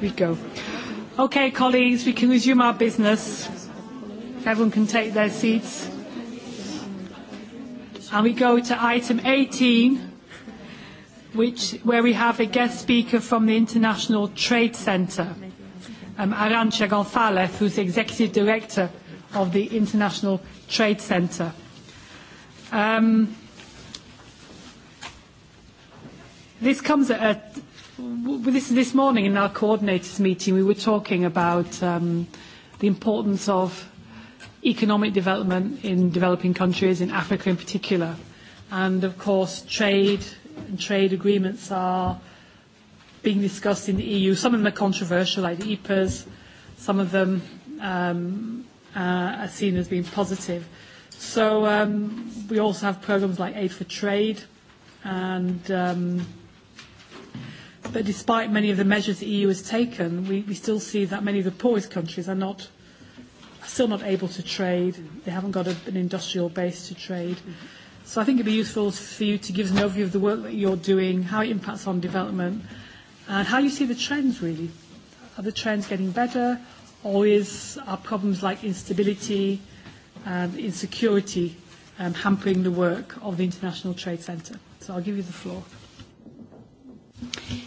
We go. Okay, colleagues, we can resume our business. Everyone can take their seats. And we go to item 18, which, where we have a guest speaker from the International Trade Centre, um, Arantxa who who's the Executive Director of the International Trade Centre. Um, This comes at this this morning in our coordinators meeting we were talking about um, the importance of economic development in developing countries in Africa in particular and of course trade and trade agreements are being discussed in the EU some of them are controversial like the EPAs some of them um, uh, are seen as being positive so um, we also have programs like aid for trade and um, But despite many of the measures the EU has taken, we, we still see that many of the poorest countries are not are still not able to trade. They haven't got a, an industrial base to trade. So I think it'd be useful for you to give us an overview of the work that you're doing, how it impacts on development, and how you see the trends really. Are the trends getting better, or is, are problems like instability and insecurity um, hampering the work of the International Trade Centre? So I'll give you the floor.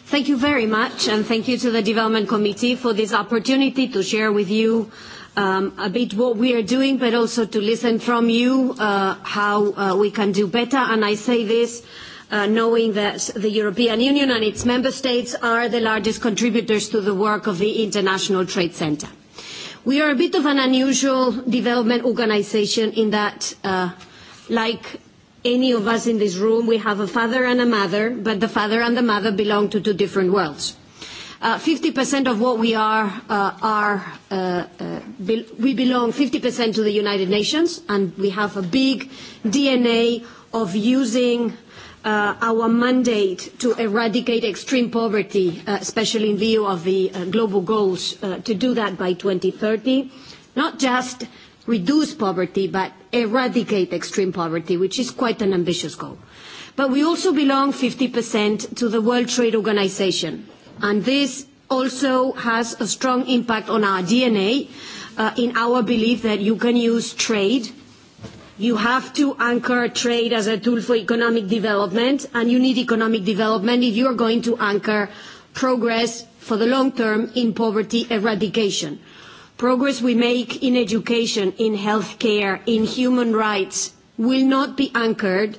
Thank you very much, and thank you to the Development Committee for this opportunity to share with you um, a bit what we are doing, but also to listen from you uh, how uh, we can do better. And I say this uh, knowing that the European Union and its member states are the largest contributors to the work of the International Trade Center. We are a bit of an unusual development organization in that, like any of us in this room, we have a father and a mother, but the father and the mother belong to two different worlds. Uh, 50% of what we are, uh, are uh, uh be we belong 50% to the United Nations, and we have a big DNA of using Uh, our mandate to eradicate extreme poverty, uh, especially in view of the uh, global goals uh, to do that by 2030, not just reduce poverty but eradicate extreme poverty, which is quite an ambitious goal. But we also belong 50% to the World Trade Organization, and this also has a strong impact on our DNA uh, in our belief that you can use trade you have to anchor trade as a tool for economic development and you need economic development if you are going to anchor progress for the long term in poverty eradication Progress we make in education, in health care, in human rights will not be anchored,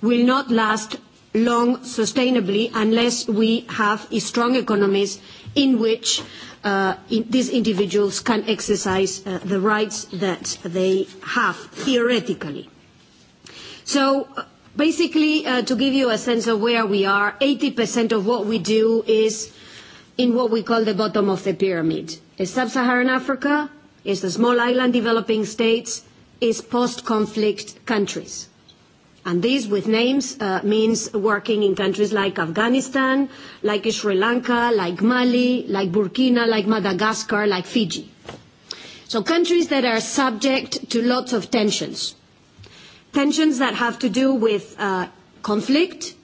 will not last long sustainably unless we have strong economies in which uh, in, these individuals can exercise uh, the rights that they have theoretically. So uh, basically, uh, to give you a sense of where we are, 80% of what we do is in what we call the bottom of the pyramid is sub-Saharan Africa, is the small island developing states, is post-conflict countries. And this, with names, uh, means working in countries like Afghanistan, like Sri Lanka, like Mali, like Burkina, like Madagascar, like Fiji. So countries that are subject to lots of tensions. Tensions that have to do with uh, conflict,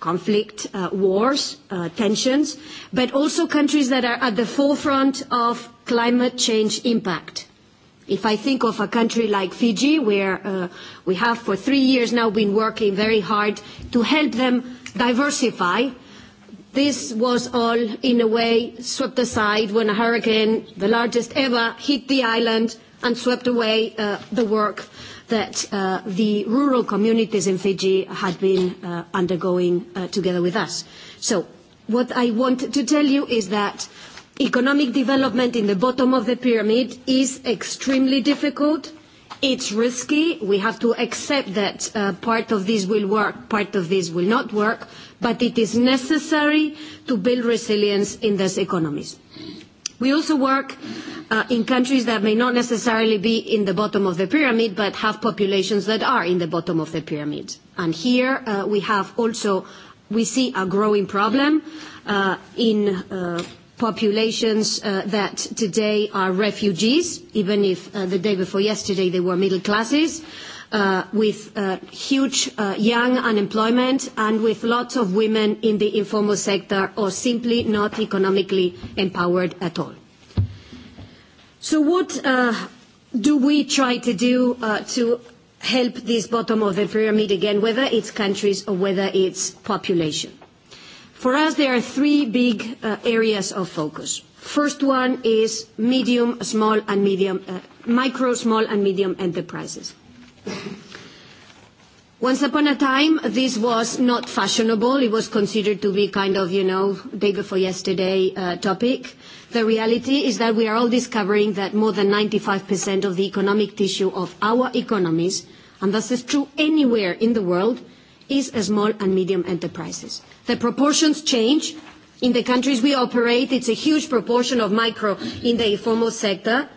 conflict, uh, wars, uh, tensions, but also countries that are at the forefront of climate change impact. If I think of a country like Fiji, where uh, we have for three years now been working very hard to help them diversify, this was all in a way swept aside when a hurricane, the largest ever, hit the island and swept away uh, the work that uh, the rural communities in Fiji had been uh, undergoing uh, together with us. So what I want to tell you is that economic development in the bottom of the pyramid is extremely difficult. It's risky. We have to accept that part of this will work, part of this will not work, but it is necessary to build resilience in those economies. We also work uh, in countries that may not necessarily be in the bottom of the pyramid, but have populations that are in the bottom of the pyramid. And here uh, we have also, we see a growing problem uh, in populations that today are refugees, even if the day before yesterday they were middle classes. Uh, with uh, huge uh, young unemployment and with lots of women in the informal sector or simply not economically empowered at all. So what do we try to do to help this bottom of the pyramid again, whether it's countries or whether it's population? For us, there are three big areas of focus. First one is medium, small, and medium, micro, small, and medium enterprises. Once upon a time, this was not fashionable. It was considered to be kind of, you know, day before yesterday uh, topic. The reality is that we are all discovering that more than 95% of the economic tissue of our economies, and this is true anywhere in the world, is small and medium enterprises. The proportions change. In the countries we operate, it's a huge proportion of micro in the informal sector,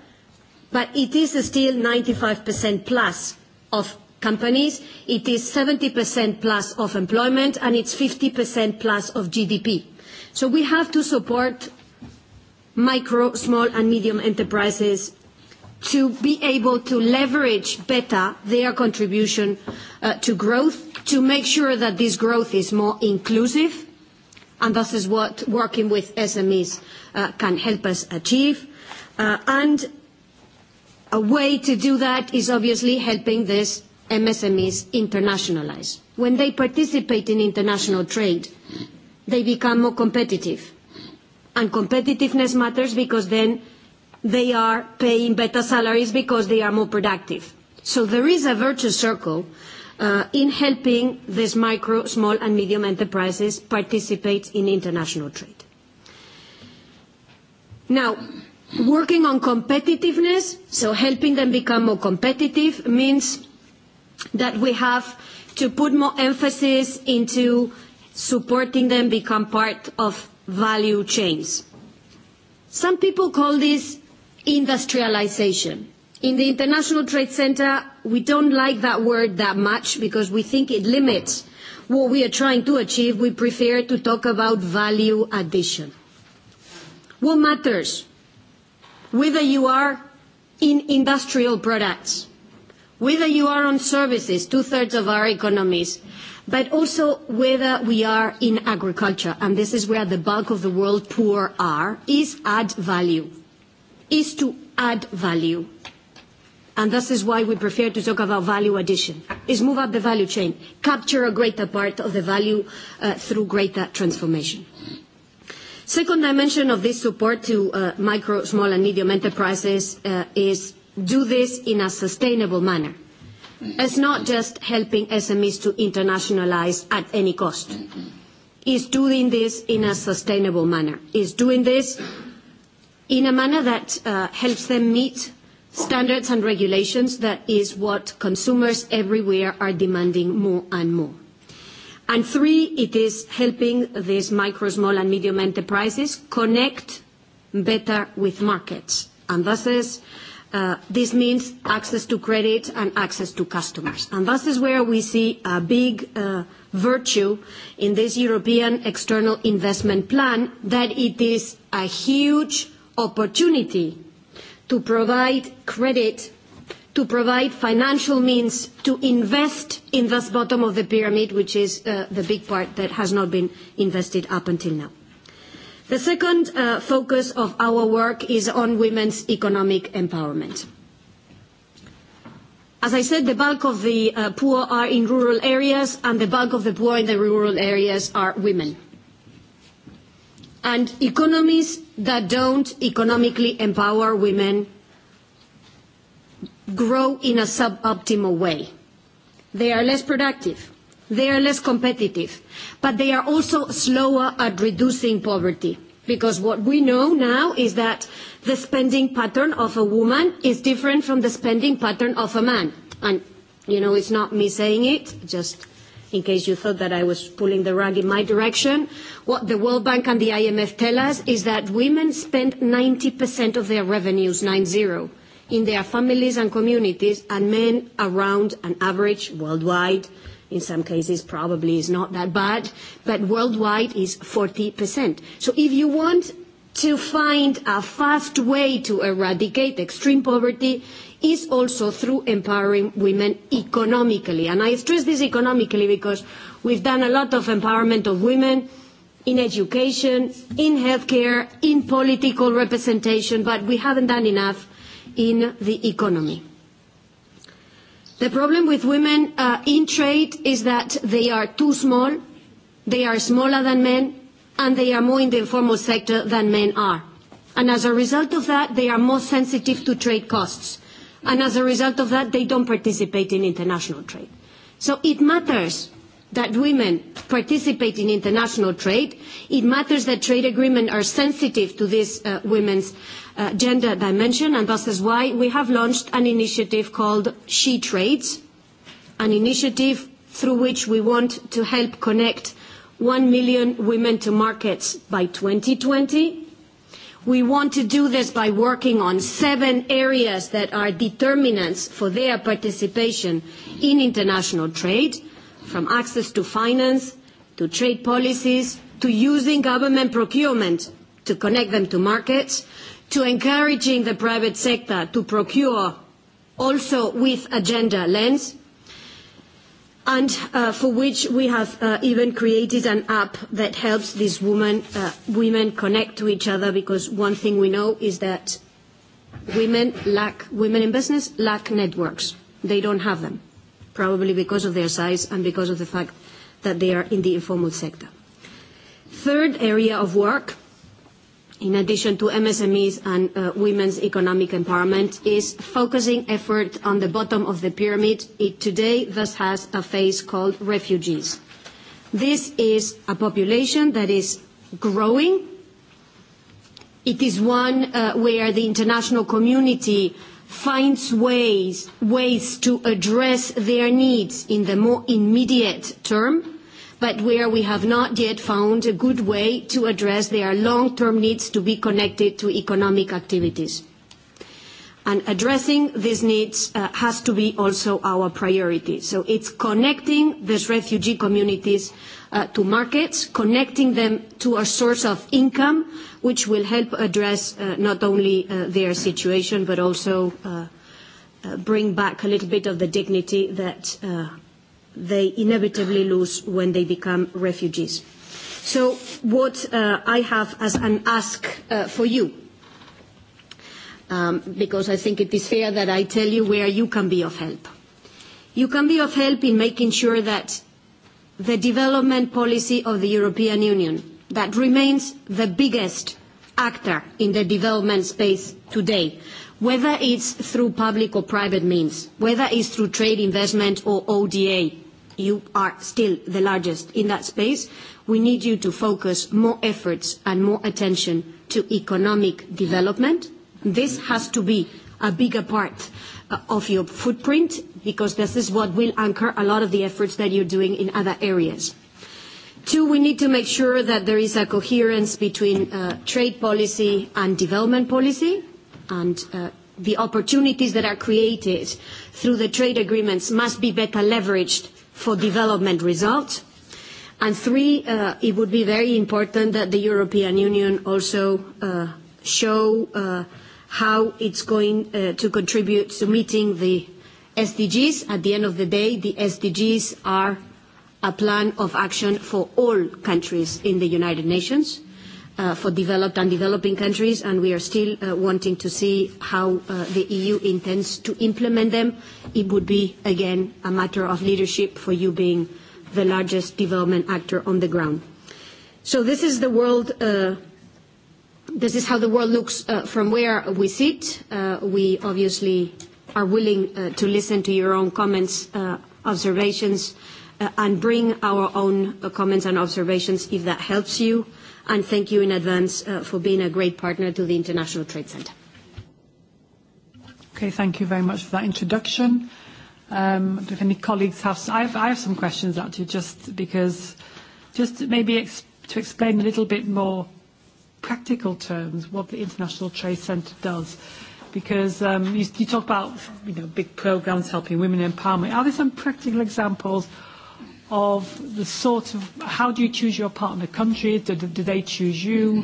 but it is still 95% plus of companies, it is 70% plus of employment, and it's 50% plus of GDP. So we have to support micro, small, and medium enterprises to be able to leverage better their contribution uh, to growth, to make sure that this growth is more inclusive, and this is what working with SMEs uh, can help us achieve. Uh, and a way to do that is obviously helping these MSMEs internationalize. When they participate in international trade, they become more competitive. And competitiveness matters because then they are paying better salaries because they are more productive. So there is a virtuous circle uh, in helping these micro, small and medium enterprises participate in international trade. Now, Working on competitiveness, so helping them become more competitive, means that we have to put more emphasis into supporting them become part of value chains. Some people call this industrialization. In the International Trade Center, we don't like that word that much because we think it limits what we are trying to achieve. We prefer to talk about value addition. What matters? whether you are in industrial products, whether you are on services, two-thirds of our economies, but also whether we are in agriculture, and this is where the bulk of the world poor are, is add value, is to add value. And this is why we prefer to talk about value addition, is move up the value chain, capture a greater part of the value uh, through greater transformation. Second dimension of this support to uh, micro, small and medium enterprises uh, is do this in a sustainable manner. It's not just helping SMEs to internationalize at any cost. It's doing this in a sustainable manner. It's doing this in a manner that uh, helps them meet standards and regulations that is what consumers everywhere are demanding more and more. And three, it is helping these micro, small, and medium enterprises connect better with markets. And this uh, this means access to credit and access to customers. And this is where we see a big uh, virtue in this European External Investment Plan, that it is a huge opportunity to provide credit to provide financial means to invest in this bottom of the pyramid, which is uh, the big part that has not been invested up until now. The second uh, focus of our work is on women's economic empowerment. As I said, the bulk of the uh, poor are in rural areas, and the bulk of the poor in the rural areas are women. And economies that don't economically empower women grow in a suboptimal way. They are less productive, they are less competitive, but they are also slower at reducing poverty. Because what we know now is that the spending pattern of a woman is different from the spending pattern of a man. And, you know, it's not me saying it, just in case you thought that I was pulling the rug in my direction. What the World Bank and the IMF tell us is that women spend 90% of their revenues, nine zero in their families and communities, and men around an average worldwide, in some cases probably is not that bad, but worldwide is 40%. So if you want to find a fast way to eradicate extreme poverty, is also through empowering women economically. And I stress this economically because we've done a lot of empowerment of women in education, in healthcare, in political representation, but we haven't done enough in the economy. The problem with women uh, in trade is that they are too small, they are smaller than men, and they are more in the informal sector than men are. And as a result of that, they are more sensitive to trade costs. And as a result of that, they don't participate in international trade. So it matters that women participate in international trade. It matters that trade agreements are sensitive to these uh, women's Uh, gender dimension, and that is why we have launched an initiative called She Trades, an initiative through which we want to help connect 1 million women to markets by 2020. We want to do this by working on seven areas that are determinants for their participation in international trade, from access to finance, to trade policies, to using government procurement to connect them to markets, to encouraging the private sector to procure also with a gender lens and uh, for which we have uh, even created an app that helps these women, uh, women connect to each other because one thing we know is that women lack, women in business lack networks. They don't have them, probably because of their size and because of the fact that they are in the informal sector. Third area of work in addition to MSMEs and uh, women's economic empowerment, is focusing effort on the bottom of the pyramid. It today thus has a face called refugees. This is a population that is growing. It is one uh, where the international community finds ways, ways to address their needs in the more immediate term but where we have not yet found a good way to address their long-term needs to be connected to economic activities. And addressing these needs uh, has to be also our priority. So it's connecting these refugee communities uh, to markets, connecting them to a source of income, which will help address uh, not only their situation, but also bring back a little bit of the dignity that they inevitably lose when they become refugees. So what uh, I have as an ask uh, for you, um, because I think it is fair that I tell you where you can be of help. You can be of help in making sure that the development policy of the European Union, that remains the biggest actor in the development space today, whether it's through public or private means, whether it's through trade investment or ODA, you are still the largest in that space. We need you to focus more efforts and more attention to economic development. This has to be a bigger part uh, of your footprint because this is what will anchor a lot of the efforts that you're doing in other areas. Two, we need to make sure that there is a coherence between uh, trade policy and development policy and uh, the opportunities that are created through the trade agreements must be better leveraged for development results. And three, uh, it would be very important that the European Union also uh, show uh, how it's going uh, to contribute to meeting the SDGs. At the end of the day, the SDGs are a plan of action for all countries in the United Nations Uh, for developed and developing countries, and we are still uh, wanting to see how uh, the EU intends to implement them. It would be, again, a matter of leadership for you being the largest development actor on the ground. So this is the world, this is how the world looks from where we sit. we obviously are willing to listen to your own comments, and observations, and bring our own comments and observations if that helps you and thank you in advance uh, for being a great partner to the International Trade Center. Okay, thank you very much for that introduction. Um, if any colleagues have, I have, I have some questions actually, just because, just maybe ex to explain a little bit more practical terms what the International Trade Center does because um, you, you talk about you know, big programs helping women empowerment. Are there some practical examples of the sort of how do you choose your partner countries? Do, do they choose you?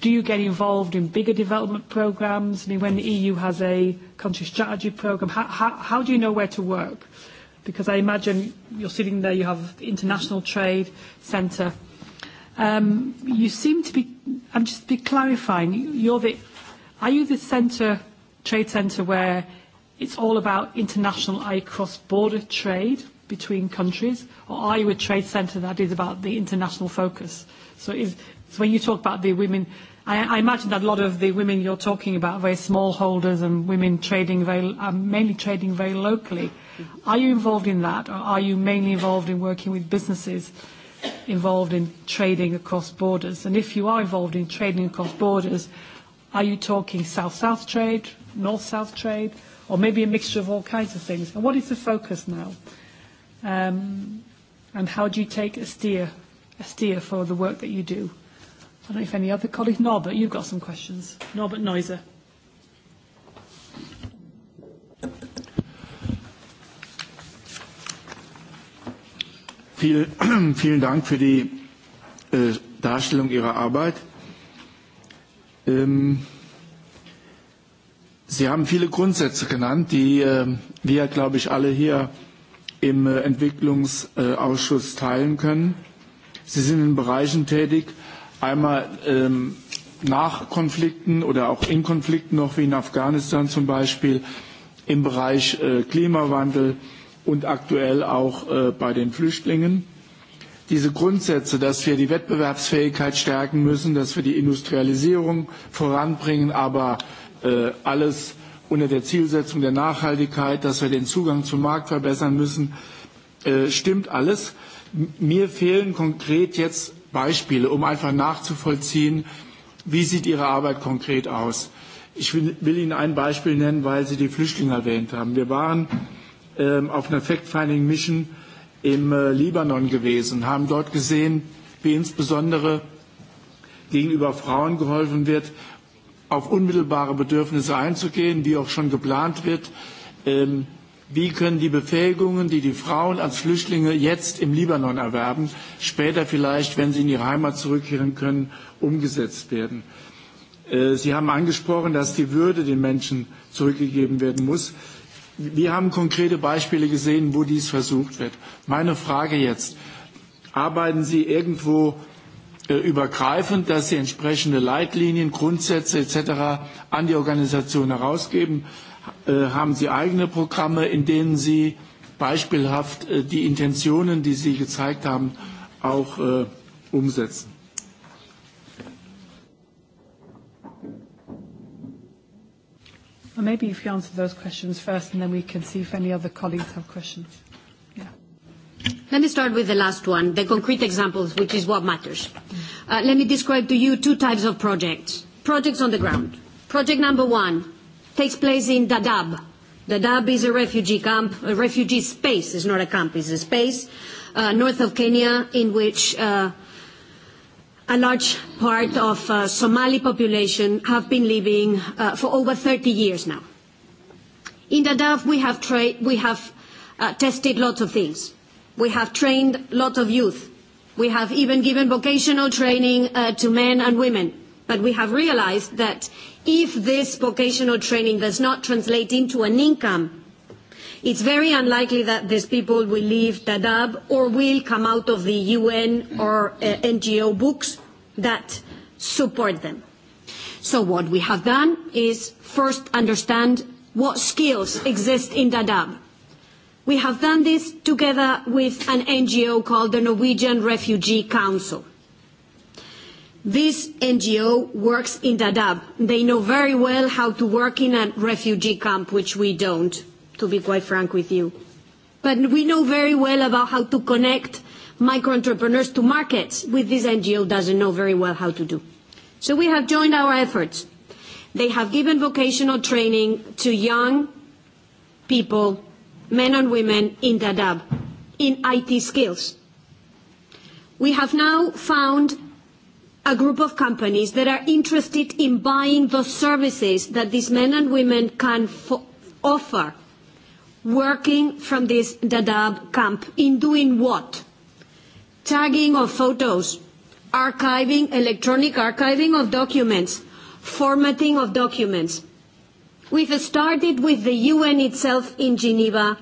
Do you get involved in bigger development programs? I mean, when the EU has a country strategy program, how, how, how do you know where to work? Because I imagine you're sitting there, you have the International Trade Center. Um, you seem to be, I'm just be clarifying, you're the, are you the center, trade center where it's all about international, i cross-border trade? between countries, or are you a trade centre that is about the international focus? So, is, so when you talk about the women, I, I imagine that a lot of the women you're talking about, very small holders and women trading very, um, mainly trading very locally, are you involved in that, or are you mainly involved in working with businesses involved in trading across borders? And if you are involved in trading across borders, are you talking south-south trade, north-south trade, or maybe a mixture of all kinds of things? And what is the focus now? Um, and how do you take a steer, a steer for the work that you do? I don't know if any other colleagues. Norbert, you've got some questions. Norbert Neuser. vielen Dank für die äh, Darstellung Ihrer Arbeit. Ähm, Sie haben viele Grundsätze genannt, die äh, wir, glaube ich, alle hier im äh, Entwicklungsausschuss teilen können. Sie sind in Bereichen tätig, einmal ähm, nach Konflikten oder auch in Konflikten noch wie in Afghanistan zum Beispiel, im Bereich äh, Klimawandel und aktuell auch äh, bei den Flüchtlingen. Diese Grundsätze, dass wir die Wettbewerbsfähigkeit stärken müssen, dass wir die Industrialisierung voranbringen, aber alles unter der Zielsetzung der Nachhaltigkeit, dass wir den Zugang zum Markt verbessern müssen, äh, stimmt alles. Mir fehlen konkret jetzt Beispiele, um einfach nachzuvollziehen, wie sieht Ihre Arbeit konkret aus. Ich will, Ihnen ein Beispiel nennen, weil Sie die Flüchtlinge erwähnt haben. Wir waren ähm, auf einer Fact-Finding-Mission im äh, Libanon gewesen, haben dort gesehen, wie insbesondere gegenüber Frauen geholfen wird auf unmittelbare Bedürfnisse einzugehen, wie auch schon geplant wird. Ähm, wie können die Befähigungen, die die Frauen als Flüchtlinge jetzt im Libanon erwerben, später vielleicht, wenn sie in ihre Heimat zurückkehren können, umgesetzt werden? Äh, sie haben angesprochen, dass die Würde den Menschen zurückgegeben werden muss. Wir haben konkrete Beispiele gesehen, wo dies versucht wird. Meine Frage jetzt, arbeiten Sie irgendwo Äh, übergreifend, dass sie entsprechende Leitlinien, Grundsätze etc. an die Organisation herausgeben. Äh, haben sie eigene Programme, in denen sie beispielhaft äh, die Intentionen, die sie gezeigt haben, auch umsetzen? Well, maybe if you answer those questions first, and then we can see if any other colleagues have questions. Let me start with the last one, the concrete examples, which is what matters. Uh, let me describe to you two types of projects. Projects on the ground. Project number one takes place in Dadaab. Dadaab is a refugee camp, a refugee space. It's not a camp, it's a space uh, north of Kenya in which uh, a large part of Somali population have been living for over 30 years now. In Dadaab, we have, we have tested lots of things. We have trained a lot of youth. We have even given vocational training uh, to men and women. But we have realized that if this vocational training does not translate into an income, it's very unlikely that these people will leave Dadaab or will come out of the UN or uh, NGO books that support them. So what we have done is first understand what skills exist in Dadaab We have done this together with an NGO called the Norwegian Refugee Council. This NGO works in Dadaab. They know very well how to work in a refugee camp, which we don't, to be quite frank with you. But we know very well about how to connect micro entrepreneurs to markets, which this NGO doesn't know very well how to do. So we have joined our efforts. They have given vocational training to young people men and women in Dadab in IT skills. We have now found a group of companies that are interested in buying the services that these men and women can offer working from this Dadaab camp. In doing what? Tagging of photos, archiving, electronic archiving of documents, formatting of documents We've started with the UN itself in Geneva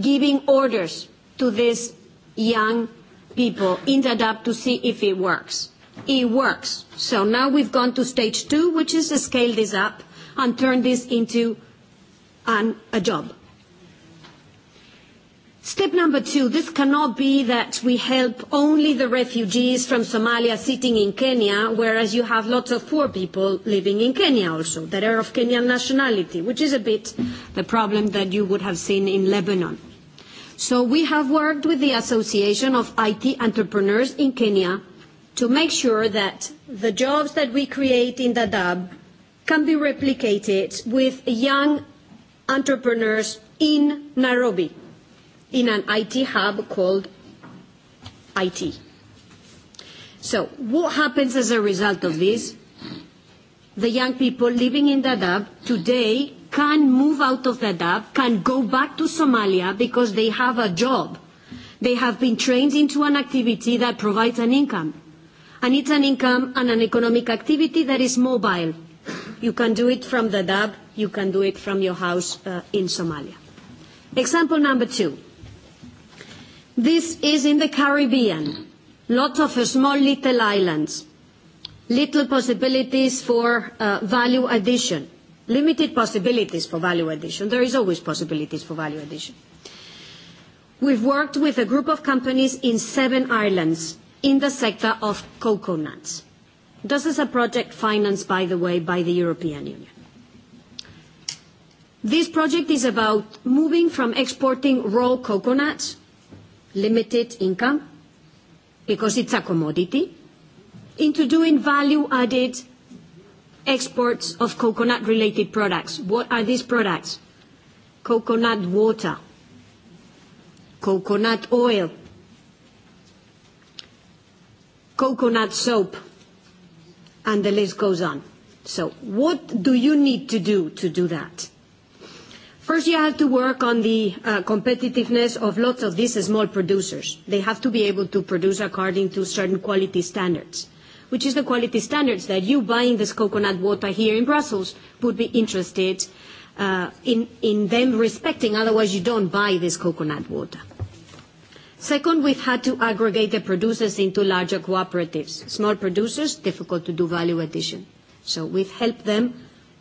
giving orders to these young people in the DAP to see if it works. It works. So now we've gone to stage two, which is to scale this up and turn this into an, a job. Step number two, this cannot be that we help only the refugees from Somalia sitting in Kenya, whereas you have lots of poor people living in Kenya also that are of Kenyan nationality, which is a bit the problem that you would have seen in Lebanon. So we have worked with the Association of IT Entrepreneurs in Kenya to make sure that the jobs that we create in Dadaab can be replicated with young entrepreneurs in Nairobi in an IT hub called IT. So what happens as a result of this? The young people living in Dadaab today can move out of Dadaab, can go back to Somalia because they have a job. They have been trained into an activity that provides an income. And it's an income and an economic activity that is mobile. You can do it from Dadaab, you can do it from your house uh, in Somalia. Example number two This is in the Caribbean. Lots of small little islands. Little possibilities for uh, value addition. Limited possibilities for value addition. There is always possibilities for value addition. We've worked with a group of companies in seven islands in the sector of coconuts. This is a project financed, by the way, by the European Union. This project is about moving from exporting raw coconuts limited income, because it's a commodity, into doing value-added exports of coconut-related products. What are these products? Coconut water, coconut oil, coconut soap, and the list goes on. So what do you need to do to do that? First, you have to work on the uh, competitiveness of lots of these small producers. They have to be able to produce according to certain quality standards, which is the quality standards that you buying this coconut water here in Brussels would be interested uh, in, in them respecting, otherwise you don't buy this coconut water. Second, we've had to aggregate the producers into larger cooperatives. Small producers, difficult to do value addition. So we've helped them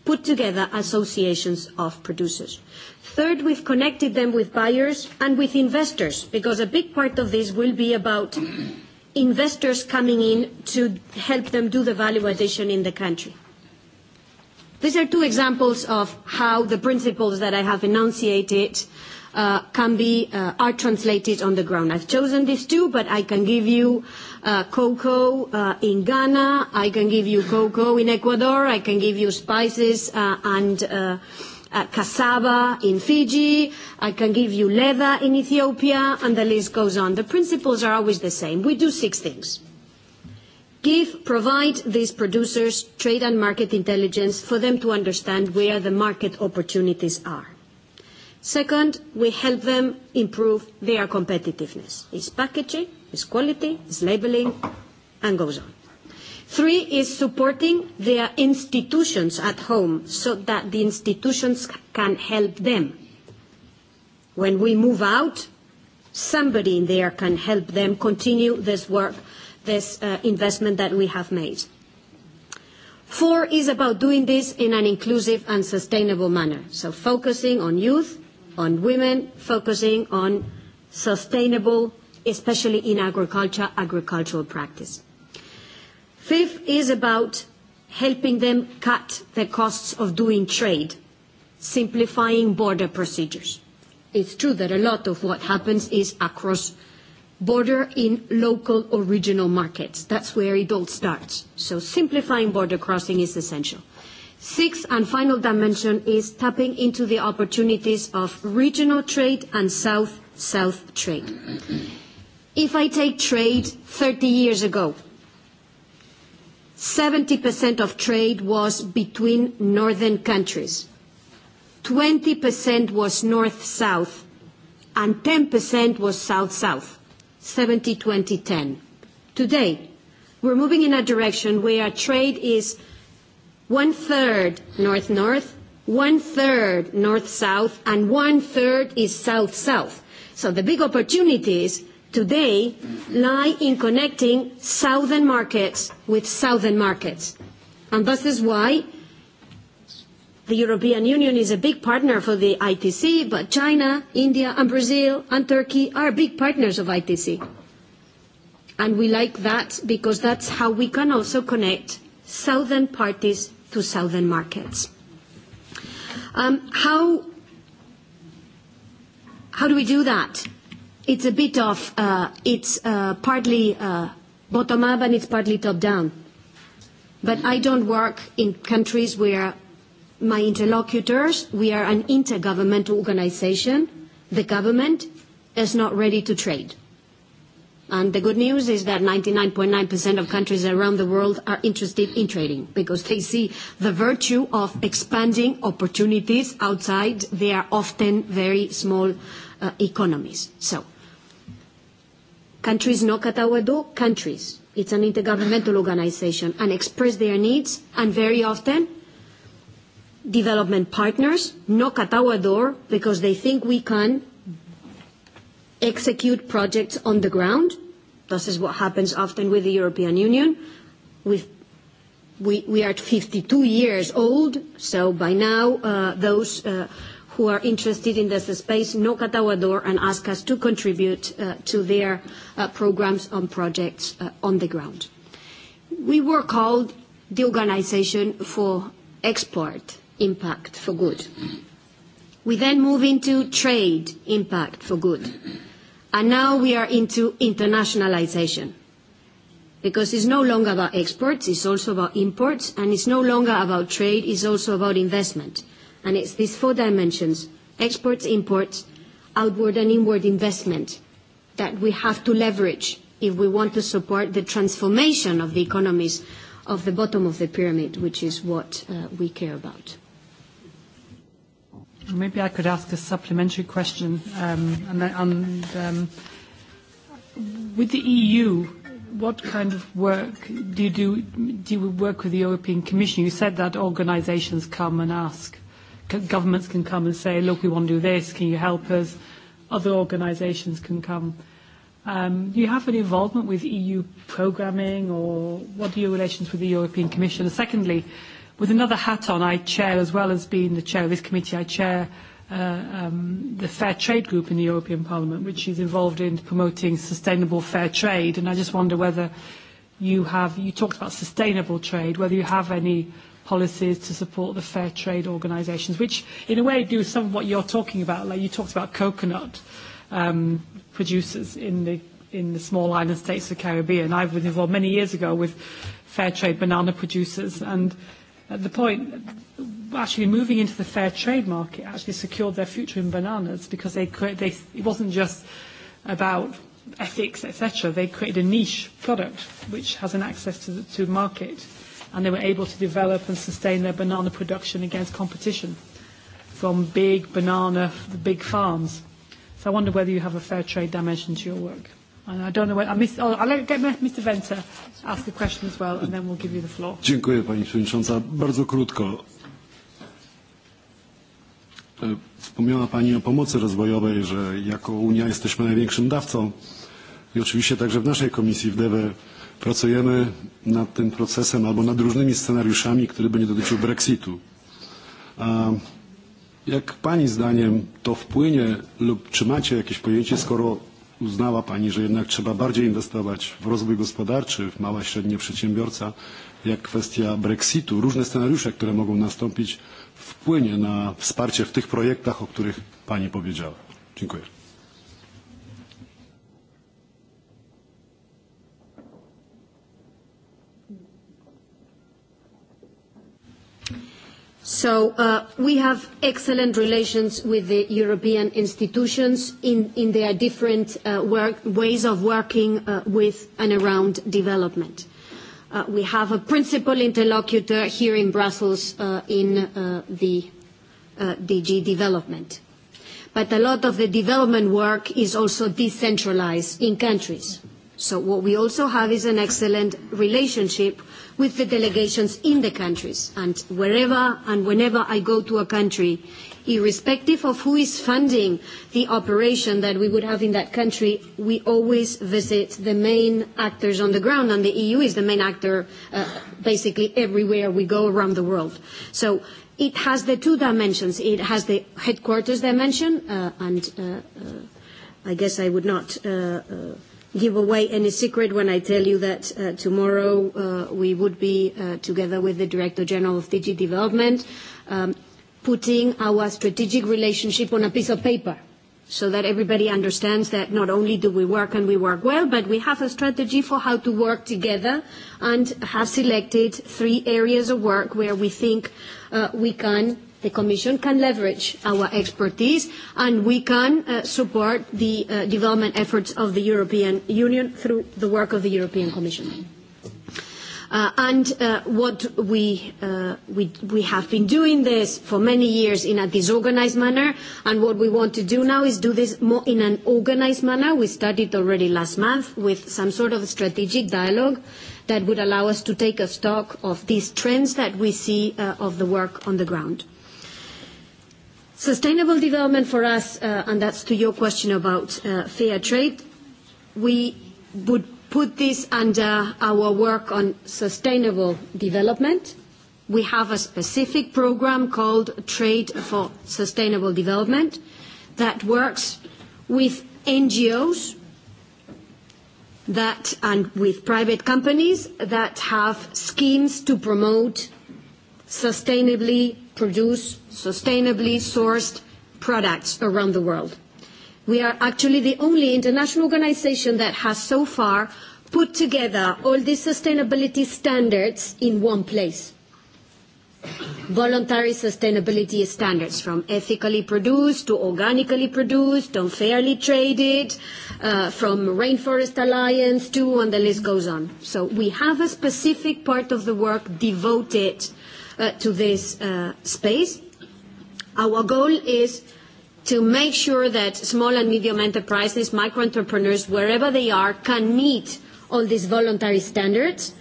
put together associations of producers. Third, we've connected them with buyers and with investors, because a big part of this will be about investors coming in to help them do the value addition in the country. These are two examples of how the principles that I have enunciated Uh, can be uh, are translated on the ground. I've chosen these two, but I can give you uh, cocoa uh, in Ghana, I can give you cocoa in Ecuador, I can give you spices and cassava in Fiji, I can give you leather in Ethiopia, and the list goes on. The principles are always the same. We do six things. Give, provide these producers trade and market intelligence for them to understand where the market opportunities are Second, we help them improve their competitiveness. It's packaging, it's quality, it's labeling, and goes on. Three is supporting their institutions at home so that the institutions can help them. When we move out, somebody in there can help them continue this work, this uh, investment that we have made. Four is about doing this in an inclusive and sustainable manner, so focusing on youth, on women, focusing on sustainable, especially in agriculture, agricultural practice. Fifth is about helping them cut the costs of doing trade, simplifying border procedures. It's true that a lot of what happens is across border in local or regional markets. That's where it all starts. So simplifying border crossing is essential. Sixth and final dimension is tapping into the opportunities of regional trade and South-South trade. If I take trade 30 years ago, 70% of trade was between northern countries. 20% was north-south, and 10% was south-south, 70-20-10. Today, we're moving in a direction where trade is one third north north, one third north south, and one third is south south. So the big opportunities today lie in connecting southern markets with southern markets. And this is why the European Union is a big partner for the ITC, but China, India, and Brazil, and Turkey are big partners of ITC. And we like that because that's how we can also connect southern parties to southern markets. Um, how, how do we do that? It's a bit of, uh, it's uh, partly uh, bottom-up and it's partly top-down. But I don't work in countries where my interlocutors, we are an intergovernmental organization. The government is not ready to trade. And the good news is that 99.9% of countries around the world are interested in trading because they see the virtue of expanding opportunities outside their often very small uh, economies. So, countries no door? countries. It's an intergovernmental organization and express their needs and very often development partners knock at our door because they think we can execute projects on the ground. This is what happens often with the European Union. we, we are 52 years old, so by now uh, those uh, who are interested in this space knock at our door and ask us to contribute uh, to their uh, programs on projects on the ground. We were called the Organization for Export Impact for Good. We then move into trade impact for good. And now we are into internationalization. Because it's no longer about exports, it's also about imports, and it's no longer about trade, it's also about investment. And it's these four dimensions, exports, imports, outward and inward investment, that we have to leverage if we want to support the transformation of the economies of the bottom of the pyramid, which is what uh, we care about. Maybe I could ask a supplementary question. Um, and and um, with the EU, what kind of work do you do? Do you work with the European Commission? You said that organisations come and ask, governments can come and say, "Look, we want to do this. Can you help us?" Other organisations can come. Um, do you have any involvement with EU programming, or what are your relations with the European Commission? secondly, With another hat on, I chair, as well as being the chair of this committee, I chair uh, um, the Fair Trade Group in the European Parliament, which is involved in promoting sustainable fair trade. And I just wonder whether you have, you talked about sustainable trade, whether you have any policies to support the fair trade organisations, which in a way do some of what you're talking about. Like you talked about coconut um, producers in the in the small island states of the Caribbean. I've been involved many years ago with fair trade banana producers, and the point, actually moving into the fair trade market actually secured their future in bananas because they, create, they it wasn't just about ethics, etc. They created a niche product which has an access to the to market and they were able to develop and sustain their banana production against competition from big banana, the big farms. So I wonder whether you have a fair trade dimension to your work. I don't Dziękuję Pani Przewodnicząca. Bardzo krótko. E, wspomniała Pani o pomocy rozwojowej, że jako Unia jesteśmy największym dawcą i oczywiście także w naszej komisji w DEWE pracujemy nad tym procesem albo nad różnymi scenariuszami, który będzie dotyczył Brexitu. A jak Pani zdaniem to wpłynie lub czy macie jakieś pojęcie, skoro uznała Pani, że jednak trzeba bardziej inwestować w rozwój gospodarczy, w małe i średnie przedsiębiorca, jak kwestia Brexitu, różne scenariusze, które mogą nastąpić, wpłynie na wsparcie w tych projektach, o których Pani powiedziała. Dziękuję. So uh, we have excellent relations with the European institutions in, in their different uh, work, ways of working uh, with and around development. Uh, we have a principal interlocutor here in Brussels uh, in the DG Development. But a lot of the development work is also decentralized in countries. So what we also have is an excellent relationship with the delegations in the countries. And wherever and whenever I go to a country, irrespective of who is funding the operation that we would have in that country, we always visit the main actors on the ground, and the EU is the main actor uh, basically everywhere we go around the world. So it has the two dimensions. It has the headquarters dimension, uh, and uh, uh I guess I would not uh, uh, give away any secret when I tell you that uh, tomorrow uh, we would be, uh, together with the Director General of Digi Development, um, putting our strategic relationship on a piece of paper so that everybody understands that not only do we work and we work well, but we have a strategy for how to work together and have selected three areas of work where we think uh, we can The Commission can leverage our expertise and we can uh, support the uh, development efforts of the European Union through the work of the European Commission. Uh, and what we, we, we have been doing this for many years in a disorganized manner, and what we want to do now is do this more in an organized manner. We started already last month with some sort of strategic dialogue that would allow us to take a stock of these trends that we see of the work on the ground. Sustainable development for us, uh, and that's to your question about uh, fair trade, we would put this under our work on sustainable development. We have a specific program called Trade for Sustainable Development that works with NGOs that and with private companies that have schemes to promote sustainably produce sustainably sourced products around the world. We are actually the only international organization that has so far put together all these sustainability standards in one place. Voluntary sustainability standards from ethically produced to organically produced, unfairly traded, uh, from Rainforest Alliance to, and the list goes on. So we have a specific part of the work devoted Uh, to this uh, space. Our goal is to make sure that small and medium enterprises, micro entrepreneurs, wherever they are, can meet all these voluntary standards.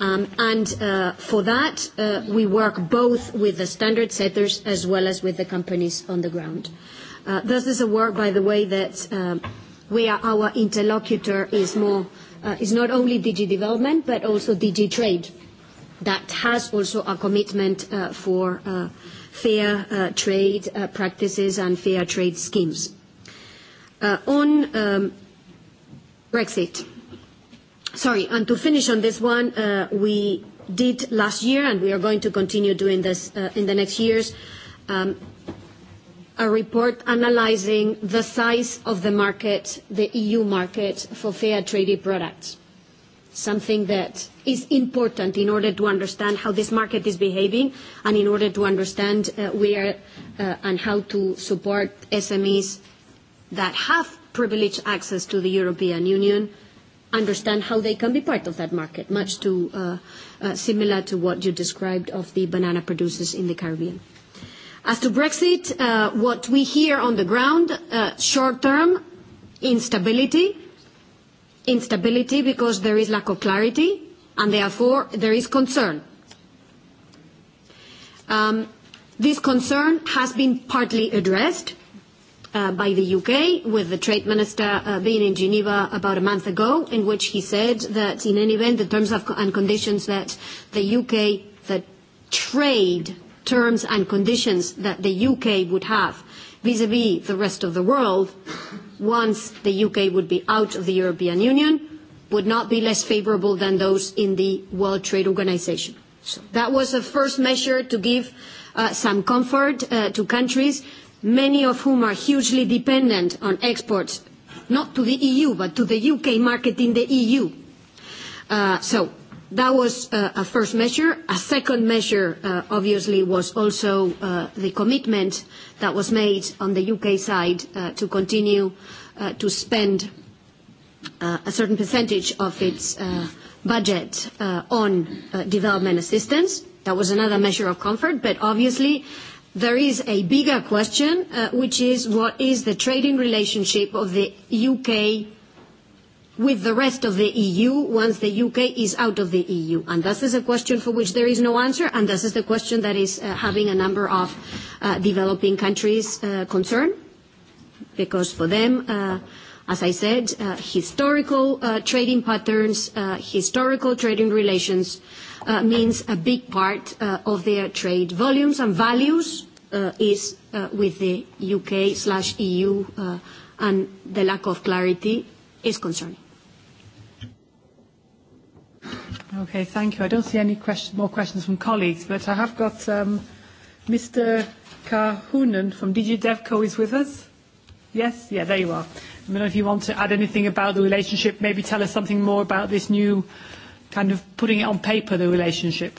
Um, and uh, for that, we work both with the standard setters as well as with the companies on the ground. this is a work, by the way, that um, are our interlocutor is more, is not only DG development, but also DG trade that has also a commitment uh, for uh, fair uh, trade practices and fair trade schemes. On um, Brexit, sorry, and to finish on this one, we did last year, and we are going to continue doing this in the next years, um, a report analysing the size of the market, the EU market, for fair traded products something that is important in order to understand how this market is behaving and in order to understand uh, where uh, and how to support SMEs that have privileged access to the European Union understand how they can be part of that market, much to, uh, similar to what you described of the banana producers in the Caribbean. As to Brexit, what we hear on the ground, short-term instability, instability because there is lack of clarity and therefore there is concern. Um, this concern has been partly addressed uh, by the UK with the trade minister uh, being in Geneva about a month ago in which he said that in any event the terms of, and conditions that the UK, the trade terms and conditions that the UK would have vis-à-vis -vis the rest of the world once the UK would be out of the European Union would not be less favourable than those in the World Trade Organization. So that was a first measure to give uh, some comfort uh, to countries, many of whom are hugely dependent on exports, not to the EU, but to the UK market in the EU. Uh, so That was uh, a first measure. A second measure, uh, obviously, was also uh, the commitment that was made on the UK side to continue to spend a certain percentage of its budget on development assistance. That was another measure of comfort, but obviously there is a bigger question, which is what is the trading relationship of the UK with the rest of the EU once the UK is out of the EU? And this is a question for which there is no answer, and this is the question that is uh, having a number of uh, developing countries uh, concerned, because for them, uh, as I said, uh, historical uh, trading patterns, uh, historical trading relations uh, means a big part uh, of their trade volumes and values uh, is uh, with the UK slash EU uh, and the lack of clarity is concerning. Okay, thank you. I don't see any question, more questions from colleagues, but I have got um, Mr. Kahunen from DG DevCo is with us. Yes? Yeah, there you are. I don't know if you want to add anything about the relationship, maybe tell us something more about this new kind of putting it on paper, the relationship.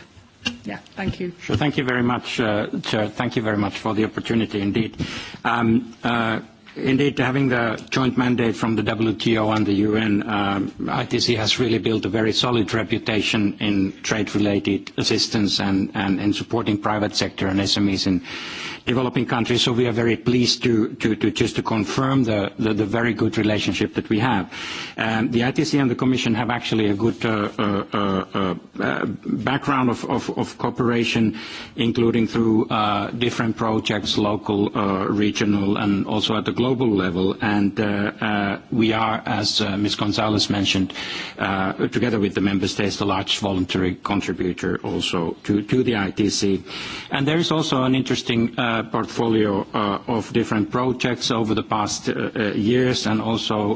Yeah, thank you. Sure, thank you very much, uh, Chair. Thank you very much for the opportunity indeed. Um, uh, Indeed, having the joint mandate from the WTO and the UN, uh, ITC has really built a very solid reputation in trade-related assistance and, and in supporting private sector and SMEs in developing countries, so we are very pleased to, just to confirm the, very good relationship that we have. Um, the ITC and the Commission have actually a good uh, uh, uh, background of, cooperation, including through different projects, local, regional, and also at the global level. And we are, as Ms. Gonzalez mentioned, together with the member states, the large voluntary contributor also to, the ITC. And there is also an interesting Uh, portfolio uh, of different projects over the past uh, years and also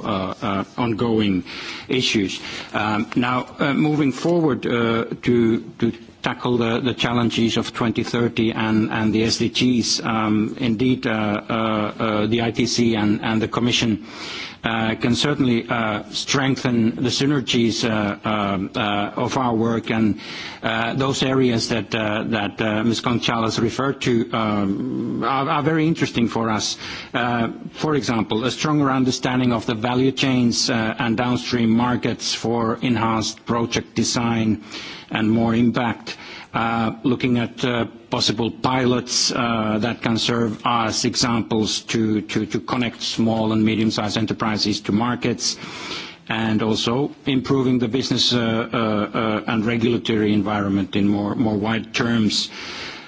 ongoing issues. Um, now, moving forward to, to tackle the, challenges of 2030 and, and the SDGs, um, indeed, the ITC and the Commission Uh, can certainly uh, strengthen the synergies uh, of our work and those areas that, that Ms. has referred to um, are very interesting for us. For example, a stronger understanding of the value chains and downstream markets for enhanced project design and more impact uh, looking at uh, possible pilots uh, that can serve as examples to, to, to connect small and medium-sized enterprises to markets, and also improving the business uh, uh, uh, and regulatory environment in more, more wide terms.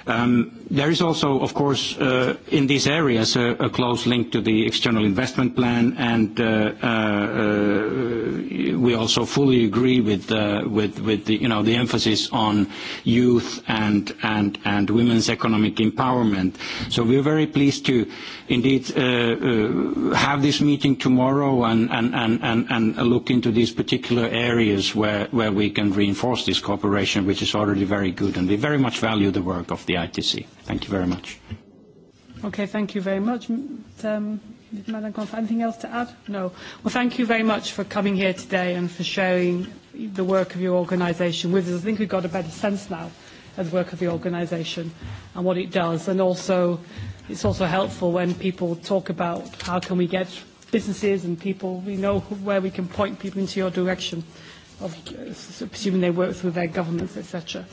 Um, There is also, of course, uh, in these areas, a, close link to the external investment plan, and uh, uh, we also fully agree with, the, emphasis on youth and, and, and women's economic empowerment. So we are very pleased to indeed have this meeting tomorrow and, and look into these particular areas where we can reinforce this cooperation, which is already very good, and we very much value the work of the ITC. Thank you very much. Okay, thank you very much. Um, Madam Conf, anything else to add? No. Well, thank you very much for coming here today and for sharing the work of your organisation with us. I think we've got a better sense now of the work of the organisation and what it does. And also, it's also helpful when people talk about how can we get businesses and people, we know where we can point people into your direction, of, uh, assuming they work through their governments, etc.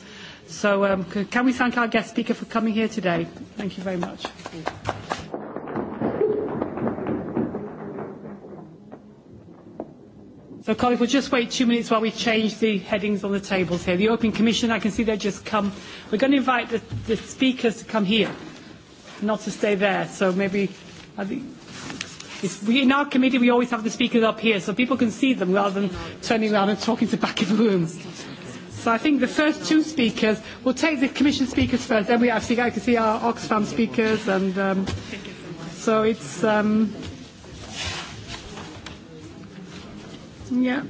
So um, can we thank our guest speaker for coming here today? Thank you very much. So colleagues, we'll just wait two minutes while we change the headings on the tables here. The European Commission, I can see they've just come. We're going to invite the, speakers to come here, not to stay there. So maybe, I think, it's, we, in our committee we always have the speakers up here so people can see them rather than turning around and talking to the back of the rooms. So I think the first two speakers, we'll take the Commission speakers first, then we actually I see our Oxfam speakers, and um, so it's um, yeah.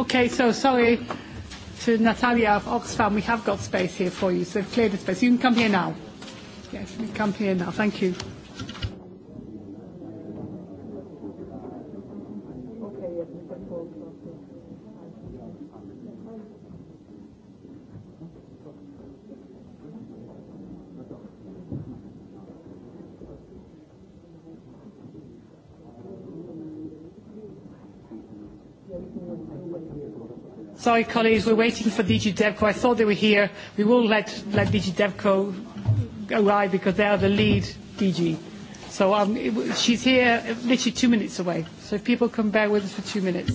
Okay, so sorry to Natalia of Oxfam. We have got space here for you, so clear the space. You can come here now. Yes, you can come here now. Thank you. sorry, colleagues, we're waiting for DG DevCo. I thought they were here. We will let, let DG DevCo arrive because they are the lead DG. So um, she's here literally two minutes away. So if people come bear with us for two minutes.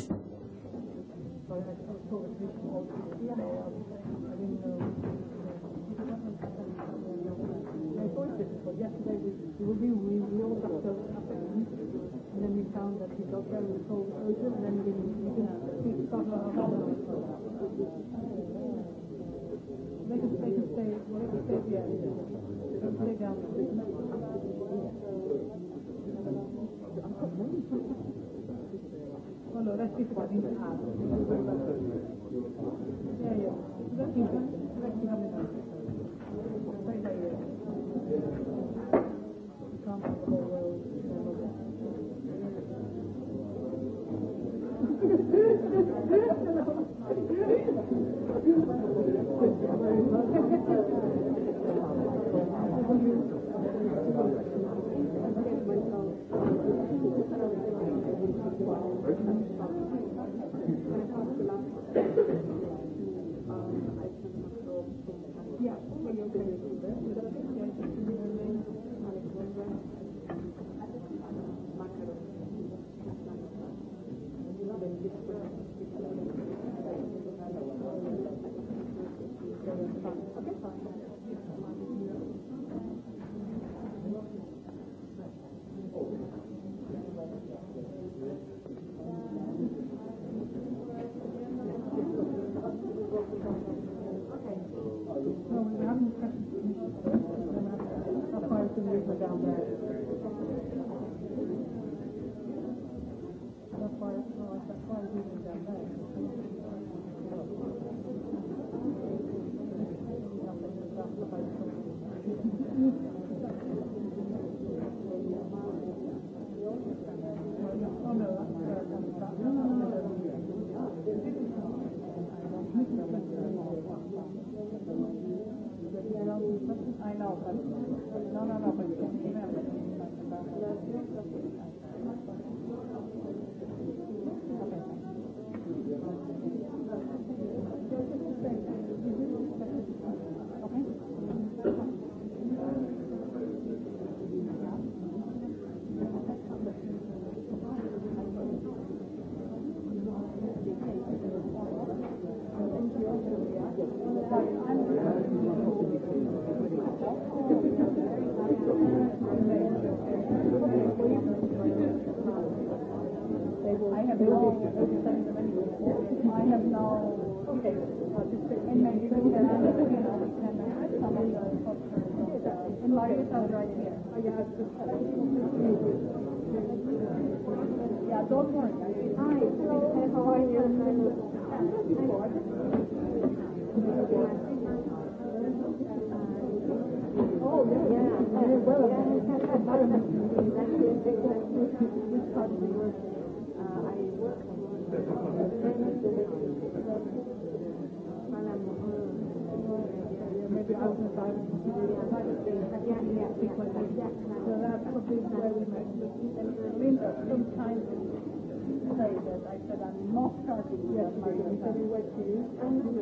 study web page and the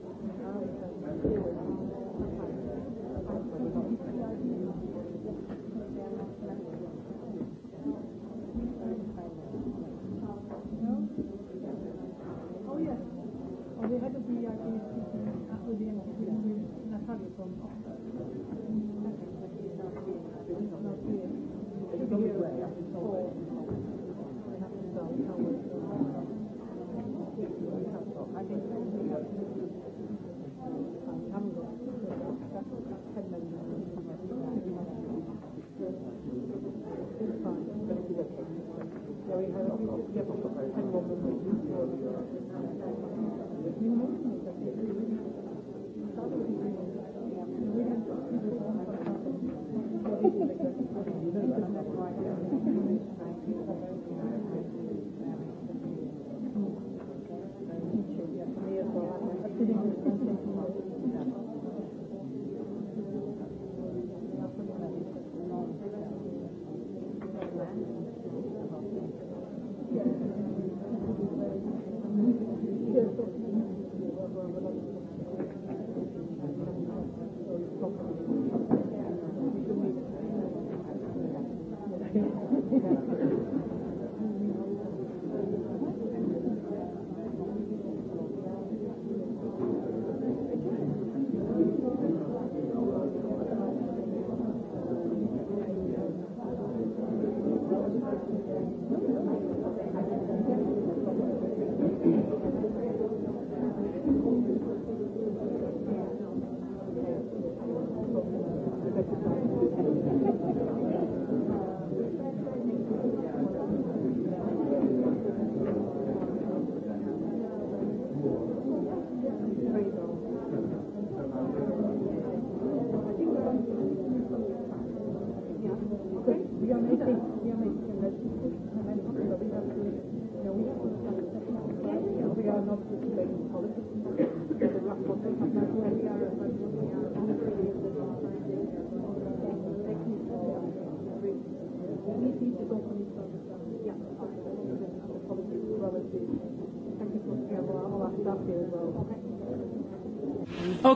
Hvala lijepo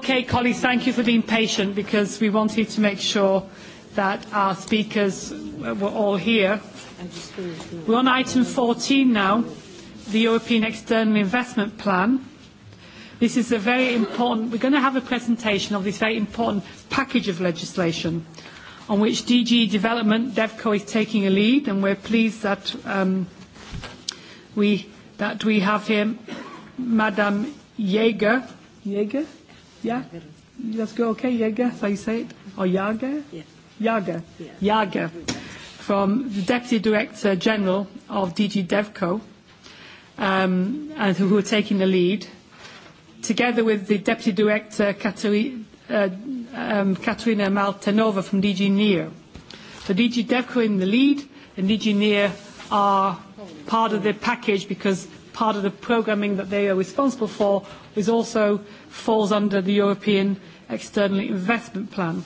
Okay, colleagues, thank you for being patient because we wanted to make sure that our speakers were all here. We're on item 14 now, the European External Investment Plan. This is a very important, we're going to have a presentation of this very important package of legislation on which DG Development, DevCo, is taking a lead and we're pleased that, um, we, that we have here Madame Jaeger. Jaeger? Yeah? Let's go, okay? Jager, how you say it? Or oh, Jager? Jager. Jager. From the Deputy Director General of DG DevCo, um, and who, are taking the lead, together with the Deputy Director Katarina uh, um, Maltenova from DG NIR. So DG DevCo in the lead, and DG NIR are part of the package because part of the programming that they are responsible for is also falls under the European External Investment Plan.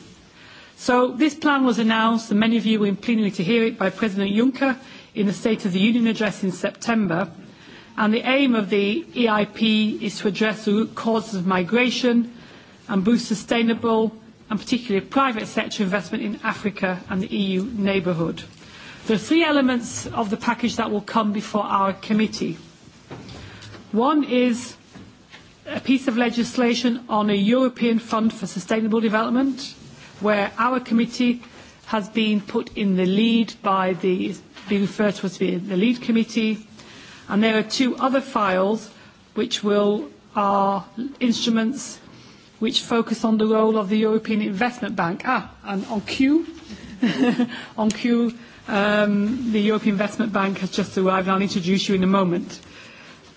So this plan was announced, and many of you were in plenary to hear it, by President Juncker in the State of the Union address in September. And the aim of the EIP is to address the root causes of migration and boost sustainable and particularly private sector investment in Africa and the EU neighbourhood. There are three elements of the package that will come before our committee. One is a piece of legislation on a European Fund for Sustainable Development, where our committee has been put in the lead by the, being referred to as the lead committee. And there are two other files which will, are instruments which focus on the role of the European Investment Bank. Ah, and on Q, on cue, um, the European Investment Bank has just arrived. I'll introduce you in a moment.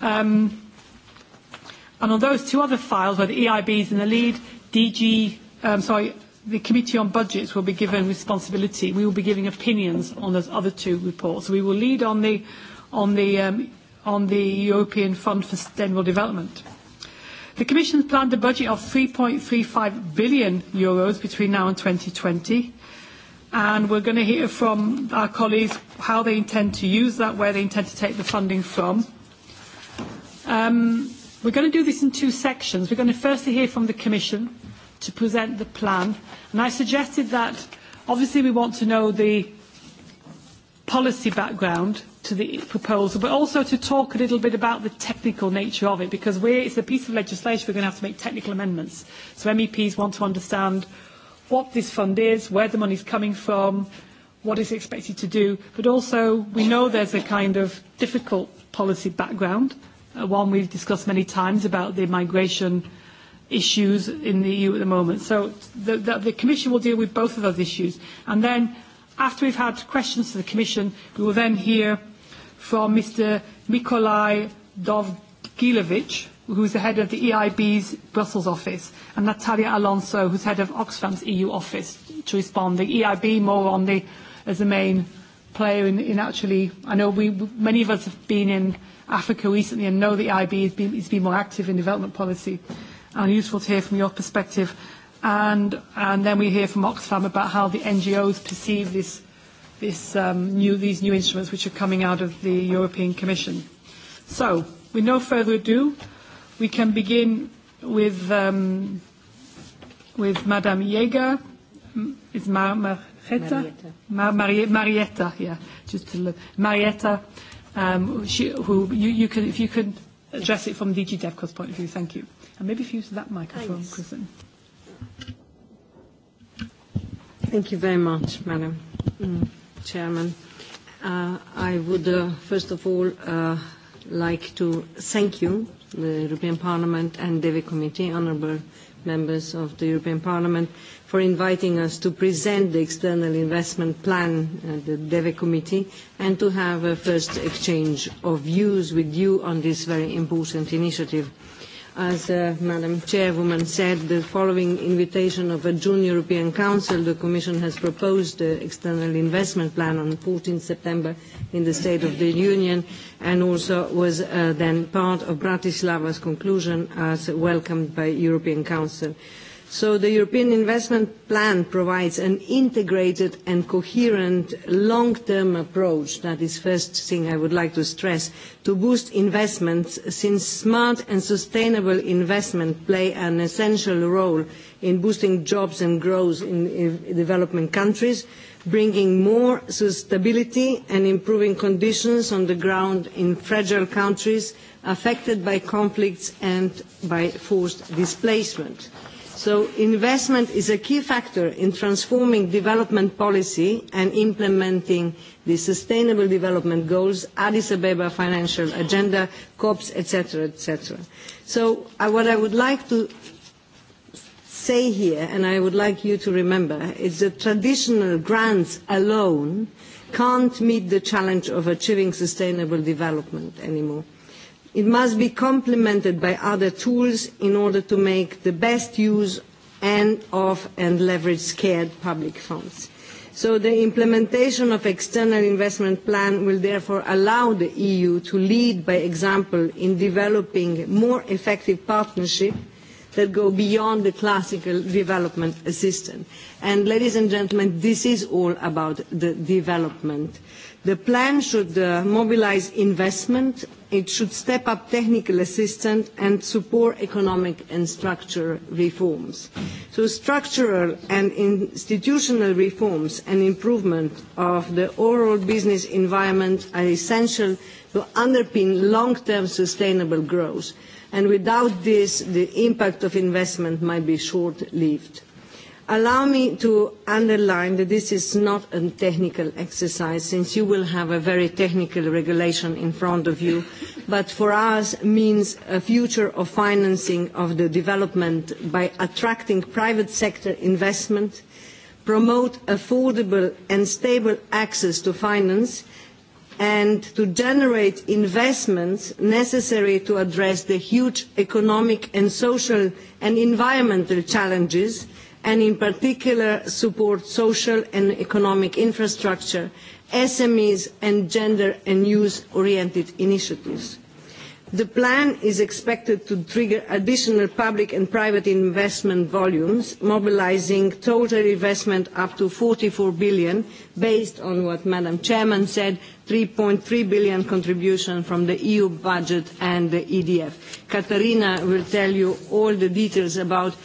Um, And on those two other files where the EIB is in the lead, DG, um, sorry, the Committee on Budgets will be given responsibility. We will be giving opinions on those other two reports. we will lead on the, on the, um, on the European Fund for Sustainable Development. The Commission has planned a budget of 3.35 billion euros between now and 2020 and we're going to hear from our colleagues how they intend to use that, where they intend to take the funding from. Um, We're going to do this in two sections. We're going to firstly hear from the Commission to present the plan. And I suggested that obviously we want to know the policy background to the proposal, but also to talk a little bit about the technical nature of it, because it it's a piece of legislation we're going to have to make technical amendments. So MEPs want to understand what this fund is, where the money is coming from, what is expected to do, but also we know there's a kind of difficult policy background Uh, one we've discussed many times about the migration issues in the EU at the moment. So the, the, the Commission will deal with both of those issues. And then after we've had questions to the Commission, we will then hear from Mr. Mikolai Dovgilevich, who is the head of the EIB's Brussels office, and Natalia Alonso, who is head of Oxfam's EU office, to respond. The EIB more on the, as the main player in, in actually, I know we, many of us have been in Africa recently and know the IB has been, more active in development policy. And useful to hear from your perspective. And, and then we hear from Oxfam about how the NGOs perceive this, this, um, new, these new instruments which are coming out of the European Commission. So, with no further ado, we can begin with, um, with Madame Jäger It's Marietta? Marietta, Mar Marietta yeah. Just to Marietta um, who you, you could, if you could address it from DG DevCo's point of view. Thank you. And maybe if you use that microphone, Kristen. Thank you very much, Madam mm, Chairman. Uh, I would uh, first of all uh, like to thank you, the European Parliament and DEVE Committee, honourable members of the European Parliament, for inviting us to present the external investment plan at the DEVE committee and to have a first exchange of views with you on this very important initiative. As uh, Madam Chairwoman said, the following invitation of a June European Council, the Commission has proposed the external investment plan on 14 September in the State of the Union and also was uh, then part of Bratislava's conclusion as welcomed by European Council. So the European Investment Plan provides an integrated and coherent long-term approach, that is first thing I would like to stress, to boost investments since smart and sustainable investment play an essential role in boosting jobs and growth in developing countries, bringing more stability and improving conditions on the ground in fragile countries affected by conflicts and by forced displacement so investment is a key factor in transforming development policy and implementing the sustainable development goals addis ababa financial agenda cops etc etc so uh, what i would like to say here and i would like you to remember is that traditional grants alone can't meet the challenge of achieving sustainable development anymore It must be complemented by other tools in order to make the best use and of and leverage scared public funds. So the implementation of external investment plan will therefore allow the EU to lead by example in developing more effective partnerships that go beyond the classical development assistance. And ladies and gentlemen, this is all about the development The plan should uh, mobilise investment, it should step up technical assistance and support economic and structural reforms. So structural and institutional reforms and improvement of the overall business environment are essential to underpin long term sustainable growth, and without this the impact of investment might be short lived. Allow me to underline that this is not a technical exercise, since you will have a very technical regulation in front of you, but for us means a future of financing of the development by attracting private sector investment, promote affordable and stable access to finance, and to generate investments necessary to address the huge economic and social and environmental challenges and in particular support social and economic infrastructure, SMEs and gender and youth oriented initiatives. The plan is expected to trigger additional public and private investment volumes, mobilising total investment up to 44 billion, based on what Madam Chairman said, 3.3 billion contribution from the EU budget and the EDF. Katarina will tell you all the details about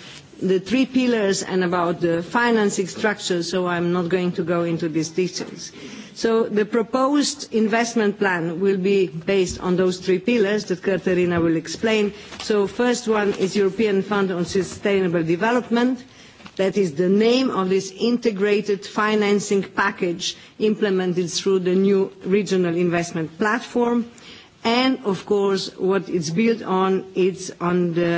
the three pillars and about the financing structure, so I'm not going to go into these details. So the proposed investment plan will be based on those three pillars that Katerina will explain. So first one is European Fund on Sustainable Development. That is the name of this integrated financing package implemented through the new regional investment platform and of course what it's built on it's on the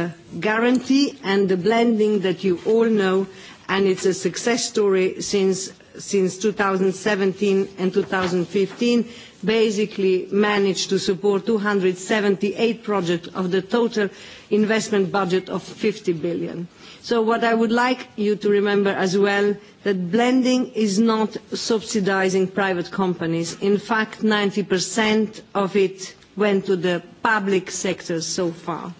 guarantee and the blending that you all know and it's a success story since since 2017 and 2015 basically managed to support 278 projects of the total investment budget of 50 billion so what i would like you to remember as well that blending is not subsidizing private companies in fact 90% of it went to the public sector so far.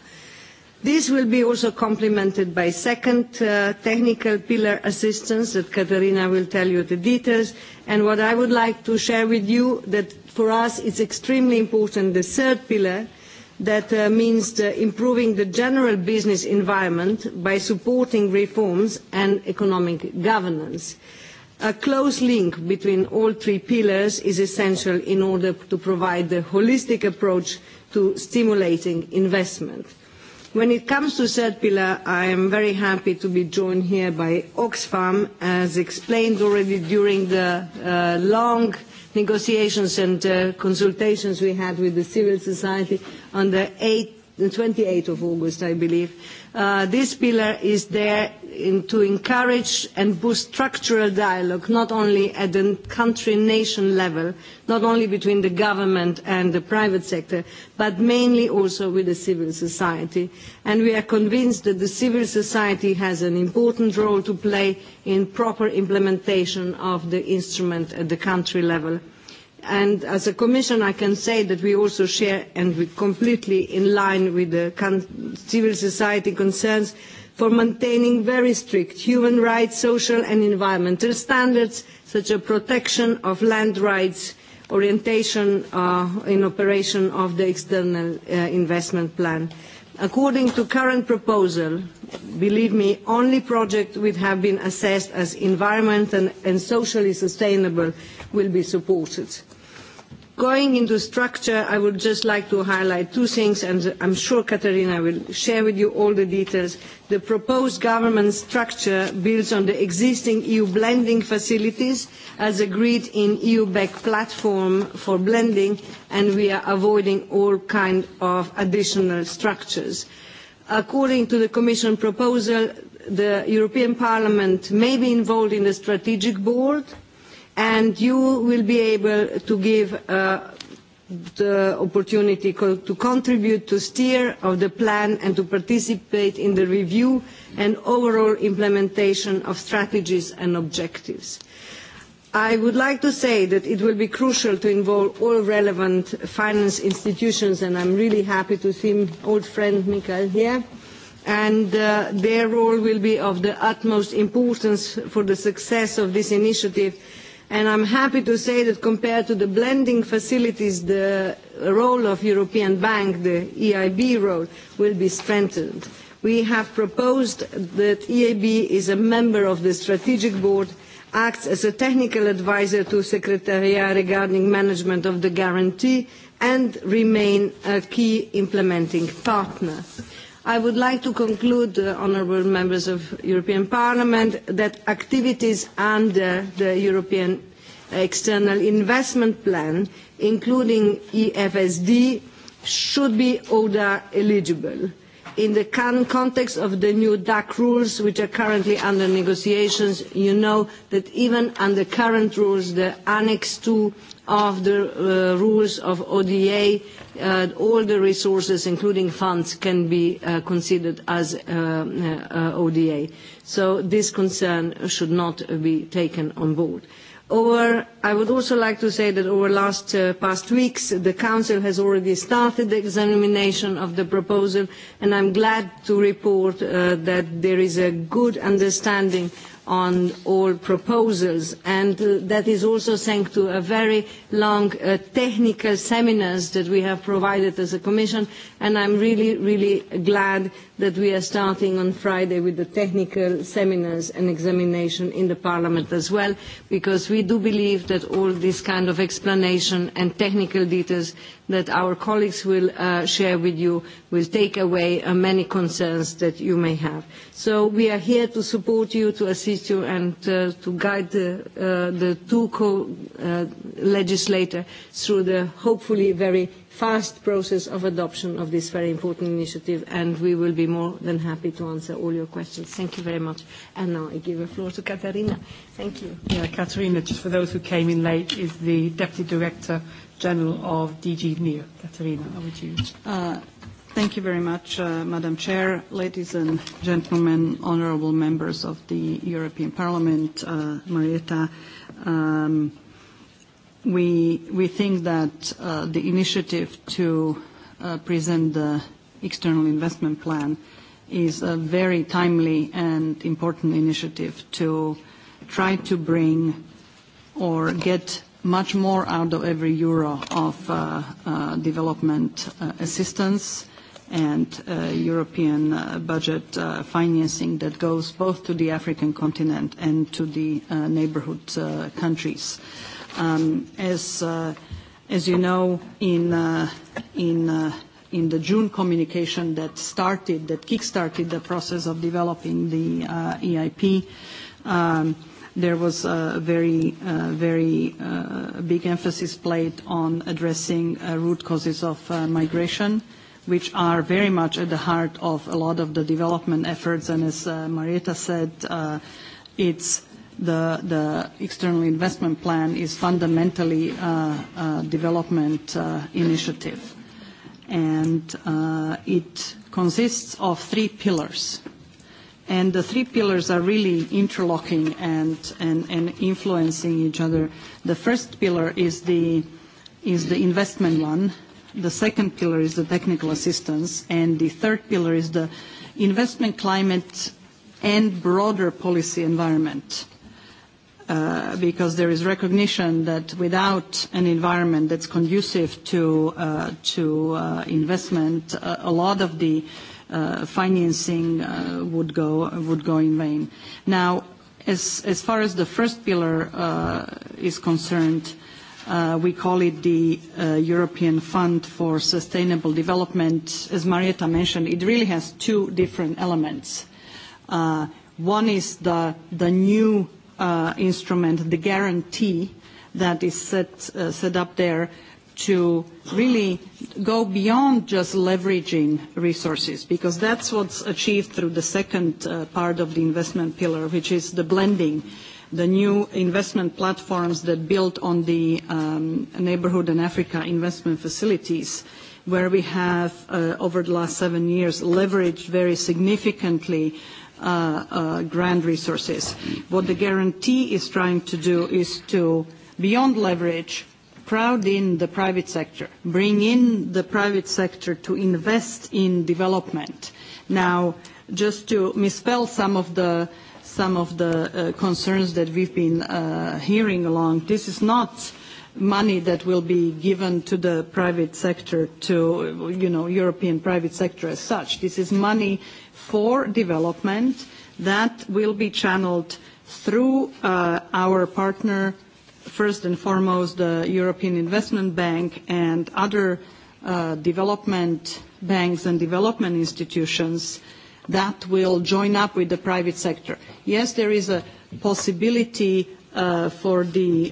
This will be also complemented by second uh, technical pillar assistance that katarina will tell you the details. And what I would like to share with you that for us it's extremely important, the third pillar, that uh, means improving the general business environment by supporting reforms and economic governance. A close link between all three pillars is essential in order to provide a holistic approach to stimulating investment. When it comes to third pillar, I am very happy to be joined here by Oxfam, as explained already during the uh, long negotiations and uh, consultations we had with the civil society on the 8th, 28 of August, I believe Uh, this pillar is there to encourage and boost structural dialogue not only at the country nation level not only between the government and the private sector but mainly also with the civil society and we are convinced that the civil society has an important role to play in proper implementation of the instrument at the country level and as a commission i can say that we also share and we completely in line with the civil society concerns for maintaining very strict human rights social and environmental standards such as protection of land rights orientation uh, in operation of the external uh, investment plan. According to current proposal, believe me, only projects which have been assessed as environmental and socially sustainable will be supported. Going into structure, I would just like to highlight two things, and I'm sure Katerina will share with you all the details. The proposed government structure builds on the existing EU blending facilities as agreed in eu back platform for blending, and we are avoiding all kinds of additional structures. According to the Commission proposal, the European Parliament may be involved in the strategic board and you will be able to give uh, the opportunity to contribute to steer of the plan and to participate in the review and overall implementation of strategies and objectives. I would like to say that it will be crucial to involve all relevant finance institutions and I'm really happy to see old friend Mikael here and uh, their role will be of the utmost importance for the success of this initiative and I'm happy to say that compared to the blending facilities, the role of European Bank, the EIB role, will be strengthened. We have proposed that EIB is a member of the strategic board, acts as a technical adviser to Secretariat regarding management of the guarantee, and remain a key implementing partner. I would like to conclude, uh, honourable members of European Parliament, that activities under the European External Investment Plan, including EFSD, should be ODA eligible. In the context of the new DAC rules, which are currently under negotiations, you know that even under current rules, the Annex II of the uh, rules of ODA, uh, all the resources, including funds, can be uh, considered as ODA. So this concern should not be taken on board. Over, I would also like to say that over last past weeks, the Council has already started the examination of the proposal, and I'm glad to report that there is a good understanding on all proposals, and that is also thanks to a very long uh, technical seminars that we have provided as a Commission, and I'm really, really glad that we are starting on Friday with the technical seminars and examination in the Parliament as well, because we do believe that all this kind of explanation and technical details that our colleagues will uh, share with you will take away uh, many concerns that you may have. So we are here to support you, to assist you, and to guide the, the two co-legislators legislator through the hopefully very fast process of adoption of this very important initiative and we will be more than happy to answer all your questions. Thank you very much. And now I give the floor to Katarina. Thank you. Yeah, Katarina, just for those who came in late, is the Deputy Director General of DG NIR. Katarina, how would you. Uh, Thank you very much, uh, Madam Chair, ladies and gentlemen, honorable members of the European Parliament, uh, Marietta, um, we, think that uh, the initiative to uh, present the external investment plan is a very timely and important initiative to try to bring or get much more out of every euro of uh, development assistance and European budget financing that goes both to the African continent and to the neighborhood countries. Um, as, uh, as you know, in, uh, in, uh, in the June communication that started, that kick-started the process of developing the uh, EIP, um, there was a very, very uh, big emphasis placed on addressing uh, root causes of migration which are very much at the heart of a lot of the development efforts. And as uh, Marieta said, uh, it's the, external investment plan is fundamentally a development uh, initiative. And uh, it consists of three pillars. And the three pillars are really interlocking and, influencing each other. The first pillar is the, is the investment one, the second pillar is the technical assistance, and the third pillar is the investment climate and broader policy environment. Uh, because there is recognition that without an environment that's conducive to, uh, to uh, investment, uh, a lot of the uh, financing would go, would go in vain. Now, as, as far as the first pillar is concerned, we call it the European Fund for Sustainable Development. As Marietta mentioned, it really has two different elements. One is the, the new Uh, instrument, the guarantee that is uh, set, up there to really go beyond just leveraging resources because that's what's achieved through the second uh, part of the investment pillar which is the blending the new investment platforms that build on the um, neighborhood and africa investment facilities where we have over the last seven years leveraged very significantly Uh, uh, grand resources. What the guarantee is trying to do is to, beyond leverage, crowd in the private sector, bring in the private sector to invest in development. Now, just to misspell some of the, some of the uh, concerns that we've been hearing along, this is not money that will be given to the private sector to, you know, European private sector as such. This is money for development that will be channeled through uh, our partner, first and foremost, the European Investment Bank and other uh, development banks and development institutions that will join up with the private sector. Yes, there is a possibility uh, for the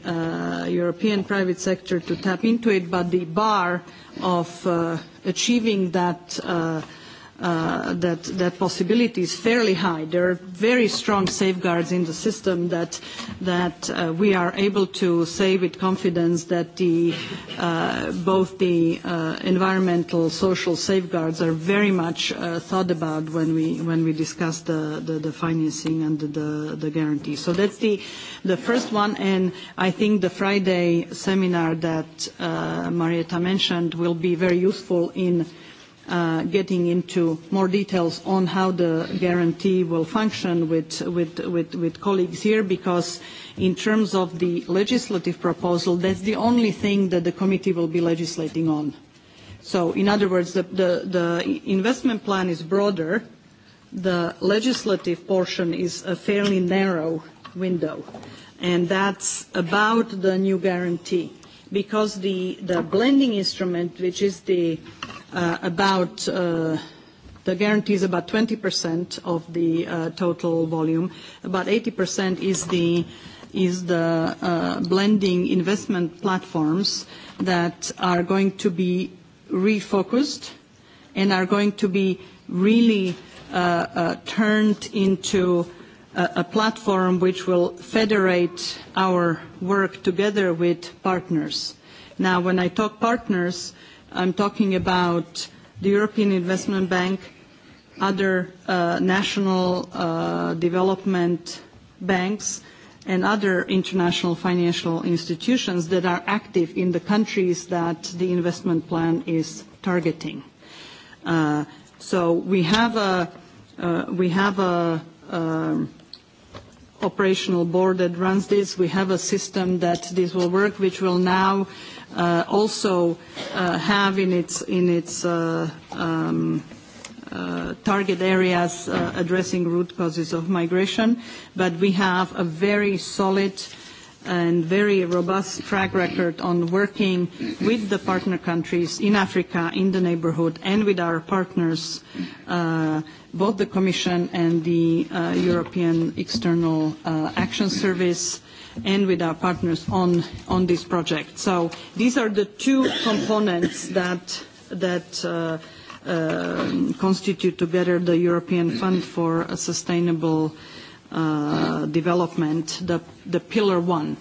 European private sector to tap into it, but the bar of achieving that Uh, that that possibility is fairly high. There are very strong safeguards in the system that that uh, we are able to say with confidence that the uh, both the uh, environmental social safeguards are very much thought about when we when we discuss the the, the financing and the, the, guarantee. So that's the the first one, and I think the Friday seminar that Marietta mentioned will be very useful in Uh, getting into more details on how the guarantee will function with, colleagues here because in terms of the legislative proposal, that's the only thing that the committee will be legislating on. So in other words, the, the, investment plan is broader. The legislative portion is a fairly narrow window, and that's about the new guarantee because the, the blending instrument, which is the Uh, about uh, the guarantee is about 20% of the uh, total volume. About 80% is the is the blending investment platforms that are going to be refocused and are going to be really turned into a platform which will federate our work together with partners. Now, when I talk partners, I'm talking about the European Investment Bank, other uh, national uh, development banks, and other international financial institutions that are active in the countries that the investment plan is targeting. Uh, so we have a uh, we have a um, operational board that runs this. We have a system that this will work, which will now Uh, also uh, have in its in its uh, um, target areas addressing root causes of migration, but we have a very solid and very robust track record on working with the partner countries in Africa, in the neighborhood, and with our partners, both the Commission and the European External Action Service, and with our partners on, on this project. So these are the two components that, that uh, uh, constitute together the European Fund for a Sustainable uh, Development, the, the Pillar One.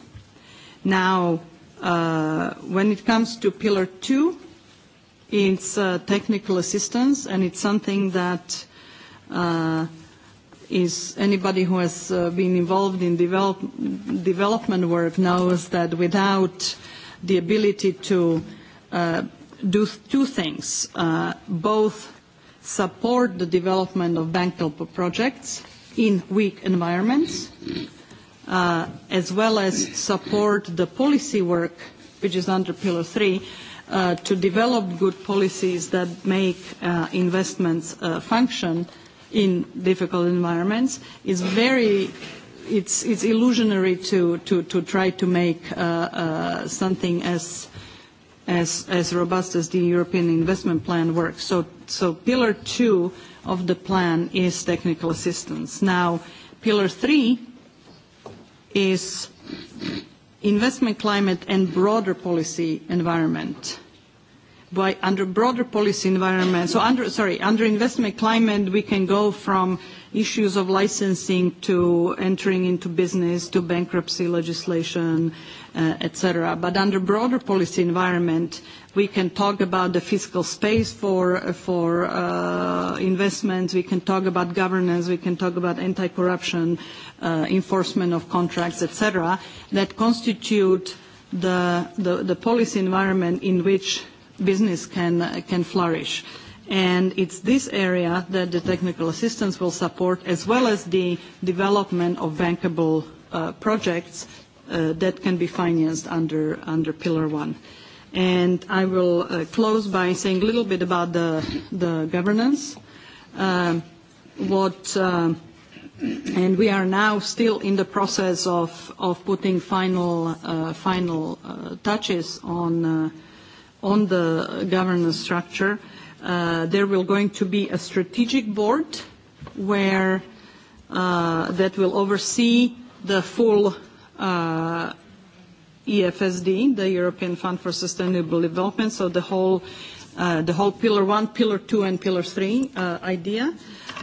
Now, when it comes to Pillar Two, it's technical assistance, and it's something that is anybody who has uh, been involved in develop development work knows that without the ability to uh, do two things, uh, both support the development of bank projects in weak environments, uh, as well as support the policy work, which is under Pillar 3, uh, to develop good policies that make investments function in difficult environments is very it's it's illusionary to to to try to make uh, uh, something as as as robust as the European investment plan works so so pillar two of the plan is technical assistance now pillar three is investment climate and broader policy environment by under broader policy environment. So under, sorry, under investment climate, we can go from issues of licensing to entering into business to bankruptcy legislation, uh, etc. But under broader policy environment, we can talk about the fiscal space for, uh, investments, we can talk about governance, we can talk about anti-corruption, uh, enforcement of contracts, etc. that constitute the policy environment in which business can, can flourish. And it's this area that the technical assistance will support, as well as the development of bankable uh, projects uh, that can be financed under, under Pillar 1. And I will uh, close by saying a little bit about the, the governance. Um, what, um, and we are now still in the process of, of putting final, final touches on on the governance structure. Uh, there will going to be a strategic board where uh, that will oversee the full uh, EFSD, the European Fund for Sustainable Development, so the whole the whole Pillar one, Pillar Two and Pillar 3 idea.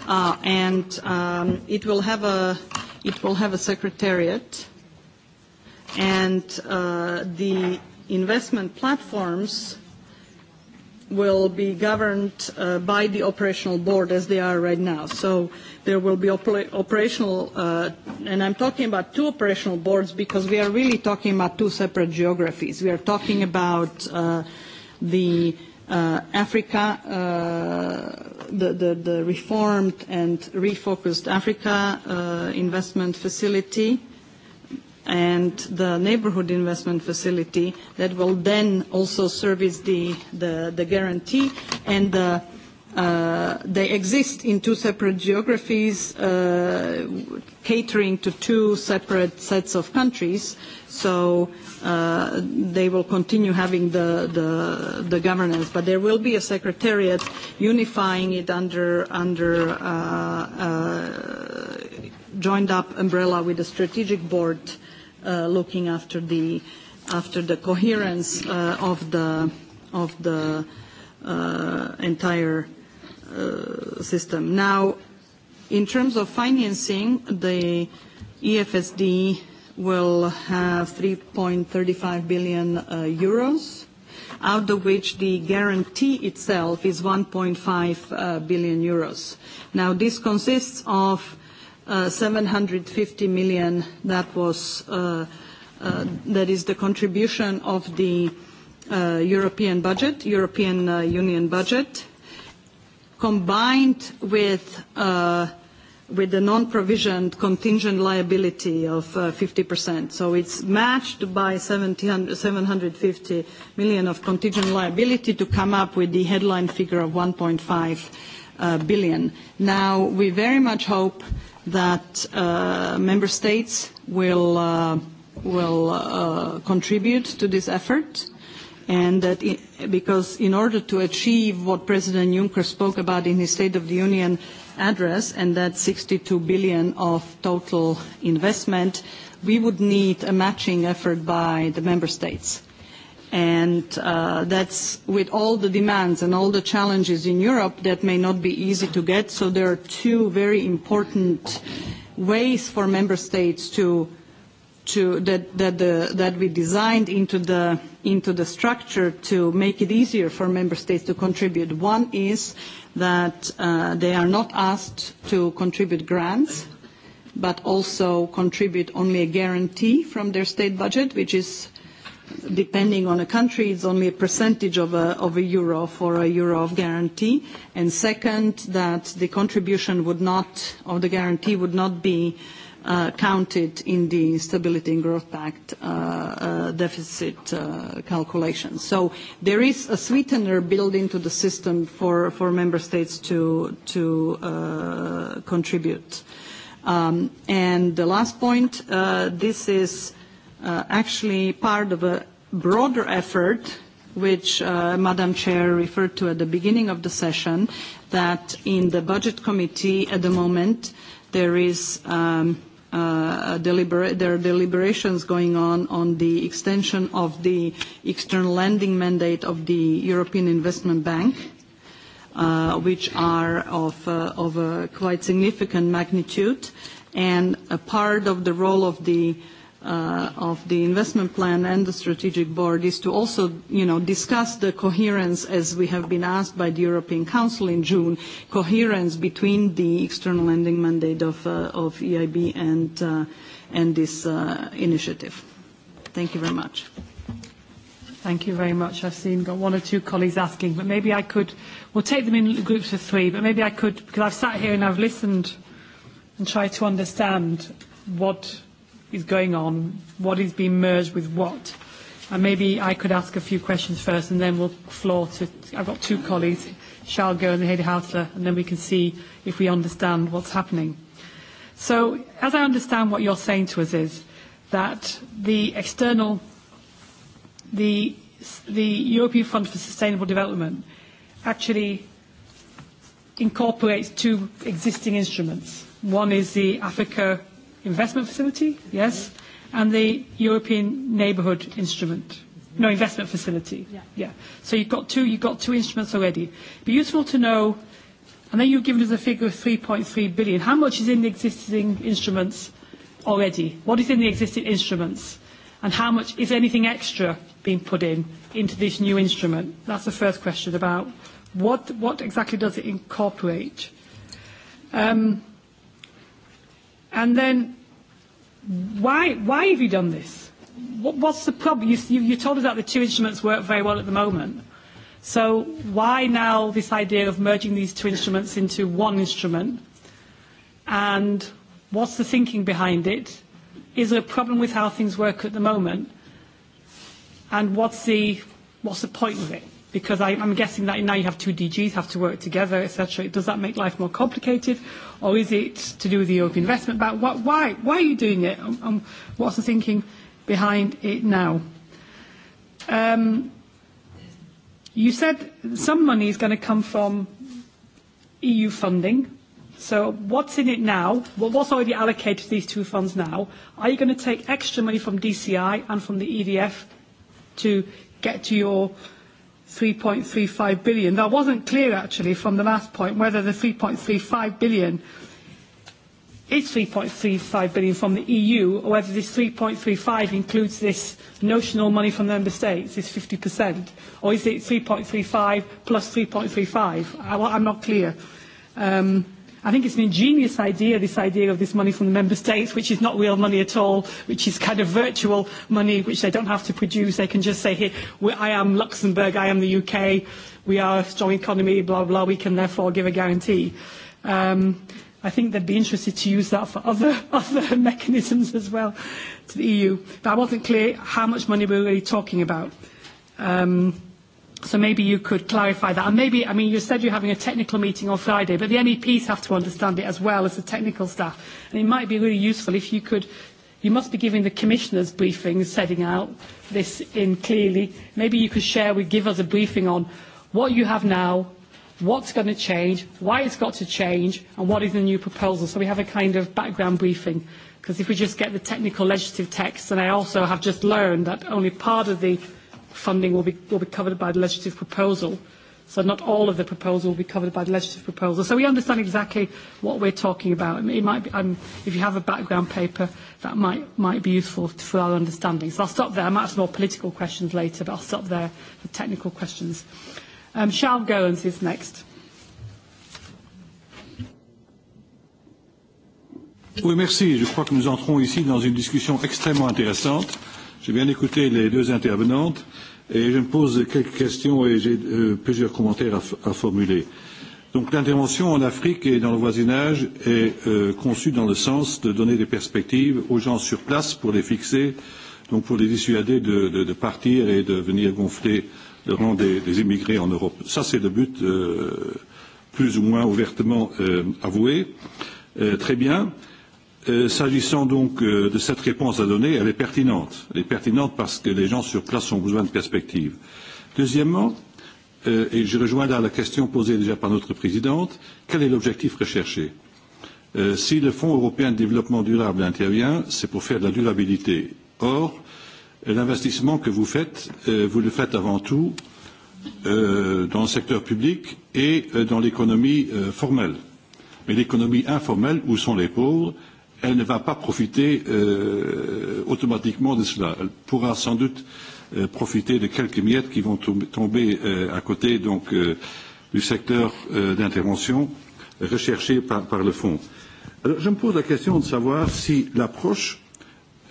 And um, it will have a it will have a secretariat, and the investment platforms will be governed uh, by the operational board as they are right now. So there will be operational, uh, and I'm talking about two operational boards because we are really talking about two separate geographies. We are talking about uh, the uh, Africa, uh, the, the reformed and refocused Africa investment facility, and the neighborhood investment facility that will then also service the, the, guarantee and uh, they exist in two separate geographies uh, catering to two separate sets of countries so uh, they will continue having the, governance but there will be a secretariat unifying it under, under joined up umbrella with the strategic board Uh, looking after the after the coherence uh, of the of the uh, entire system. Now in terms of financing the EFSD will have 3.35 billion euros out of which the guarantee itself is 1.5 uh, billion euros now this consists of 750 uh, million that was uh, uh, that is the contribution of the uh, European budget, European Union budget, combined with the non-provisioned contingent liability of 50%. So it's matched by 750 million of contingent liability to come up with the headline figure of 1.5 billion. Now, we very much hope that uh, member states will, uh, will uh, contribute to this effort and that because in order to achieve what President Juncker spoke about in his State of the Union address and that 62 billion of total investment, we would need a matching effort by the member states and uh, that's with all the demands and all the challenges in Europe that may not be easy to get so there are two very important ways for member states to to that that we designed into the into the structure to make it easier for member states to contribute one is that uh, they are not asked to contribute grants but also contribute only a guarantee from their state budget which is depending on a country, it's only a percentage of a, of a euro for a euro of guarantee. And second, that the contribution would not, of the guarantee would not be uh, counted in the Stability and Growth Pact uh, uh, deficit calculation. So there is a sweetener built into the system for, for member states to, contribute. Um, and the last point, this is Uh, actually part of a broader effort which uh, Madam Chair referred to at the beginning of the session, that in the Budget Committee at the moment there is um, uh, are deliberations going on on the extension of the external lending mandate of the European Investment Bank, which are of, of a quite significant magnitude, and a part of the role of the uh, of the investment plan and the strategic board is to also you know, discuss the coherence, as we have been asked by the European Council in June, coherence between the external lending mandate of, uh, of EIB and, uh, and this uh, initiative. Thank you very much. Thank you very much. I've seen got one or two colleagues asking, but maybe I could, we'll take them in groups of three, but maybe I could, because I've sat here and I've listened and tried to understand what is going on, what is being merged with what. And maybe I could ask a few questions first and then we'll floor to, I've got two colleagues, Charles Go and Heidi Hausler, and then we can see if we understand what's happening. So as I understand what you're saying to us is that the external, the, the European Fund for Sustainable Development actually incorporates two existing instruments. One is the Africa Investment Facility, yes, and the European Neighbourhood Instrument. No, Investment Facility. Yeah. yeah. So you've got, two, you've got two instruments already. be useful to know, and then you've given us a figure of 3.3 billion. How much is in the existing instruments already? What is in the existing instruments? and how much is anything extra being put in into this new instrument? That's the first question about what, what exactly does it incorporate? Um, And then, why, why have you done this? What, what's the problem? You, you, you told us that the two instruments work very well at the moment. So why now this idea of merging these two instruments into one instrument? And what's the thinking behind it? Is there a problem with how things work at the moment? And what's the, what's the point of it? Because I, I'm guessing that now you have two DGs have to work together, etc. Does that make life more complicated, or is it to do with the European Investment Bank? Why, why, why are you doing it? Um, um what's the thinking behind it now? Um, you said some money is going to come from EU funding. So what's in it now? What what's already allocated to these two funds now? Are you going to take extra money from DCI and from the EDF to get to your 3.35 billion. That wasn't clear actually from the last point whether the 3.35 billion is 3.35 billion from the EU or whether this 3.35 includes this notional money from the member states, this 50%, or is it 3.35 plus 3.35? I'm not clear. Um, i think it's an ingenious idea, this idea of this money from the member states, which is not real money at all, which is kind of virtual money, which they don't have to produce. They can just say, here, I am Luxembourg, I am the UK, we are a strong economy, blah, blah, we can therefore give a guarantee. Um, I think they'd be interested to use that for other, other mechanisms as well to the EU. But I wasn't clear how much money we were really talking about. Um, So maybe you could clarify that. And maybe, I mean, you said you're having a technical meeting on Friday, but the MEPs have to understand it as well as the technical staff. And it might be really useful if you could, you must be giving the commissioners briefings setting out this in clearly. Maybe you could share, with, give us a briefing on what you have now, what's going to change, why it's got to change, and what is the new proposal. So we have a kind of background briefing. Because if we just get the technical legislative text, and I also have just learned that only part of the funding will be, will be covered by the legislative proposal. So not all of the proposal will be covered by the legislative proposal. So we understand exactly what we're talking about. It might be, um, if you have a background paper, that might, might be useful for our understanding. So I'll stop there. I might have more political questions later, but I'll stop there for technical questions. Um, Charles Goins is next. Oui, merci. Je crois que nous entrons ici dans une discussion extrêmement intéressante J'ai bien écouté les deux intervenantes et je me pose quelques questions et j'ai euh, plusieurs commentaires à, à formuler. Donc l'intervention en Afrique et dans le voisinage est euh, conçue dans le sens de donner des perspectives aux gens sur place pour les fixer, donc pour les dissuader de, de, de partir et de venir gonfler le rang des, des immigrés en Europe. Ça, c'est le but euh, plus ou moins ouvertement euh, avoué. Euh, très bien. Euh, s'agissant donc euh, de cette réponse à donner, elle est pertinente. Elle est pertinente parce que les gens sur place ont besoin de perspectives. Deuxièmement, euh, et je rejoins là la question posée déjà par notre présidente, quel est l'objectif recherché Si le Fonds européen de développement durable intervient, c'est pour faire de la durabilité. Or, l'investissement que vous faites, vous le faites avant tout dans le secteur public et dans l'économie formelle. Mais l'économie informelle, où sont les pauvres elle ne va pas profiter euh, automatiquement de cela. Elle pourra sans doute euh, profiter de quelques miettes qui vont tomber euh, à côté donc, euh, du secteur euh, d'intervention recherché par, par le fonds. Alors, je me pose la question de savoir si l'approche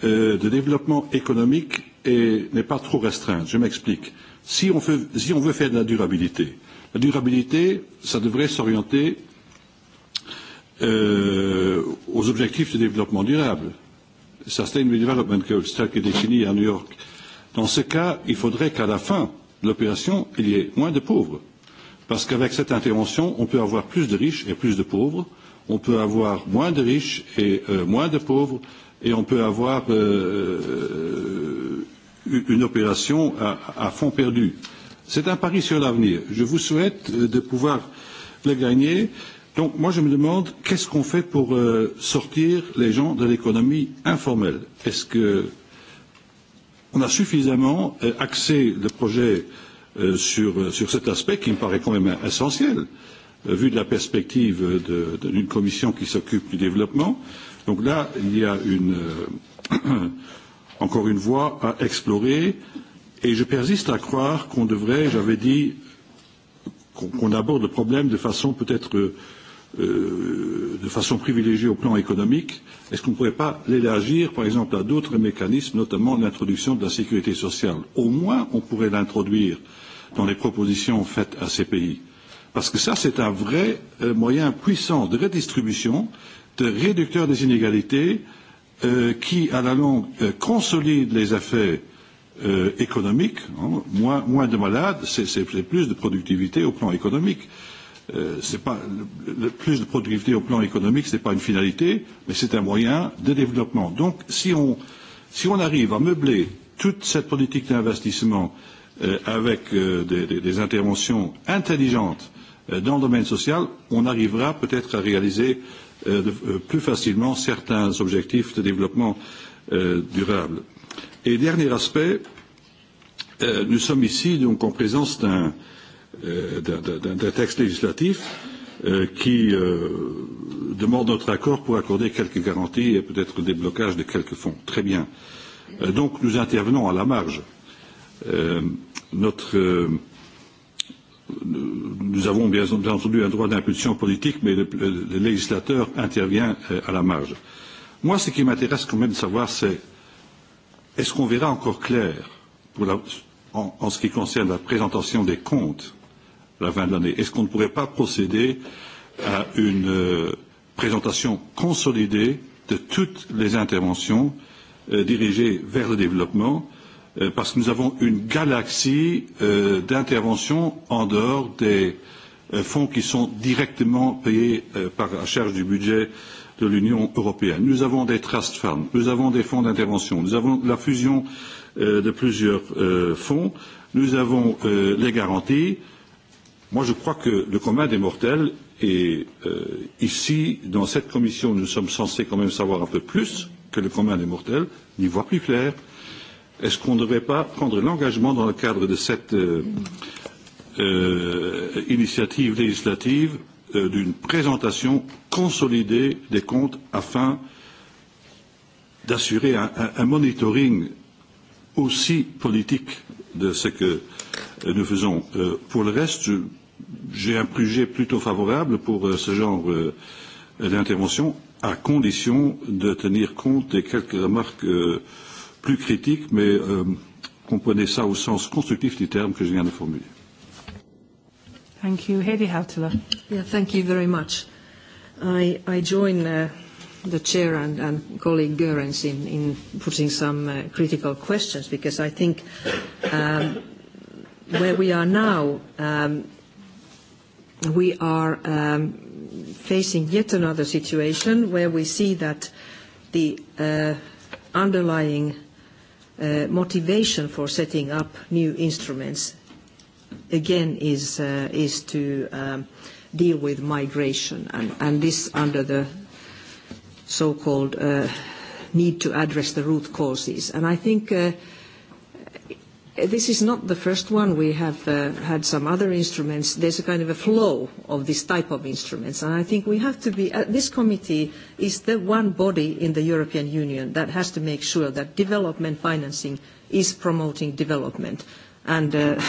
euh, de développement économique n'est pas trop restreinte. Je m'explique. Si, on veut, si on veut faire de la durabilité, la durabilité, ça devrait s'orienter euh, aux objectifs de développement durable, Sustainable Development Goals, tel que défini à New York. Dans ce cas, il faudrait qu'à la fin de l'opération, il y ait moins de pauvres. Parce qu'avec cette intervention, on peut avoir plus de riches et plus de pauvres, on peut avoir moins de riches et euh, moins de pauvres, et on peut avoir euh, euh une opération à, à fond perdu. C'est un pari sur l'avenir. Je vous souhaite de pouvoir le gagner Donc moi je me demande qu'est-ce qu'on fait pour euh, sortir les gens de l'économie informelle Est-ce que on a suffisamment euh, axé le projet euh, sur, euh, sur cet aspect qui me paraît quand même essentiel euh, vu de la perspective d'une commission qui s'occupe du développement Donc là, il y a une, euh, encore une voie à explorer et je persiste à croire qu'on devrait, j'avais dit, qu'on aborde le problème de façon peut-être Euh, de façon privilégiée au plan économique, est-ce qu'on ne pourrait pas l'élargir, par exemple, à d'autres mécanismes, notamment l'introduction de la sécurité sociale Au moins, on pourrait l'introduire dans les propositions faites à ces pays. Parce que ça, c'est un vrai euh, moyen puissant de redistribution, de réducteur des inégalités, euh, qui, à la longue, consolide les effets économiques. moins, moins de malades, c'est plus de productivité au plan économique. Euh, c'est pas le plus de productivité au plan économique ce n'est pas une finalité mais c'est un moyen de développement. donc si on, si on arrive à meubler toute cette politique d'investissement euh, avec euh, des, des interventions intelligentes dans le domaine social on arrivera peut être à réaliser plus facilement certains objectifs de développement durable. et dernier aspect nous sommes ici donc en présence d'un Euh, d'un texte législatif euh, qui euh, demande notre accord pour accorder quelques garanties et peut-être le déblocage de quelques fonds. Très bien. Donc nous intervenons à la marge. Notre, nous avons bien entendu un droit d'impulsion politique, mais le, législateur intervient à la marge. Moi, ce qui m'intéresse quand même de savoir, c'est est-ce qu'on verra encore clair pour en ce qui concerne la présentation des comptes la fin de l'année. Est-ce qu'on ne pourrait pas procéder à une euh, présentation consolidée de toutes les interventions euh, dirigées vers le développement euh, parce que nous avons une galaxie d'interventions en dehors des fonds qui sont directement payés par la charge du budget de l'Union européenne. Nous avons des trust funds, nous avons des fonds d'intervention, nous avons la fusion de plusieurs fonds, nous avons les garanties Moi, je crois que le commun des mortels et euh, ici, dans cette commission, nous sommes censés quand même savoir un peu plus que le commun des mortels, n'y voit plus clair. Est-ce qu'on ne devrait pas prendre l'engagement dans le cadre de cette euh, euh initiative législative euh, d'une présentation consolidée des comptes afin d'assurer un, un, un monitoring aussi politique de ce que nous faisons. Pour le reste, j'ai un projet plutôt favorable pour euh, ce genre euh, d'intervention, à condition de tenir compte des quelques remarques euh, plus critiques, mais comprenez ça au sens constructif du terme que je viens de formuler. Thank you. Heidi Hautala. Yeah, thank you very much. I, I join uh, the chair and, and colleague Goerens in, in putting some uh, critical questions because I think um, where we are now, um, we are um, facing yet another situation where we see that the uh, underlying uh, motivation for setting up new instruments again is, uh, to um, deal with migration and, and this under the so-called need to address the root causes. And I think Uh, this is not the first one. We have uh, had some other instruments. There's a kind of a flow of this type of instruments. And I think we have to be, uh, this committee is the one body in the European Union that has to make sure that development financing is promoting development. And uh,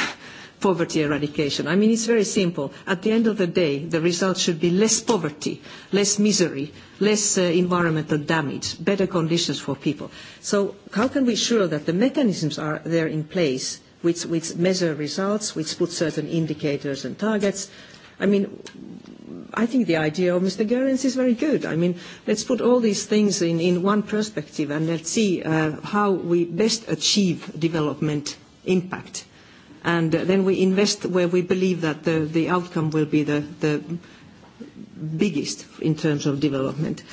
poverty eradication. I mean, it's very simple. At the end of the day, the result should be less poverty, less misery, less uh, environmental damage, better conditions for people. So how can we ensure that the mechanisms are there in place which, which measure results, which put certain indicators and targets? I mean, I think the idea of Mr. Goerens is very good. I mean, let's put all these things in, in one perspective and let's see uh, how we best achieve development impact and then we invest where we believe that the, the outcome will be the, the biggest in terms of development.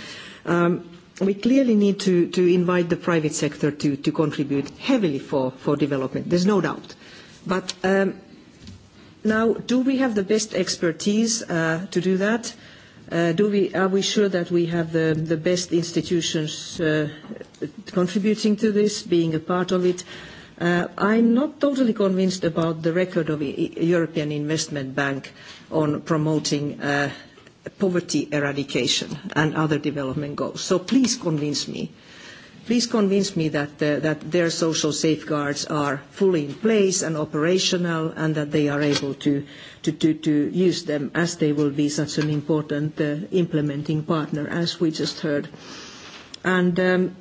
Um, we clearly need to, to invite the private sector to, to contribute heavily for, for development. There's no doubt. But um, now, do we have the best expertise uh, to do that? Uh, do we, are we sure that we have the, the best institutions uh, contributing to this, being a part of it? I uh, I'm not totally convinced about the record of e-, e-, European Investment Bank on promoting uh, poverty eradication and other development goals. So please convince me. Please convince me uh, that, their social safeguards are fully in place and operational and that they are able to, use them as they will be such an important implementing partner as we just heard. And um,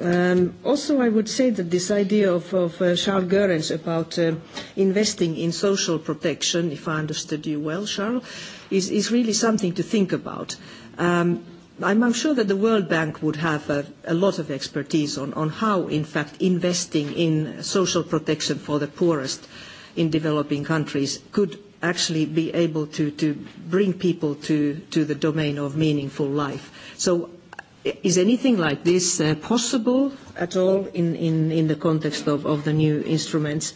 Um, also, I would say that this idea of, uh, Charles Goerens about uh, investing in social protection, if I understood you well, Charles, is, is really something to think about. Um, I'm, sure that the World Bank would have a, a lot of expertise on, on how, in fact, investing in social protection for the poorest in developing countries could actually be able to, to bring people to, to the domain of meaningful life. So Is anything like this uh, possible at all in, in, in the context of, the new instruments?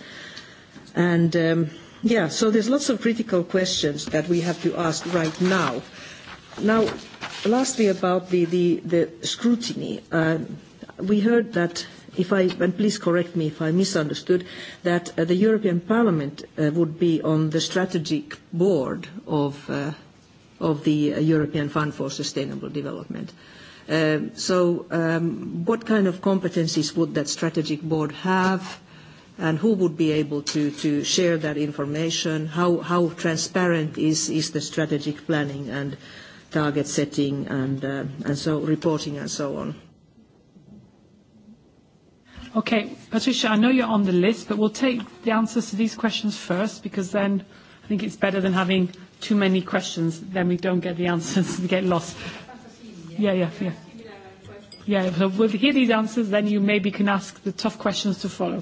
And um, yeah, so there's lots of critical questions that we have to ask right now. Now, lastly about the, the, the scrutiny. Uh, we heard that, if I, and please correct me if I misunderstood, that uh, the European Parliament would be on the strategic board of, of the European Fund for Sustainable Development. Um, so um, what kind of competencies would that strategic board have and who would be able to, to share that information? How, how transparent is, is the strategic planning and target setting and, uh, and so reporting and so on? Okay, Patricia, I know you're on the list, but we'll take the answers to these questions first because then I think it's better than having too many questions, then we don't get the answers, we get lost. Yeah, yeah, yeah. Yeah, so we'll hear these answers, then you maybe can ask the tough questions to follow.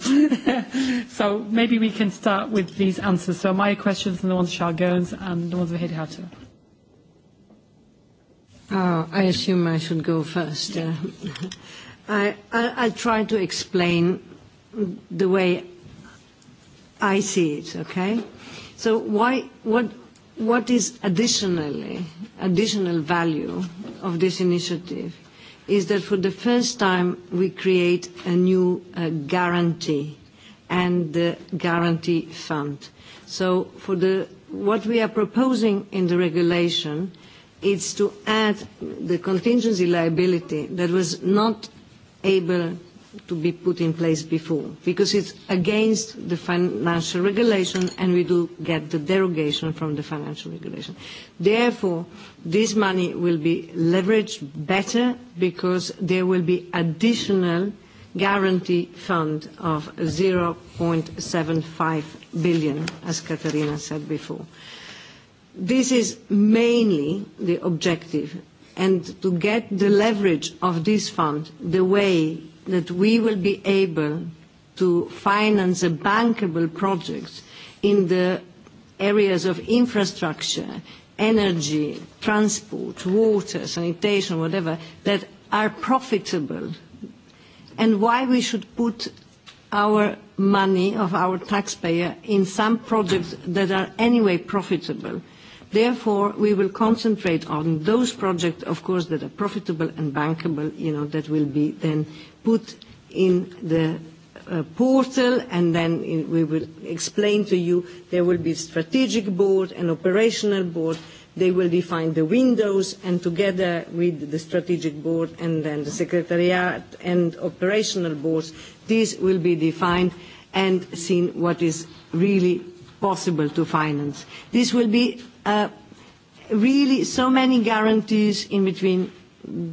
so maybe we can start with these answers. So my questions and the ones Charles Goins and the ones of Oh, I assume I should go first. Uh, I, I, I'll try to explain the way I see it, okay? So why, what, what is additionally additional value of this initiative is that for the first time we create a new uh, guarantee and the guarantee fund so for the what we are proposing in the regulation is to add the contingency liability that was not able to be put in place before because it's against the financial regulation and we do get the derogation from the financial regulation. Therefore, this money will be leveraged better because there will be additional guarantee fund of 0.75 billion, as Katarina said before. This is mainly the objective and to get the leverage of this fund the way that we will be able to finance bankable projects in the areas of infrastructure, energy, transport, water, sanitation, whatever, that are profitable, and why we should put our money of our taxpayer in some projects that are anyway profitable. Therefore, we will concentrate on those projects, of course, that are profitable and bankable, you know, that will be then put in the uh, portal and then we will explain to you there will be strategic board and operational board they will define the windows and together with the strategic board and then the secretariat and operational boards this will be defined and seen what is really possible to finance this will be uh, really so many guarantees in between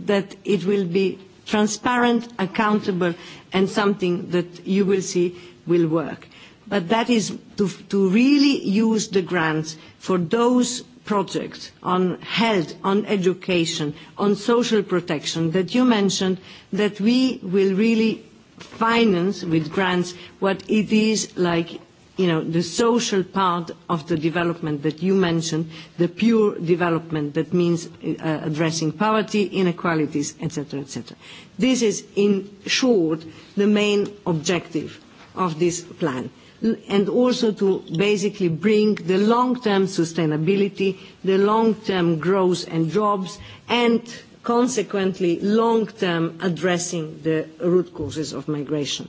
that it will be transparent, accountable and something that you will see will work. But that is to, really use the grants for those projects on health, on education, on social protection that you mentioned, that we will really finance with grants what it is like you know, the social part of the development that you mentioned, the pure development that means uh, addressing poverty, inequalities, etc., etc. This is, in short, the main objective of this plan, and also to basically bring the long-term sustainability, the long-term growth and jobs, and consequently long-term addressing the root causes of migration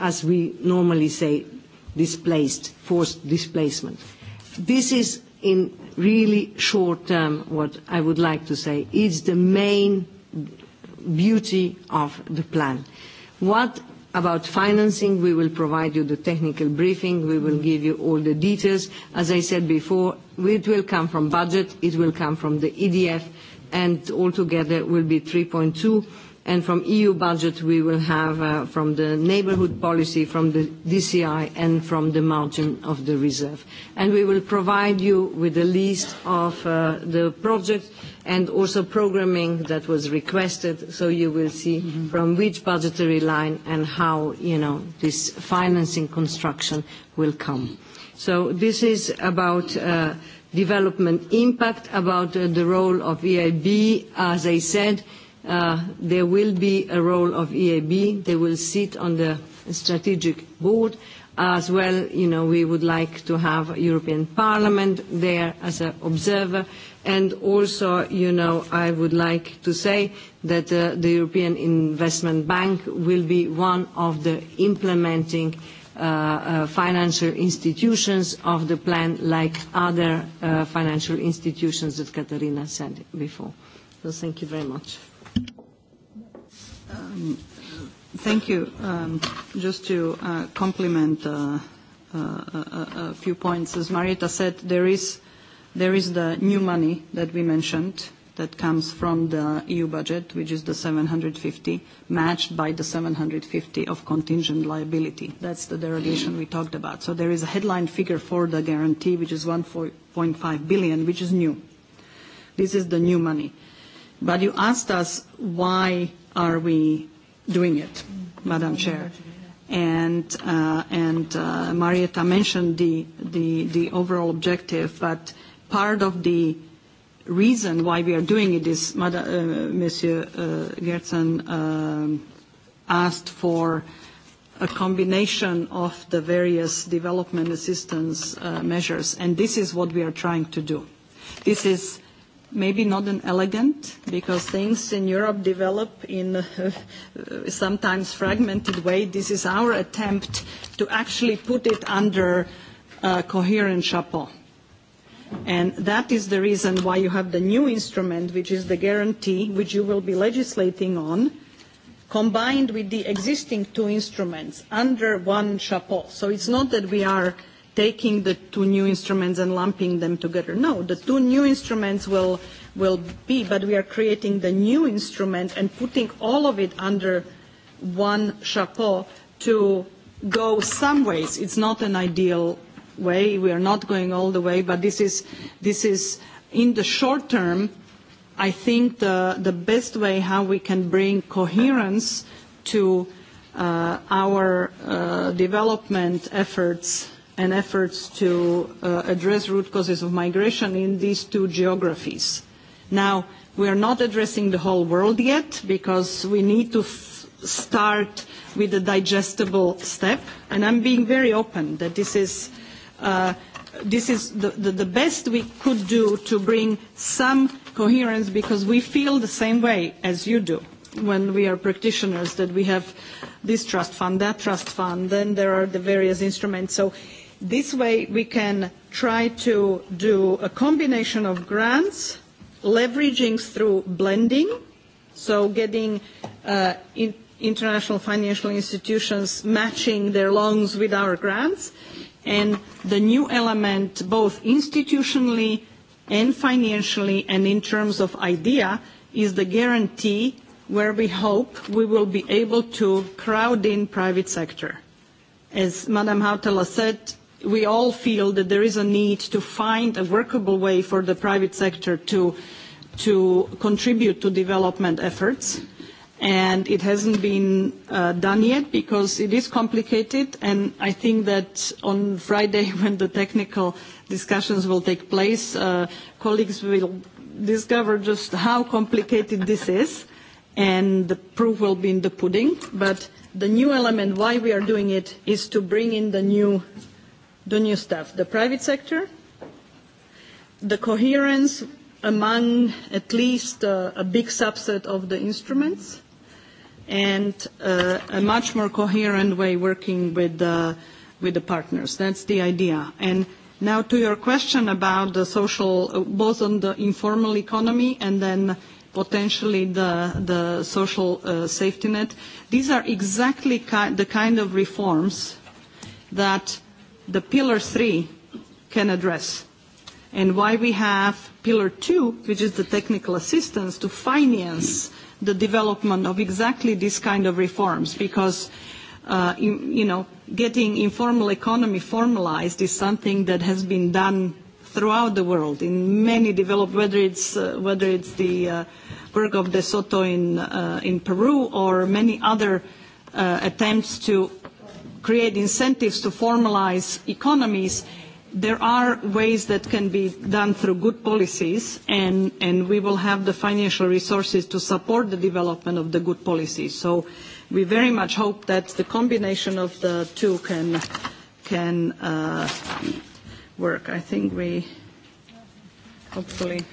as we normally say, displaced, forced displacement. This is in really short term what I would like to say is the main beauty of the plan. What about financing? We will provide you the technical briefing. We will give you all the details. As I said before, it will come from budget. It will come from the EDF and altogether will be 3.2 and from EU budget we will have uh, from the neighbourhood policy, from the DCI and from the margin of the reserve. And we will provide you with a list of uh, the projects and also programming that was requested, so you will see mm-hmm. from which budgetary line and how this financing construction will come. So this is about uh, development impact, about the role of EIB, as I said Uh, there will be a role of EAB. They will sit on the strategic board. As well, you know, we would like to have European Parliament there as an observer. And also, you know, I would like to say that uh, the European Investment Bank will be one of the implementing uh, financial institutions of the plan like other financial institutions that Katarina said before. So thank you very much. Um, thank you. Um, just to uh, compliment a, uh, uh, uh, a few points. As Marita said, there is, there is the new money that we mentioned that comes from the EU budget, which is the 750, matched by the 750 of contingent liability. That's the derogation we talked about. So there is a headline figure for the guarantee, which is 1.5 billion, which is new. This is the new money. But you asked us why are we doing it, Madam Chair. And, uh, and uh, Marietta mentioned the, the, the overall objective, but part of the reason why we are doing it is Madam, uh, Monsieur uh, Gertsen um, asked for a combination of the various development assistance uh, measures, and this is what we are trying to do. This is maybe not an elegant because things in Europe develop in uh, a sometimes fragmented way. This is our attempt to actually put it under a coherent chapeau. And that is the reason why you have the new instrument, which is the guarantee, which you will be legislating on, combined with the existing two instruments under one chapeau. So it's not that we are taking the two new instruments and lumping them together. No, the two new instruments will, will be, but we are creating the new instrument and putting all of it under one chapeau to go some ways. It's not an ideal way. We are not going all the way, but this is, this is in the short term, I think the, the best way how we can bring coherence to uh, our uh, development efforts and efforts to uh, address root causes of migration in these two geographies. Now, we are not addressing the whole world yet because we need to f start with a digestible step, and I'm being very open that this is, uh, this is the, the, the best we could do to bring some coherence because we feel the same way as you do when we are practitioners that we have this trust fund, that trust fund, then there are the various instruments. So This way we can try to do a combination of grants, leveraging through blending, so getting uh, in international financial institutions matching their loans with our grants, and the new element both institutionally and financially and in terms of idea is the guarantee where we hope we will be able to crowd in private sector. As Madam Hautala said, we all feel that there is a need to find a workable way for the private sector to, to contribute to development efforts and it hasn't been uh, done yet because it is complicated and I think that on Friday when the technical discussions will take place, uh, colleagues will discover just how complicated this is and the proof will be in the pudding. But the new element why we are doing it is to bring in the new the new staff, the private sector, the coherence among at least uh, a big subset of the instruments, and uh, a much more coherent way working uh, with the, partners. That's the idea. And now to your question about the social, both on the informal economy and then potentially the, the social safety net. These are exactly the kind of reforms that the pillar three can address and why we have pillar two, which is the technical assistance to finance the development of exactly this kind of reforms because uh, you, know, getting informal economy formalized is something that has been done throughout the world in many developed whether it's uh, whether it's the uh, work of De Soto in in Peru or many other attempts to create incentives to formalise economies there are ways that can be done through good policies and, and we will have the financial resources to support the development of the good policies. So we very much hope that the combination of the two can, can uh, work. I think we hopefully...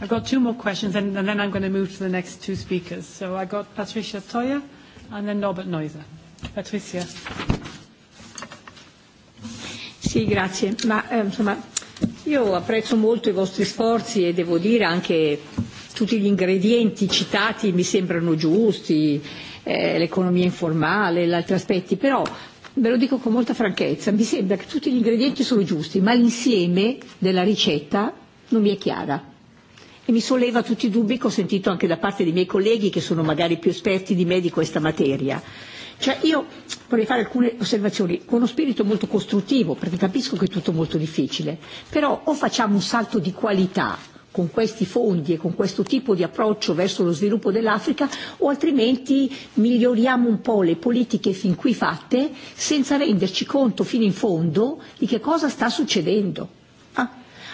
I've got two more questions and, then I'm going to move to the next two speakers. So I've got Patricia Toya and then Norbert Neuser. Patricia. Sì, grazie. Ma eh, insomma, io apprezzo molto i vostri sforzi e devo dire anche tutti gli ingredienti citati mi sembrano giusti, eh, l'economia informale, gli altri aspetti, però ve lo dico con molta franchezza, mi sembra che tutti gli ingredienti sono giusti, ma l'insieme della ricetta non mi è chiara. E mi solleva tutti i dubbi che ho sentito anche da parte dei miei colleghi che sono magari più esperti di me di questa materia Cioè io vorrei fare alcune osservazioni con uno spirito molto costruttivo, perché capisco che è tutto molto difficile, però o facciamo un salto di qualità con questi fondi e con questo tipo di approccio verso lo sviluppo dell'Africa o altrimenti miglioriamo un po' le politiche fin qui fatte senza renderci conto fino in fondo di che cosa sta succedendo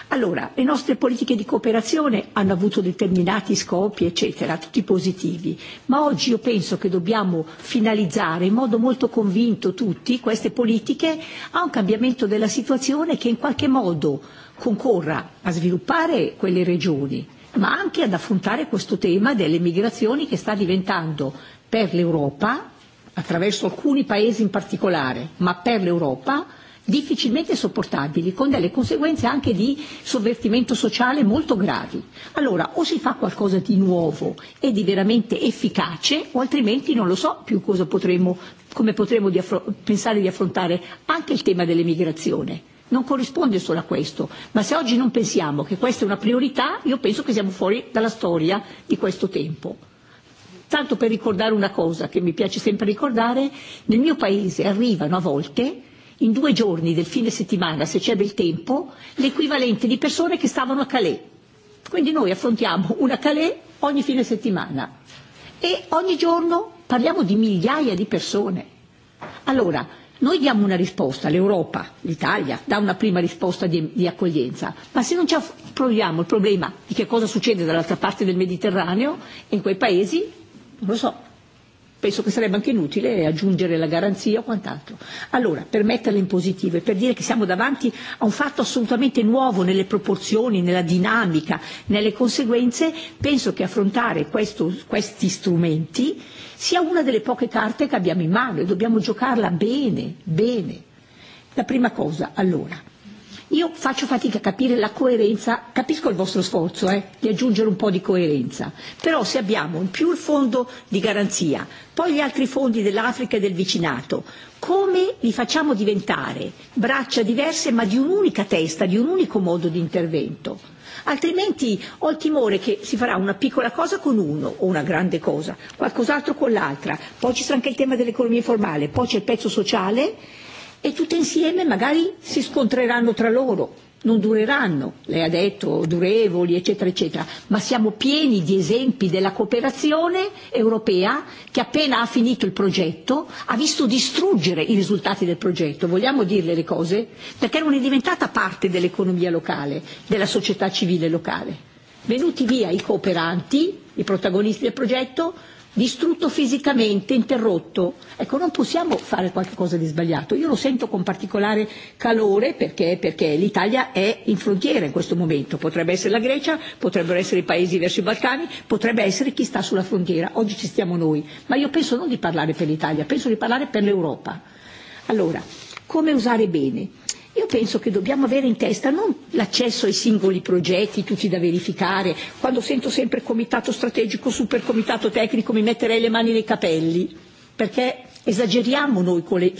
Allora, le nostre politiche di cooperazione hanno avuto determinati scopi, eccetera, tutti positivi, ma oggi io penso che dobbiamo finalizzare in modo molto convinto tutti queste politiche a un cambiamento della situazione che in qualche modo concorra a sviluppare quelle regioni, ma anche ad affrontare questo tema delle migrazioni che sta diventando per l'Europa, attraverso alcuni paesi in particolare, ma per l'Europa difficilmente sopportabili con delle conseguenze anche di sovvertimento sociale molto gravi. Allora o si fa qualcosa di nuovo e di veramente efficace o altrimenti non lo so più cosa potremo come potremo pensare di affrontare anche il tema dell'emigrazione. Non corrisponde solo a questo, ma se oggi non pensiamo che questa è una priorità, io penso che siamo fuori dalla storia di questo tempo. Tanto per ricordare una cosa che mi piace sempre ricordare, nel mio paese arrivano a volte in due giorni del fine settimana, se c'è del tempo, l'equivalente di persone che stavano a Calais. Quindi noi affrontiamo una Calais ogni fine settimana e ogni giorno parliamo di migliaia di persone. Allora, noi diamo una risposta, l'Europa, l'Italia dà una prima risposta di, di accoglienza, ma se non ci proviamo il problema di che cosa succede dall'altra parte del Mediterraneo, in quei paesi, non lo so, penso che sarebbe anche inutile aggiungere la garanzia o quant'altro. Allora, per metterla in positivo e per dire che siamo davanti a un fatto assolutamente nuovo nelle proporzioni, nella dinamica, nelle conseguenze, penso che affrontare questo, questi strumenti sia una delle poche carte che abbiamo in mano e dobbiamo giocarla bene, bene. La prima cosa, allora, io faccio fatica a capire la coerenza, capisco il vostro sforzo eh, di aggiungere un po' di coerenza, però se abbiamo in più il fondo di garanzia, poi gli altri fondi dell'Africa e del vicinato, come li facciamo diventare braccia diverse ma di un'unica testa, di un unico modo di intervento? Altrimenti ho il timore che si farà una piccola cosa con uno o una grande cosa, qualcos'altro con l'altra, poi ci sarà anche il tema dell'economia informale, poi c'è il pezzo sociale e tutte insieme magari si scontreranno tra loro non dureranno, lei ha detto, durevoli, eccetera, eccetera, ma siamo pieni di esempi della cooperazione europea che appena ha finito il progetto ha visto distruggere i risultati del progetto, vogliamo dirle le cose? Perché non è diventata parte dell'economia locale, della società civile locale. Venuti via i cooperanti, i protagonisti del progetto, distrutto fisicamente, interrotto. Ecco, non possiamo fare qualcosa di sbagliato. Io lo sento con particolare calore perché, perché l'Italia è in frontiera in questo momento. Potrebbe essere la Grecia, potrebbero essere i paesi verso i Balcani, potrebbe essere chi sta sulla frontiera. Oggi ci stiamo noi. Ma io penso non di parlare per l'Italia, penso di parlare per l'Europa. Allora, come usare bene? Io penso che dobbiamo avere in testa non l'accesso ai singoli progetti, tutti da verificare, quando sento sempre comitato strategico, supercomitato tecnico mi metterei le mani nei capelli, perché esageriamo noi con le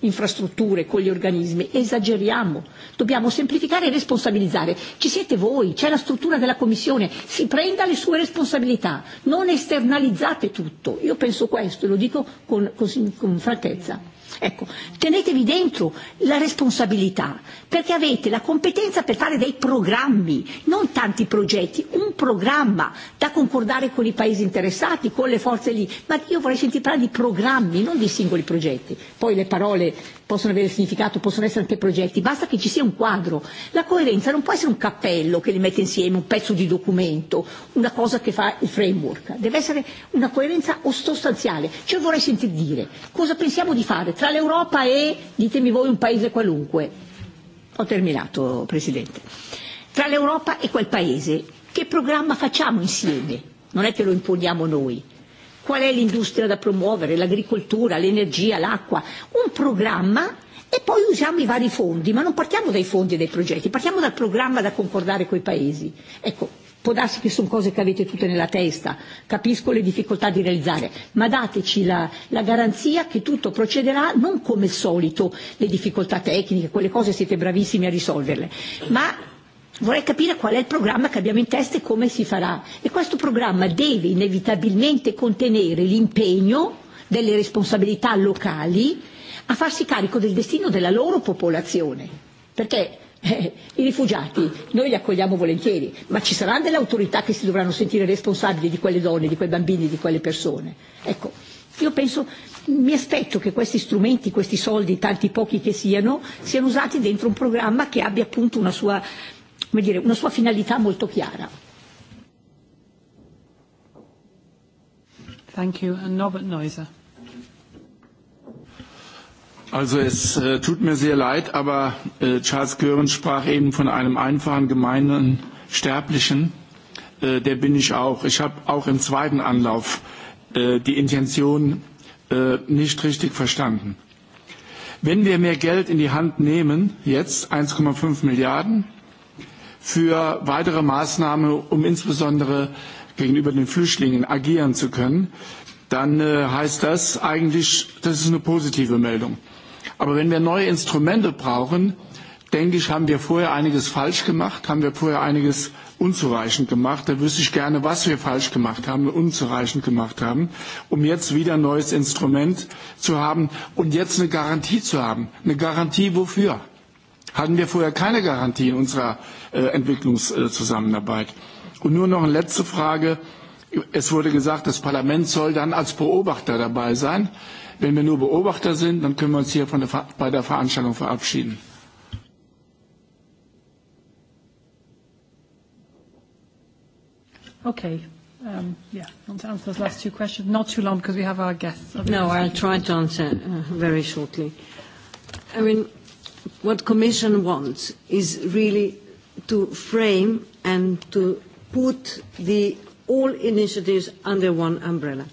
infrastrutture, con gli organismi, esageriamo, dobbiamo semplificare e responsabilizzare. Ci siete voi, c'è la struttura della Commissione, si prenda le sue responsabilità, non esternalizzate tutto. Io penso questo e lo dico con, con, con franchezza. Ecco, tenetevi dentro la responsabilità, perché avete la competenza per fare dei programmi, non tanti progetti, un programma da concordare con i paesi interessati, con le forze lì, ma io vorrei sentire parlare di programmi, non di singoli progetti. Poi le parole possono avere significato, possono essere anche progetti, basta che ci sia un quadro. La coerenza non può essere un cappello che li mette insieme, un pezzo di documento, una cosa che fa il framework, deve essere una coerenza sostanziale. Cioè vorrei sentire dire cosa pensiamo di fare tra l'Europa e, ditemi voi, un paese qualunque. Ho terminato, Presidente. Tra l'Europa e quel paese, che programma facciamo insieme? Non è che lo imponiamo noi, qual è l'industria da promuovere, l'agricoltura, l'energia, l'acqua, un programma e poi usiamo i vari fondi, ma non partiamo dai fondi e dai progetti, partiamo dal programma da concordare i paesi. Ecco, può darsi che sono cose che avete tutte nella testa, capisco le difficoltà di realizzare, ma dateci la, la garanzia che tutto procederà non come al solito, le difficoltà tecniche, quelle cose siete bravissimi a risolverle, ma vorrei capire qual è il programma che abbiamo in testa e come si farà e questo programma deve inevitabilmente contenere l'impegno delle responsabilità locali a farsi carico del destino della loro popolazione perché eh, i rifugiati noi li accogliamo volentieri ma ci saranno delle autorità che si dovranno sentire responsabili di quelle donne di quei bambini di quelle persone ecco io penso mi aspetto che questi strumenti questi soldi tanti pochi che siano siano usati dentro un programma che abbia appunto una sua come dire, una sua finalità molto chiara. Thank you. Norbert Neuser. Also es äh, tut mir sehr leid, aber äh, Charles Gören sprach eben von einem einfachen, gemeinen Sterblichen. Äh, der bin ich auch. Ich habe auch im zweiten Anlauf äh, die Intention äh, nicht richtig verstanden. Wenn wir mehr Geld in die Hand nehmen, jetzt 1,5 Milliarden, für weitere Maßnahmen, um insbesondere gegenüber den Flüchtlingen agieren zu können, dann äh, heißt das eigentlich, das ist eine positive Meldung. Aber wenn wir neue Instrumente brauchen, denke ich, haben wir vorher einiges falsch gemacht, haben wir vorher einiges unzureichend gemacht. Da wüsste ich gerne, was wir falsch gemacht haben und unzureichend gemacht haben, um jetzt wieder ein neues Instrument zu haben und jetzt eine Garantie zu haben. Eine Garantie wofür? hatten wir vorher keine Garantie in unserer äh, Entwicklungszusammenarbeit. Und nur noch eine letzte Frage. Es wurde gesagt, das Parlament soll dann als Beobachter dabei sein. Wenn wir nur Beobachter sind, dann können wir uns hier von bei der Veranstaltung verabschieden. Okay. Um, last two Not too long because we have our guests. No, I'll try to answer uh, very shortly. I mean, what Commission wants is really to frame and to put the all initiatives under one umbrella.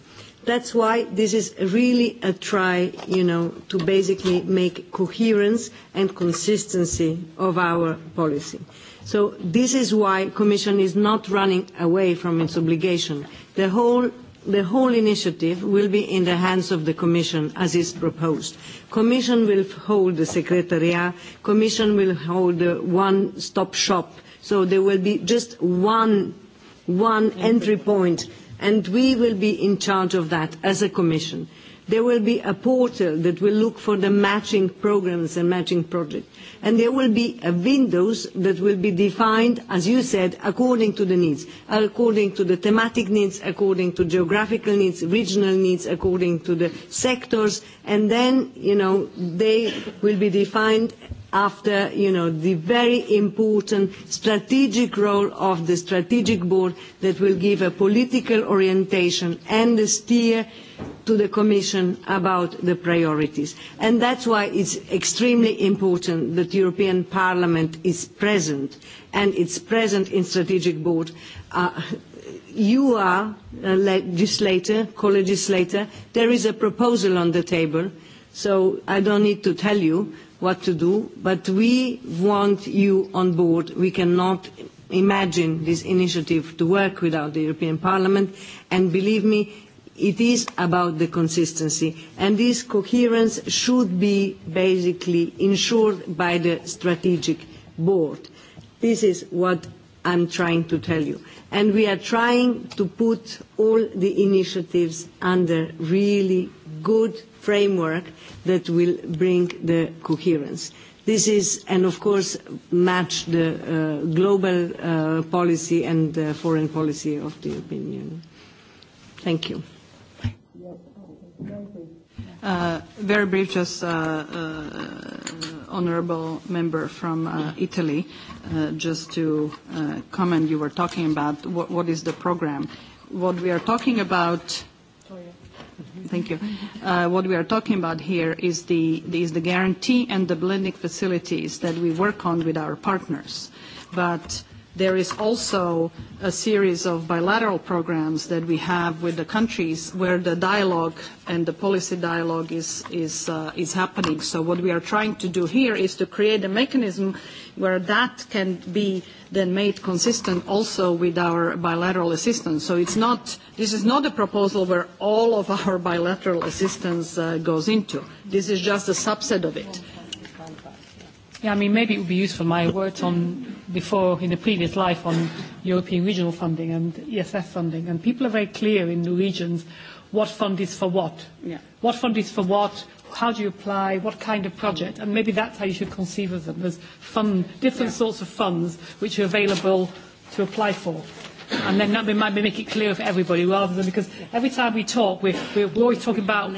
That's why this is really a try, you know, to basically make coherence and consistency of our policy. So this is why the Commission is not running away from its obligation. The whole, the whole initiative will be in the hands of the Commission as is proposed. Commission will hold the Secretariat, Commission will hold a one stop shop, so there will be just one one entry point and we will be in charge of that as a Commission. There will be a portal that will look for the matching programs and matching projects. And there will be a windows that will be defined, as you said, according to the needs, according to the thematic needs, according to geographical needs, regional needs, according to the sectors. And then, you know, they will be defined after you know, the very important strategic role of the strategic board that will give a political orientation and a steer to the Commission about the priorities. And that's why it's extremely important that the European Parliament is present and it's present in strategic board. Uh, you are a legislator, co-legislator. There is a proposal on the table, so I don't need to tell you what to do, but we want you on board. We cannot imagine this initiative to work without the European Parliament, and believe me, it is about the consistency, and this coherence should be basically ensured by the strategic board. This is what I'm trying to tell you. And we are trying to put all the initiatives under really good framework that will bring the coherence. This is, and of course, match the uh, global uh, policy and the foreign policy of the European Union. Thank you. Uh, very brief, just honorable member from Italy, just to comment, you were talking about what, what is the program. What we are talking about Thank you. Uh, what we are talking about here is the, is the guarantee and the blending facilities that we work on with our partners. But There is also a series of bilateral programs that we have with the countries where the dialogue and the policy dialogue is, is, uh, is happening. So what we are trying to do here is to create a mechanism where that can be then made consistent also with our bilateral assistance. So it's not, this is not a proposal where all of our bilateral assistance uh, goes into. This is just a subset of it. Yeah, I mean, maybe it would be useful my words on before in the previous life on European regional funding and ESF funding. And people are very clear in the regions what fund is for what. Yeah. What fund is for what, how do you apply, what kind of project. And maybe that's how you should conceive of them. There's fund, different yeah. sorts of funds which are available to apply for and then that we might make it clear for everybody rather than because every time we talk we're, we're always talking about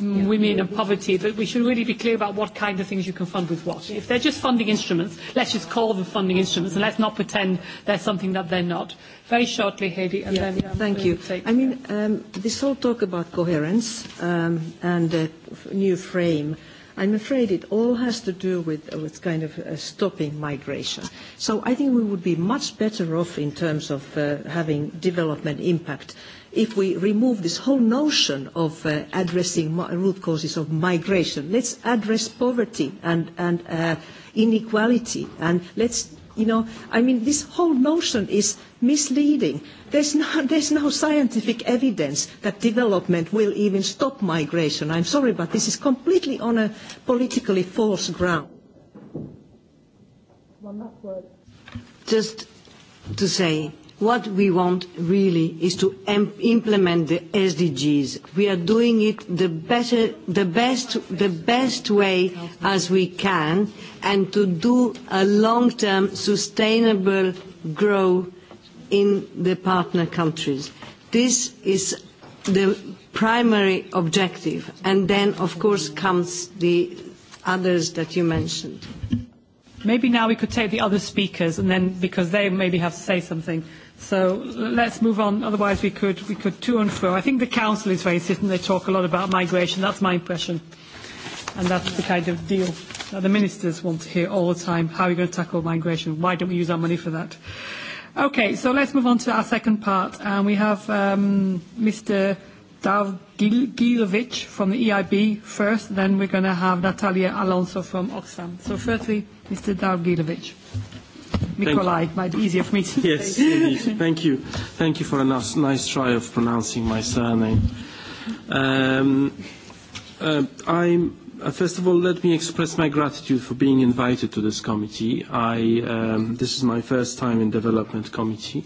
women and poverty but we should really be clear about what kind of things you can fund with what. If they're just funding instruments, let's just call them funding instruments and let's not pretend they're something that they're not. Very shortly, Heidi and yeah, then... Um, thank you. I mean, um, this whole talk about coherence um, and a new frame I'm afraid it all has to do with, with kind of uh, stopping migration. So I think we would be much better off in terms of uh, having development impact if we remove this whole notion of uh, addressing root causes of migration. Let's address poverty and, and uh, inequality and let's You know, I mean, this whole notion is misleading. There's no, there's no scientific evidence that development will even stop migration. I'm sorry, but this is completely on a politically false ground. Just to say What we want really is to implement the SDGs. We are doing it the better, the best, the best way as we can, and to do a long-term sustainable growth in the partner countries. This is the primary objective, and then, of course, comes the others that you mentioned. Maybe now we could take the other speakers, and then because they maybe have to say something So let's move on, otherwise we could, we could to and fro. I think the council is very and they talk a lot about migration, that's my impression. And that's the kind of deal that the ministers want to hear all the time. How are we going to tackle migration? Why don't we use our money for that? Okay, so let's move on to our second part. And we have um, Mr. Gilovic from the EIB first, then we're going to have Natalia Alonso from Oxfam. So firstly, Mr. Davgilovic. Nikolai, it might be easier for me to Yes, indeed. Thank you. Thank you for a nice, nice try of pronouncing my surname. Um, uh, I'm, uh, first of all, let me express my gratitude for being invited to this committee. I, um, this is my first time in Development Committee.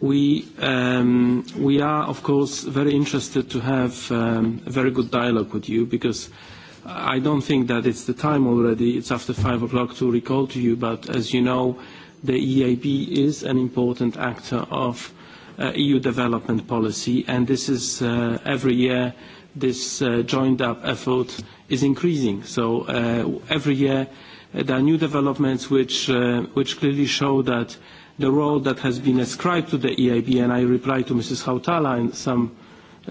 We, um, we are, of course, very interested to have um, a very good dialogue with you because i don't think that it's the time already, it's after five o'clock to recall to you, but as you know, the EIB is an important actor of uh, EU development policy, and this is uh, every year this uh, joined up effort is increasing. So uh, every year there are new developments which, which clearly show that the role that has been ascribed to the EIB, and I reply to Mrs. Hautala and some,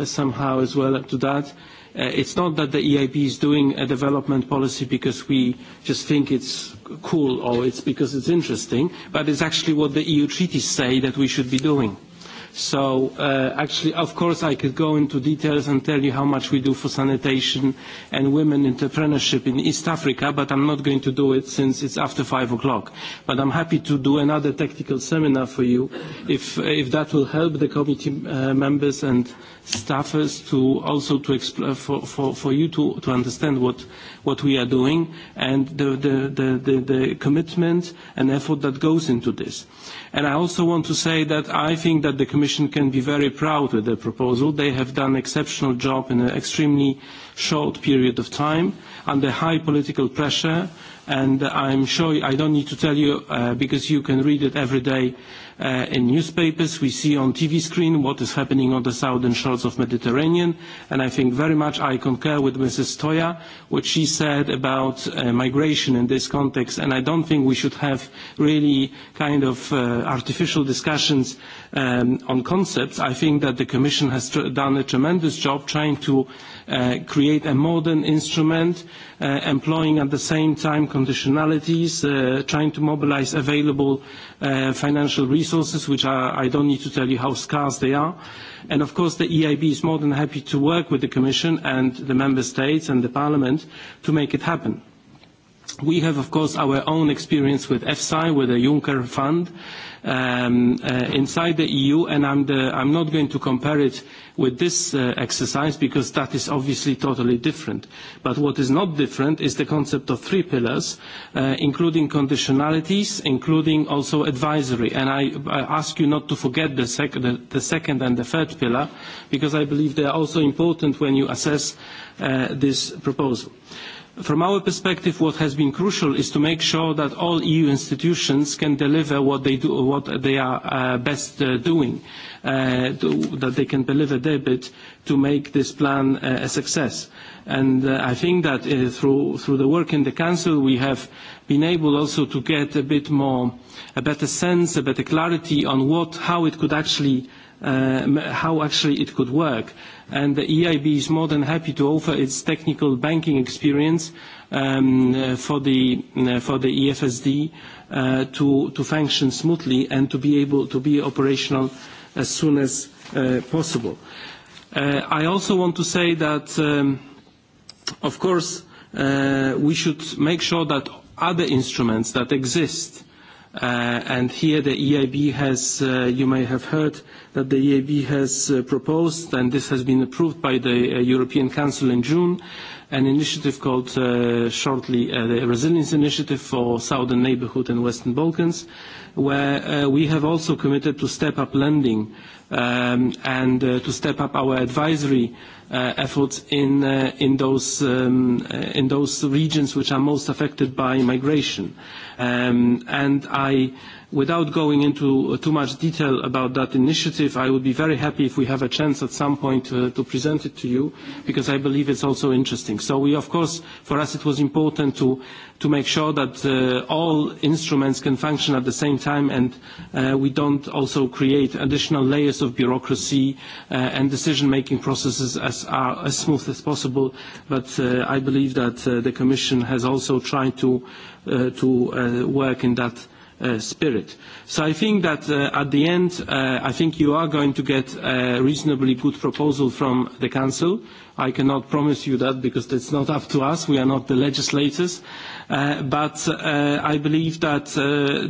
somehow as well to that, It uh, it's not that the EIB is doing a development policy because we just think it's cool or it's because it's interesting, but it's actually what the EU treaties say that we should be doing. So uh, actually, of course, I could go into details and tell you how much we do for sanitation and women entrepreneurship in East Africa, but I'm not going to do it since it's after five o'clock. But I'm happy to do another technical seminar for you if, if that will help the committee uh, members and staffers to also to explore uh, for, for, for you to, to understand what, what we are doing and the, the, the, the, the commitment and effort that goes into this. And I also want to say that I think that the Commission can be very proud of their proposal. They have done an exceptional job in an extremely short period of time under high political pressure and I'm sure I don't need to tell you uh, because you can read it every day Uh, in newspapers. We see on TV screen what is happening on the southern shores of Mediterranean. And I think very much I concur with Mrs. Toia what she said about uh, migration in this context. And I don't think we should have really kind of uh, artificial discussions um, on concepts. I think that the Commission has done a tremendous job trying to Uh, create a modern instrument uh, employing at the same time conditionalities uh, trying to mobilize available financial resources which are, I don't need to tell you how scarce they are and of course the EIB is more than happy to work with the Commission and the Member States and the Parliament to make it happen. We have of course our own experience with EFSI, with the Juncker Fund um, inside the EU and I'm, am I'm not going to compare it with this uh, exercise because that is obviously totally different. But what is not different is the concept of three pillars, uh, including conditionalities, including also advisory. And I, ask you not to forget the, the, second and the third pillar because I believe they are also important when you assess uh, this proposal. From our perspective, what has been crucial is to make sure that all EU institutions can deliver what they, do, what they are uh, best uh, doing, uh, that they can deliver their bit to make this plan a success. And I think that through, through the work in the Council, we have been able also to get a bit more, a better sense, a better clarity on what, how it could actually, how actually it could work and the EIB is more than happy to offer its technical banking experience um, uh, for the uh, EFSD e uh, to function smoothly and to be able to be operational as soon as possible. I also want to say that, um, of course, we should make sure that other instruments that exist, and here the EIB has, you may have heard, that the EIB has uh, proposed, and this has been approved by the uh, European Council in June, an initiative called uh, shortly the Resilience Initiative for Southern Neighbourhood and Western Balkans, where we have also committed to step up lending um, and to step up our advisory efforts in, in, those, um, in those regions which are most affected by migration. Um, and I Without going into uh, too much detail about that initiative, I would be very happy if we have a chance at some point uh, to present it to you, because I believe it's also interesting. So we, of course, for us it was important to, make sure that uh, all instruments can function at the same time and we don't also create additional layers of bureaucracy and decision-making processes as, are, as smooth as possible. But I believe that the Commission has also tried to work in that Uh, spirit. So I think that uh, at the end, uh, I think you are going to get a reasonably good proposal from the Council. I cannot promise you that because it's not up to us. We are not the legislators. but I believe that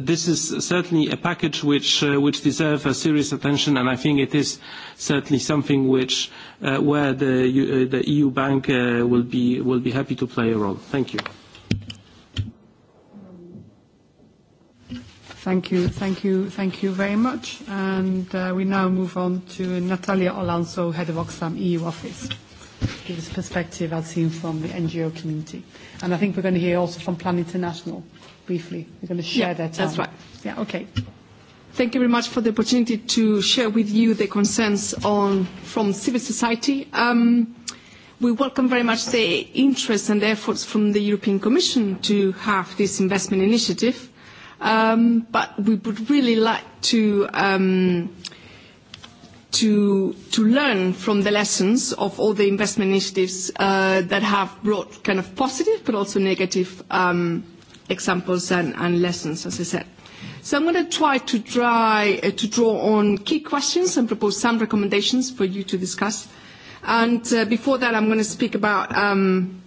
this is certainly a package which, which deserves a serious attention, and I think it is certainly something which, where the, the EU Bank will be, will be happy to play a role. Thank you. Thank you, thank you, thank you very much. And uh, we now move on to Natalia Alonso, Head of Oxfam EU Office. Give us perspective as seen from the NGO community. And I think we're going to hear also from Plan International briefly. They're going to share their time. That's right. Yeah, okay. Thank you very much for the opportunity to share with you the concerns on, from civil society. Um, we welcome very much the interest and efforts from the European Commission to have this investment initiative Um, but we would really like to um, to to learn from the lessons of all the investment initiatives uh, that have brought kind of positive but also negative um, examples and, and lessons, as I said. So I'm going to try to try uh, to draw on key questions and propose some recommendations for you to discuss. And uh, before that, I'm going to speak about um,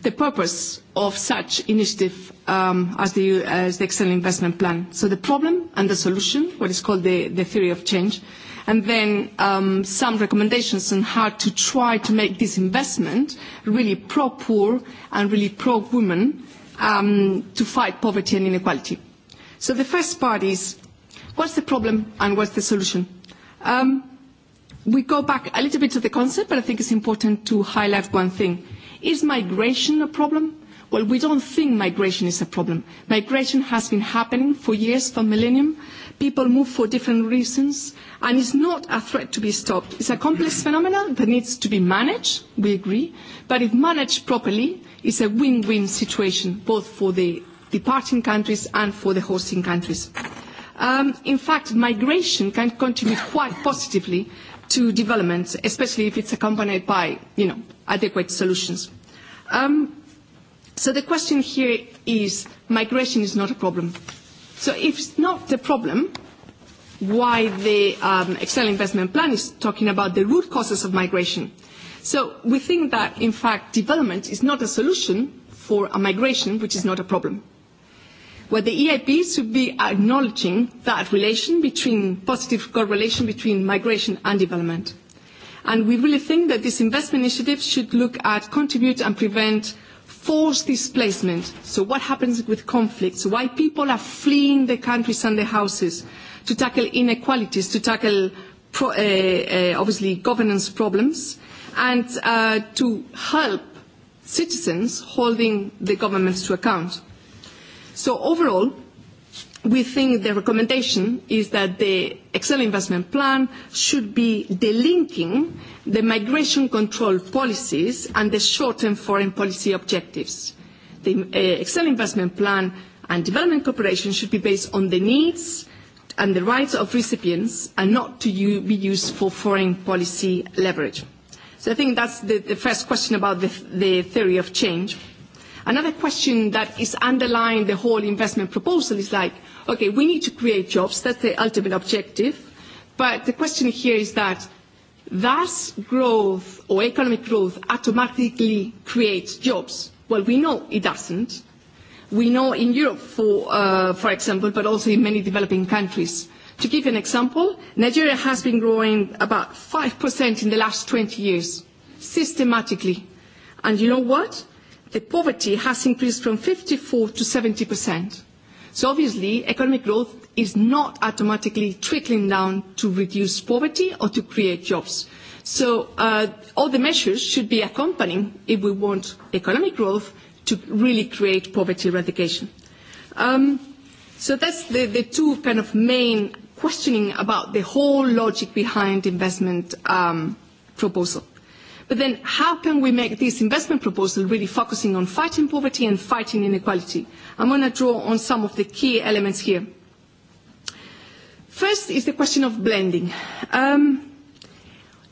the purpose of such initiative Um, as, the, as the Excellent Investment Plan. So the problem and the solution, what is called the, theory of change, and then um, some recommendations on how to try to make this investment really pro-poor and really pro-women um, to fight poverty and inequality. So the first part is, what's the problem and what's the solution? we go back a little bit to the concept, but I think it's important to highlight one thing. Is migration a problem? Well, we don't think migration is a problem. Migration has been happening for years, for millennium. People move for different reasons, and it's not a threat to be stopped. It's a complex phenomenon that needs to be managed, we agree, but if managed properly, it's a win-win situation, both for the departing countries and for the hosting countries. Um, in fact, migration can contribute quite positively to development, especially if it's accompanied by, you know, adequate solutions. Um, So the question here is migration is not a problem. So if it's not the problem, why the um, external investment plan is talking about the root causes of migration. So we think that, in fact, development is not a solution for a migration which is not a problem. Where the EIP should be acknowledging that relation between, positive correlation between migration and development. And we really think that this investment initiative should look at contribute and prevent forced displacement. So what happens with conflicts? Why people are fleeing their countries and their houses to tackle inequalities, to tackle pro, uh, uh obviously governance problems, and uh, to help citizens holding the governments to account. So overall, we think the recommendation is that the excel investment plan should be delinking the migration control policies and the short term foreign policy objectives. the uh, excel investment plan and development cooperation should be based on the needs and the rights of recipients and not to be used for foreign policy leverage. so i think that's the, the first question about the theory of change. Another question that is underlying the whole investment proposal is like, okay, we need to create jobs. That's the ultimate objective. But the question here is that does growth or economic growth automatically create jobs? Well, we know it doesn't. We know in Europe, for, uh, for example, but also in many developing countries. To give an example, Nigeria has been growing about 5% in the last 20 years, systematically. And you know what? the poverty has increased from 54 to 70%. So obviously, economic growth is not automatically trickling down to reduce poverty or to create jobs. So uh, all the measures should be accompanying, if we want economic growth, to really create poverty eradication. Um, so that's the, the two kind of main questioning about the whole logic behind investment um, proposal. But then how can we make this investment proposal really focusing on fighting poverty and fighting inequality? I'm going to draw on some of the key elements here. First is the question of blending. Um,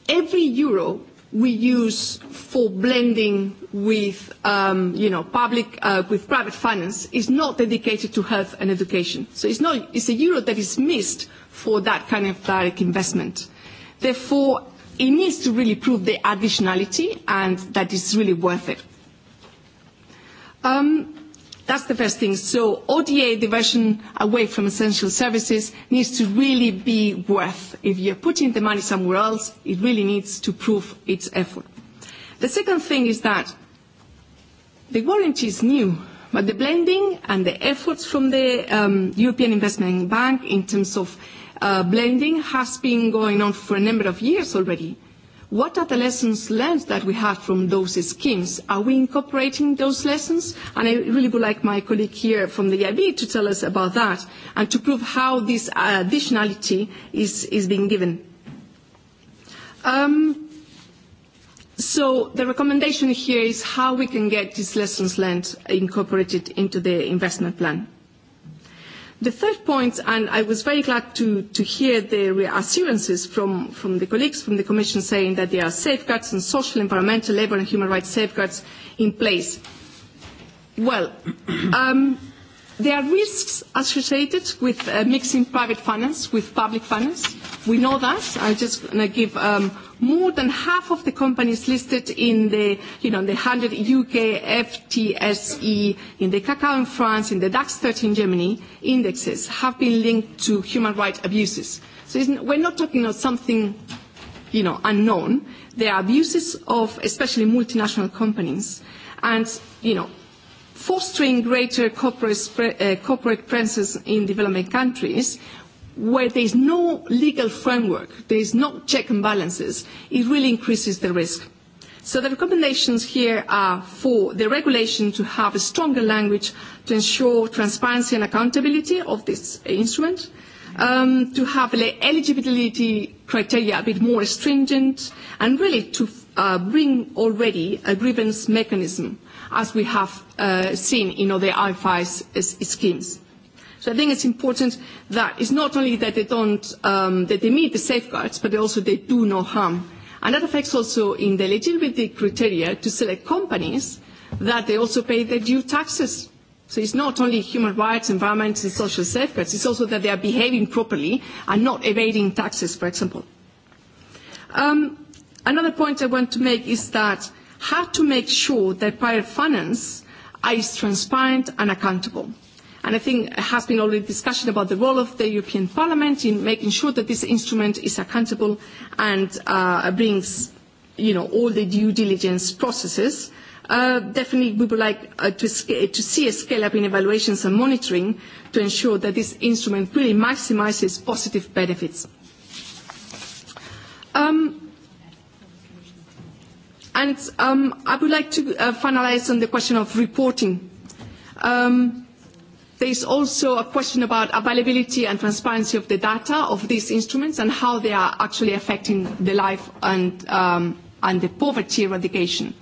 every euro we use for blending with, um, you know, public, uh, with private finance is not dedicated to health and education. So it's, not, it's a euro that is missed for that kind of direct investment. Therefore, it needs to really prove the additionality and that it's really worth it. Um, that's the first thing. So ODA, diversion away from essential services, needs to really be worth. If you're putting the money somewhere else, it really needs to prove its effort. The second thing is that the warranty is new, but the blending and the efforts from the um, European Investment Bank in terms of Uh, blending has been going on for a number of years already. What are the lessons learned that we have from those schemes? Are we incorporating those lessons? And I really would like my colleague here from the EIB to tell us about that and to prove how this additionality is, being given. Um, so the recommendation here is how we can get these lessons learned incorporated into the investment plan. The third point, and I was very glad to, to hear the reassurances from, the colleagues from the Commission saying that there are safeguards and social, environmental, labour and human rights safeguards in place. Well, um, There are risks associated with uh, mixing private finance with public finance. We know that. I'm just going to give um, more than half of the companies listed in the, you know, the 100 UK FTSE, in the Cacao in France, in the DAX 13 Germany, indexes have been linked to human rights abuses. So we're not talking about something, you know, unknown. There are abuses of especially multinational companies. And, you know, fostering greater corporate, uh, presence in developing countries where there is no legal framework, there is no check and balances, it really increases the risk. So the recommendations here are for the regulation to have a stronger language to ensure transparency and accountability of this instrument, um, to have the eligibility criteria a bit more stringent, and really to uh, bring already a grievance mechanism as we have uh, seen in other IFI schemes. So I think it's important that it's not only that they don't, um, that they meet the safeguards, but also they do no harm. And that affects also in the eligibility criteria to select companies that they also pay their due taxes. So it's not only human rights, environment and social safeguards, it's also that they are behaving properly and not evading taxes, for example. Um, another point I want to make is that how to make sure that private finance is transparent and accountable. And I think there has been already discussion about the role of the European Parliament in making sure that this instrument is accountable and uh, brings you know, all the due diligence processes. Uh, definitely we would like uh, to, see a scale up in evaluations and monitoring to ensure that this instrument really maximises positive benefits. Um, And um, I would like to uh, finalise on the question of reporting. Um, there is also a question about availability and transparency of the data of these instruments and how they are actually affecting the life and, um, and the poverty eradication.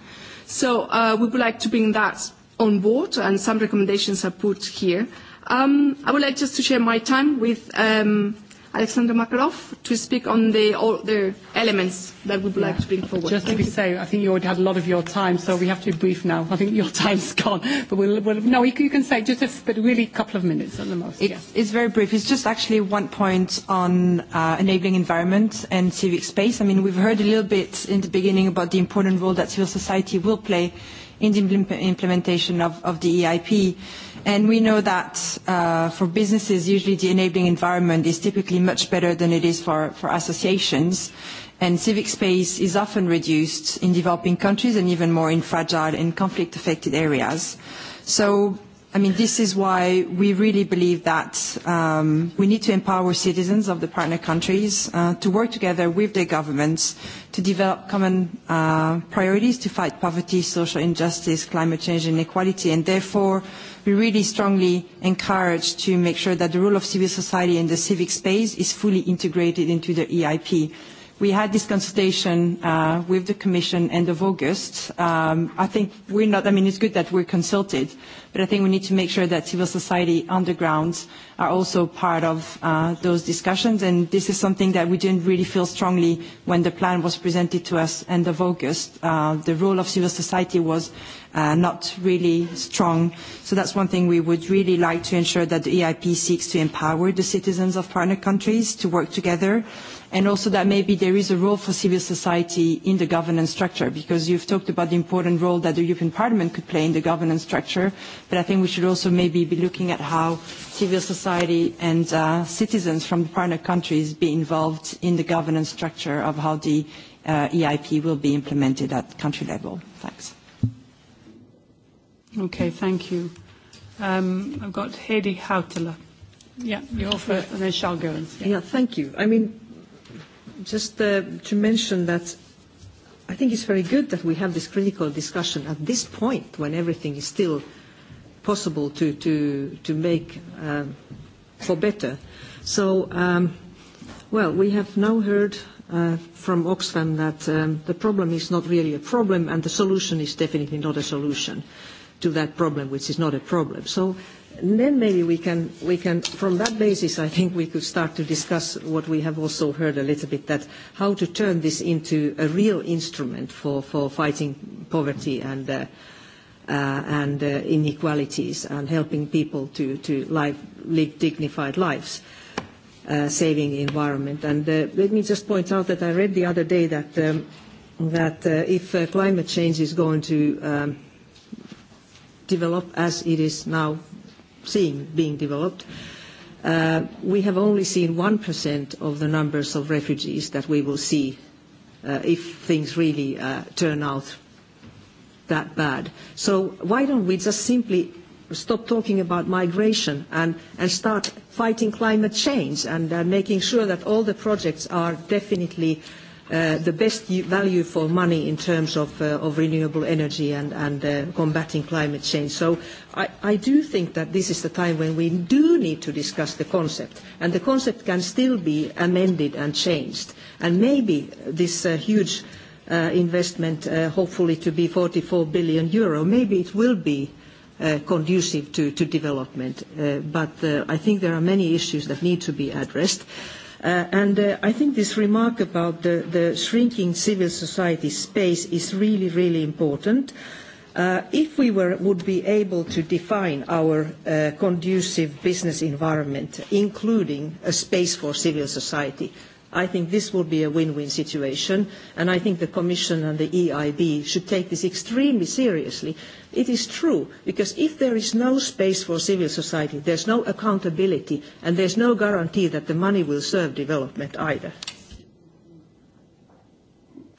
So uh, we would like to bring that on board and some recommendations are put here. Um, I would like just to share my time with um, Alexander Makarov to speak on the, all the elements that would yeah. like to bring forward. Just Thank to be safe, I think you already had a lot of your time, so we have to be brief now. I think your time's gone. But we'll, we'll no, you can say just a but really couple of minutes at the most. It, yeah. it's very brief. It's just actually one point on uh, enabling environment and civic space. I mean, we've heard a little bit in the beginning about the important role that civil society will play in the implementation of, the EIP. And we know that uh, for businesses, usually the enabling environment is typically much better than it is for, for associations. And civic space is often reduced in developing countries and even more in fragile and conflict-affected areas. So i mean, this is why we really believe that um, we need to empower citizens of the partner countries uh, to work together with their governments to develop common uh, priorities to fight poverty, social injustice, climate change, and inequality. And therefore, we really strongly encourage to make sure that the role of civil society in the civic space is fully integrated into the EIP We had this consultation uh, with the Commission end of August. Um, I think we're not, I mean, it's good that we're consulted, but I think we need to make sure that civil society on the ground are also part of uh, those discussions. And this is something that we didn't really feel strongly when the plan was presented to us end of August. Uh, the role of civil society was not really strong. So that's one thing we would really like to ensure that the EIP seeks to empower the citizens of partner countries to work together and also that maybe there is a role for civil society in the governance structure because you've talked about the important role that the European Parliament could play in the governance structure but I think we should also maybe be looking at how civil society and uh, citizens from the partner countries be involved in the governance structure of how the uh, EIP will be implemented at country level. Thanks. Okay, thank you. Um, I've got Heidi Hautala. Yeah, you're and then Charles Goins. Yeah. yeah, thank you. I mean, just uh, to mention that I think it's very good that we have this critical discussion at this point when everything is still possible to, to, to make uh, for better. So, um, well, we have now heard uh, from Oxfam that um, the problem is not really a problem and the solution is definitely not a solution to that problem, which is not a problem. So then maybe we can, we can, from that basis, I think we could start to discuss what we have also heard a little bit, that how to turn this into a real instrument for, for fighting poverty and, uh, uh, and uh, inequalities and helping people to, to live, dignified lives. Uh, saving environment. And uh, let me just point out that I read the other day that, um, that uh, if uh, climate change is going to um, develop as it is now seeing being developed. Uh, we have only seen 1% of the numbers of refugees that we will see uh, if things really uh, turn out that bad. So why don't we just simply stop talking about migration and, and start fighting climate change and making sure that all the projects are definitely Uh, the best value for money in terms of, uh, renewable energy and, uh, combating climate change. So I, do think that this is the time when we do need to discuss the concept, and the concept can still be amended and changed. And maybe this huge investment, hopefully to be 44 billion euro, maybe it will be conducive to, to development. But I think there are many issues that need to be addressed. Uh, and uh, I think this remark about the, the shrinking civil society space is really, really important. Uh, if we were, would be able to define our conducive business environment, including a space for civil society, i think this will be a win-win situation, and I think the Commission and the EIB should take this extremely seriously. It is true, because if there is no space for civil society, there is no accountability, and there is no guarantee that the money will serve development either.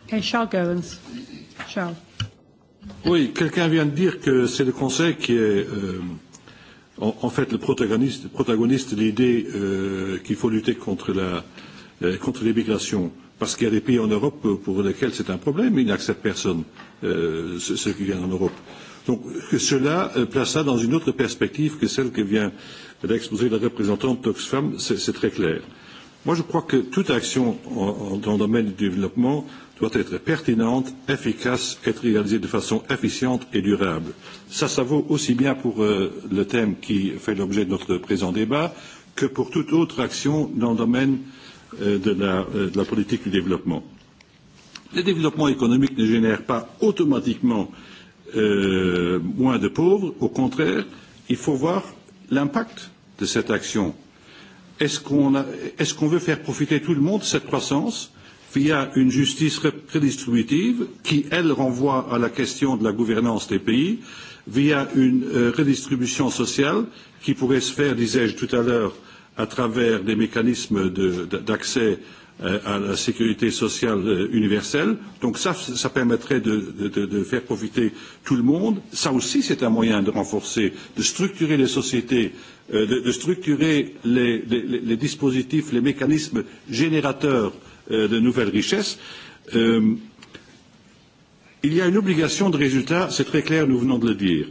Okay, Oui, vient de dire que c'est le Conseil qui est euh, en, fait le protagoniste, protagoniste de l'idée euh, qu'il faut lutter contre la Euh, contre l'immigration, parce qu'il y a des pays en Europe pour lesquels c'est un problème, ils n'acceptent personne, euh, ceux qui viennent en Europe. Donc que cela euh, place ça dans une autre perspective que celle que vient d'exposer la représentante d'Oxfam, c'est très clair. Moi, je crois que toute action en, en, dans le domaine du développement doit être pertinente, efficace, être réalisée de façon efficiente et durable. Ça, ça vaut aussi bien pour euh, le thème qui fait l'objet de notre présent débat que pour toute autre action dans le domaine Euh, de la, euh, de la politique du développement. Le développement économique ne génère pas automatiquement euh, moins de pauvres, au contraire, il faut voir l'impact de cette action. Est-ce qu'on est qu veut faire profiter tout le monde de cette croissance via une justice redistributive qui, elle, renvoie à la question de la gouvernance des pays, via une euh, redistribution sociale qui pourrait se faire, disais-je tout à l'heure, à travers des mécanismes d'accès euh, à la sécurité sociale euh, universelle. Donc ça, ça permettrait de, de, de faire profiter tout le monde. Ça aussi, c'est un moyen de renforcer, de structurer les sociétés, euh, de structurer les, les, les dispositifs, les mécanismes générateurs de nouvelles richesses. Il y a une obligation de résultat, c'est très clair, nous venons de le dire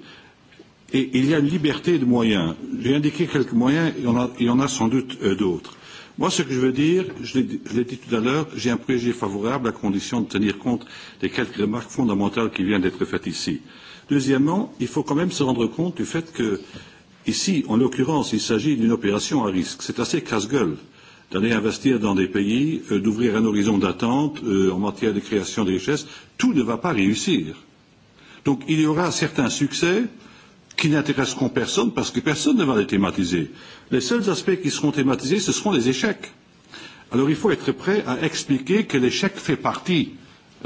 Et il y a une liberté de moyens. J'ai indiqué quelques moyens, il y en a, il y en a sans doute euh, d'autres. Moi, ce que je veux dire, je l'ai dit tout à l'heure, j'ai un préjugé favorable à condition de tenir compte des quelques remarques fondamentales qui viennent d'être faites ici. Deuxièmement, il faut quand même se rendre compte du fait que, ici, en l'occurrence, il s'agit d'une opération à risque. C'est assez casse-gueule d'aller investir dans des pays, euh, d'ouvrir un horizon d'attente euh, en matière de création de richesses. Tout ne va pas réussir. Donc, il y aura certains succès, qui n'intéresseront personne parce que personne ne va les thématiser. Les seuls aspects qui seront thématisés, ce seront les échecs. Alors il faut être prêt à expliquer que l'échec fait partie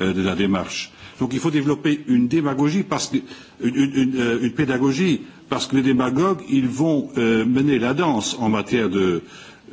euh, de la démarche. Donc il faut développer une démagogie parce que, une, une, une, euh, une pédagogie parce que les démagogues, ils vont euh, mener la danse en matière de,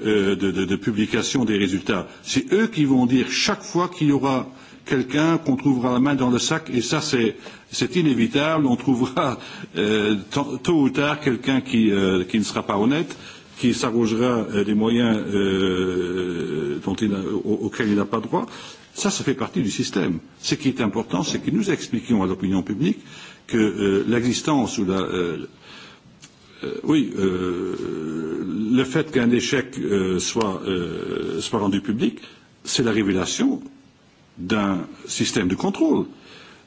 euh, de, de, de publication des résultats. C'est eux qui vont dire chaque fois qu'il y aura quelqu'un qu'on trouvera la main dans le sac et ça c'est inévitable on trouvera euh, tôt ou tard quelqu'un qui, euh, qui ne sera pas honnête qui s'arrogera euh, des moyens euh, dont il a, auxquels il n'a pas droit ça ça fait partie du système ce qui est important c'est que nous expliquions à l'opinion publique que euh, l'existence ou la oui euh, le fait qu'un échec euh, soit, euh, soit rendu public c'est la révélation d'un système de contrôle.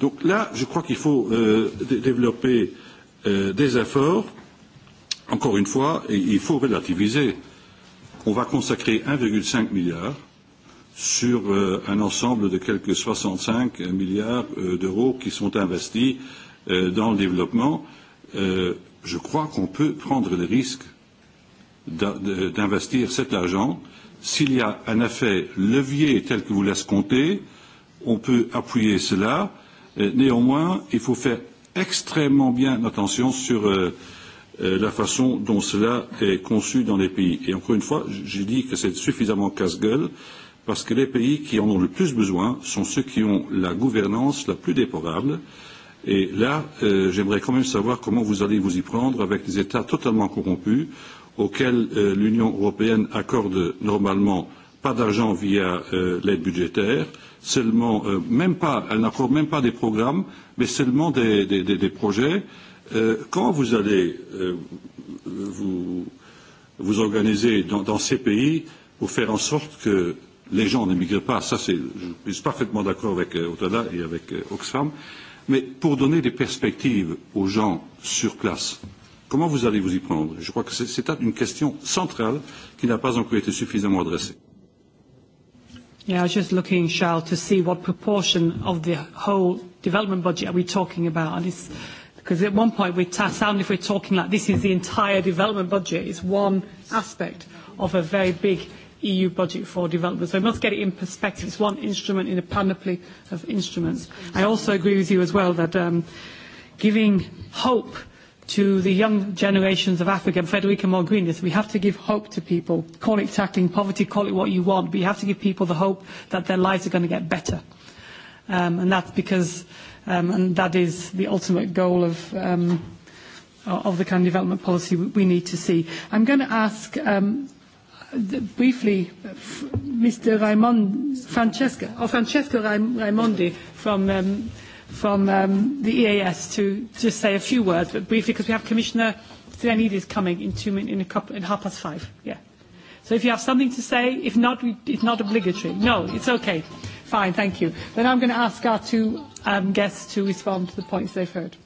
Donc là, je crois qu'il faut euh, développer euh, des efforts. Encore une fois, et il faut relativiser. On va consacrer 1,5 milliard sur euh, un ensemble de quelques 65 milliards euh, d'euros qui sont investis euh, dans le développement. Euh, je crois qu'on peut prendre le risque d'investir cet argent s'il y a un effet levier tel que vous compter on peut appuyer cela. Euh, néanmoins, il faut faire extrêmement bien attention sur euh, euh, la façon dont cela est conçu dans les pays. Et encore une fois, j'ai dit que c'est suffisamment casse-gueule parce que les pays qui en ont le plus besoin sont ceux qui ont la gouvernance la plus déplorable. Et là, euh, j'aimerais quand même savoir comment vous allez vous y prendre avec des États totalement corrompus auxquels euh, l'Union européenne accorde normalement pas d'argent via l'aide budgétaire, seulement euh, même pas elle n'accorde même pas des programmes mais seulement des, des, des, des projets euh, quand vous allez euh, vous, vous organiser dans, dans ces pays pour faire en sorte que les gens n'émigrent pas ça c'est je suis parfaitement d'accord avec euh, Otala et avec euh, Oxfam mais pour donner des perspectives aux gens sur place comment vous allez vous y prendre je crois que c'est une question centrale qui n'a pas encore été suffisamment adressée Yeah, I was just looking, Charles, to see what proportion of the whole development budget are we talking about. And it's, because at one point we sound if we're talking like this is the entire development budget. It's one aspect of a very big EU budget for development. So we must get it in perspective. It's one instrument in a panoply of instruments. I also agree with you as well that um, giving hope to the young generations of Africa, Federica Mogherini, we have to give hope to people. Call it tackling poverty, call it what you want, but you have to give people the hope that their lives are going to get better. Um, and that's because, um, and that is the ultimate goal of, um, of the kind of development policy we need to see. I'm going to ask um, briefly Mr. Raimond, Francesca, or Francesco Raimondi from um, from um, the EAS to just say a few words, but briefly, because we have Commissioner is coming in two minutes, in, a couple, in half past five. Yeah. So if you have something to say, if not, it's not obligatory. No, it's okay. Fine, thank you. Then I'm going to ask our two um, guests to respond to the points they've heard.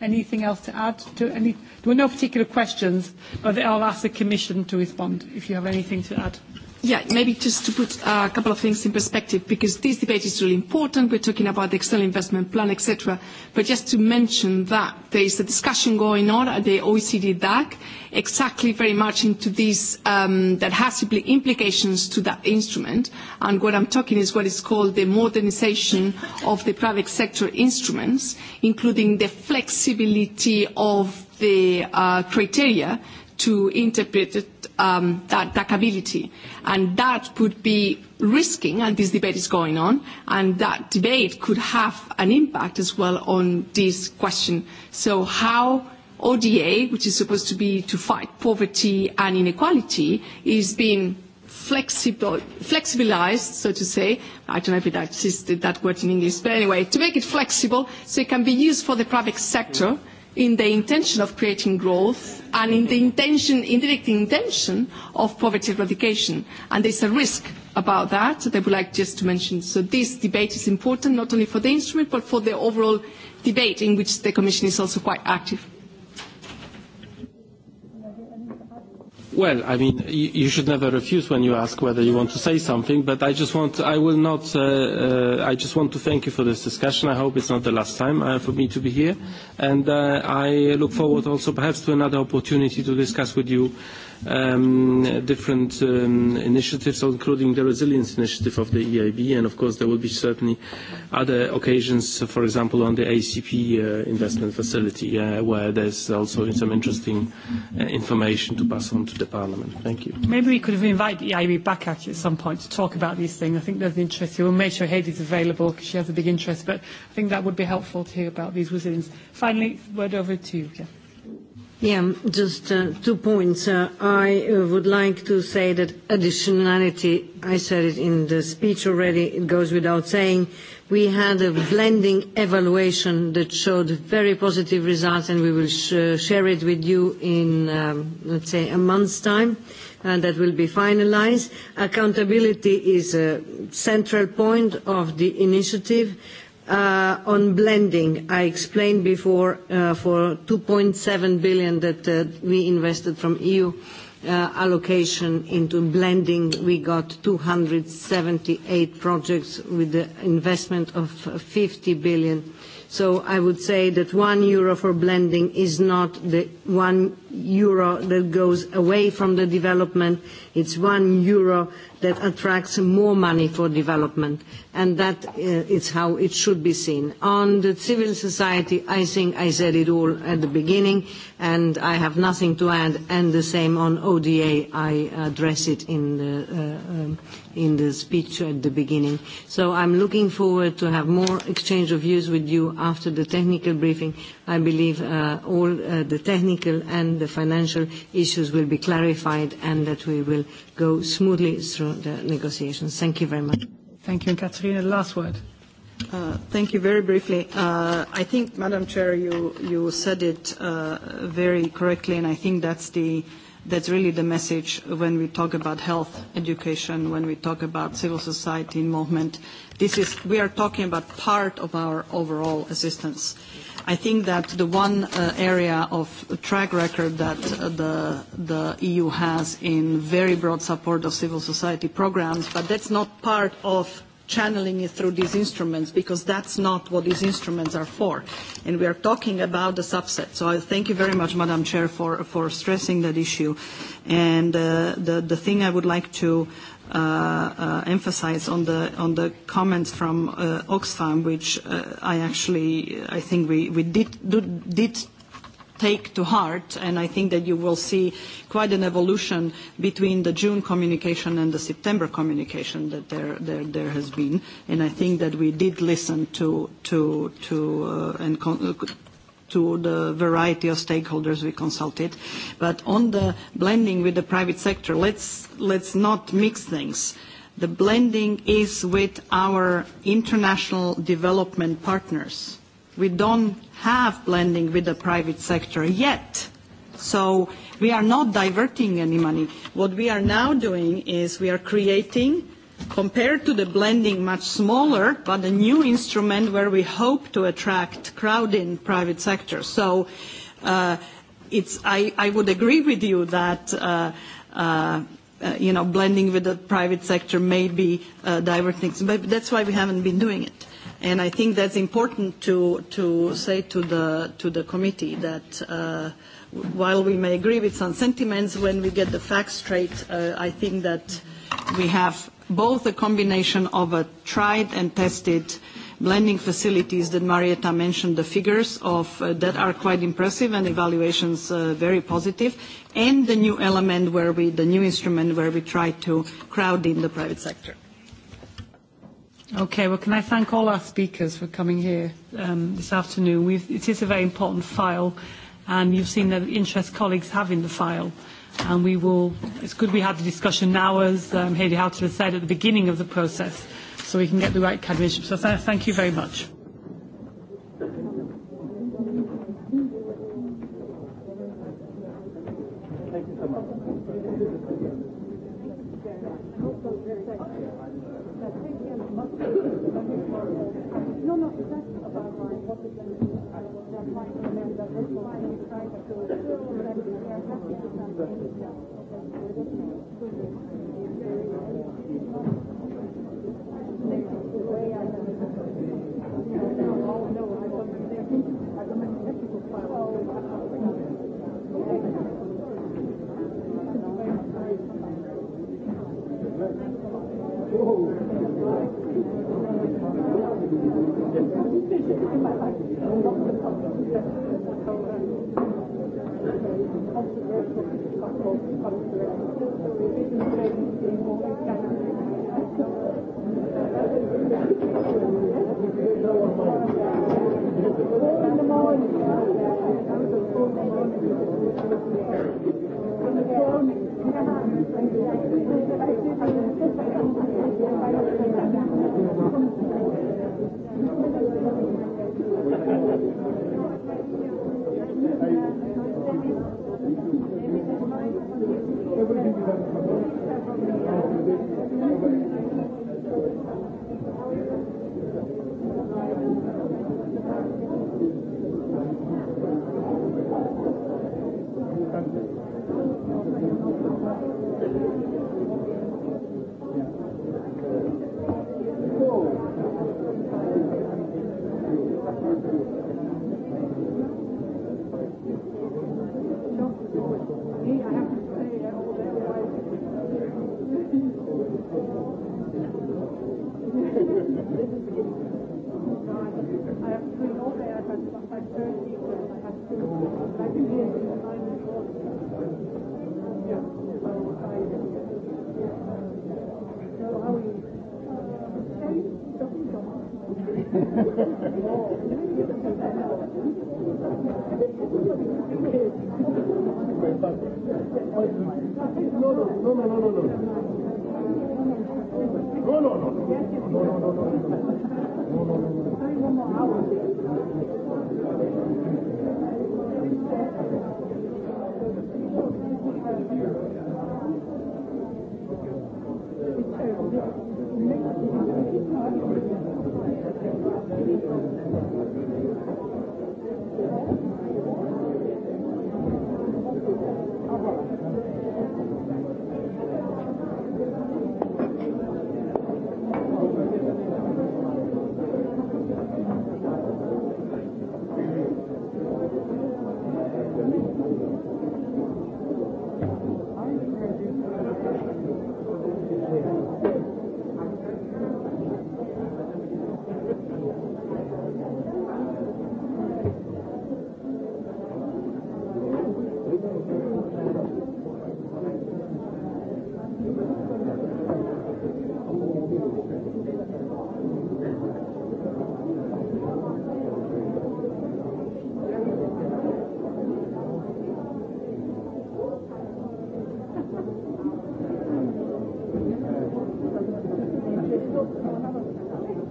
Anything else to add? To any, there were no particular questions, but I'll ask the Commission to respond if you have anything to add. Yeah, maybe just to put a couple of things in perspective, because this debate is really important. We're talking about the external investment plan, etc. But just to mention that there is a discussion going on at the OECD DAC, exactly very much into this, um, that has implications to that instrument. And what I'm talking is what is called the modernization of the private sector instruments, including the flexibility of the uh, criteria to interpret um, that capability, And that would be risking, and this debate is going on, and that debate could have an impact as well on this question. So how ODA, which is supposed to be to fight poverty and inequality, is being flexible, flexibilized, so to say. I don't know if that that word in English, but anyway, to make it flexible so it can be used for the private sector in the intention of creating growth and in the intention, indirect intention of poverty eradication. And there's a risk about that that I would like just to mention. So this debate is important not only for the instrument but for the overall debate in which the Commission is also quite active. Well, I mean, you, you should never refuse when you ask whether you want to say something, but I just want, I will not, uh, uh, I just want to thank you for this discussion. I hope it's not the last time uh, for me to be here. And uh, I look forward also perhaps to another opportunity to discuss with you Um, different um, initiatives, including the resilience initiative of the EIB, and of course there will be certainly other occasions, for example, on the ACP uh, investment facility, uh, where there's also some interesting uh, information to pass on to the Parliament. Thank you. Maybe we could invite the EIB back at, at some point to talk about these things. I think there's interest here. We'll make sure Haiti is available because she has a big interest, but I think that would be helpful to hear about these resilience. Finally, word over to you. Yeah, just uh, two points. Uh, I would like to say that additionality, I said it in the speech already, it goes without saying. We had a blending evaluation that showed very positive results, and we will share it with you in, um, let's say, a month's time. And uh, That will be finalized. Accountability is a central point of the initiative Uh, on blending, I explained before uh, for 2.7 billion that uh, we invested from EU allocation into blending, we got 278 projects with the investment of 50 billion. So I would say that 1 euro for blending is not the 1 euro that goes away from the development. It's one euro that attracts more money for development. And that uh, is how it should be seen. On the civil society, I think I said it all at the beginning, and I have nothing to add. And the same on ODA, I addressed it uh, um, in the, speech at the beginning. So I'm looking forward to have more exchange of views with you after the technical briefing. I believe uh, all the technical and the financial issues will be clarified and that we will go smoothly through the negotiations. Thank you very much. Thank you. the last word. Uh, thank you. Very briefly, uh, I think, Madam Chair, you, you said it uh, very correctly, and I think that's, the, that's really the message when we talk about health, education, when we talk about civil society involvement. This is, we are talking about part of our overall assistance. I think that the one uh, area of track record that uh, the, the EU has in very broad support of civil society programs, but that's not part of channeling it through these instruments because that's not what these instruments are for. And we are talking about the subset. So I thank you very much, Madam Chair, for, for stressing that issue. And uh, the, the thing I would like to Uh, uh, emphasize on the on the comments from uh, Oxfam, which I actually I think we we did did take to heart, and I think that you will see quite an evolution between the June communication and the September communication that there, there, there has been. And I think that we did listen to, to, to and to the variety of stakeholders we consulted. But on the blending with the private sector, let's, let's not mix things. The blending is with our international development partners. We don't have blending with the private sector yet. So we are not diverting any money. What we are now doing is we are creating Compared to the blending, much smaller, but a new instrument where we hope to attract crowd in private sector. So uh, it's, I, I would agree with you that uh, uh, you know, blending with the private sector may be diverting, but that's why we haven't been doing it. And I think that's important to, to say to the, to the committee that while we may agree with some sentiments, when we get the facts straight, I think that we have both a combination of a tried and tested blending facilities that Marietta mentioned the figures of uh, that are quite impressive and evaluations uh, very positive and the new element where we the new instrument where we try to crowd in the private sector. Okay, well can I thank all our speakers for coming here um, this afternoon. We've, it is a very important file and you've seen the interest colleagues have in the file and we will it's good we had the discussion now as um, Hayley Houghton has said at the beginning of the process so we can get the right kind So th thank you very much za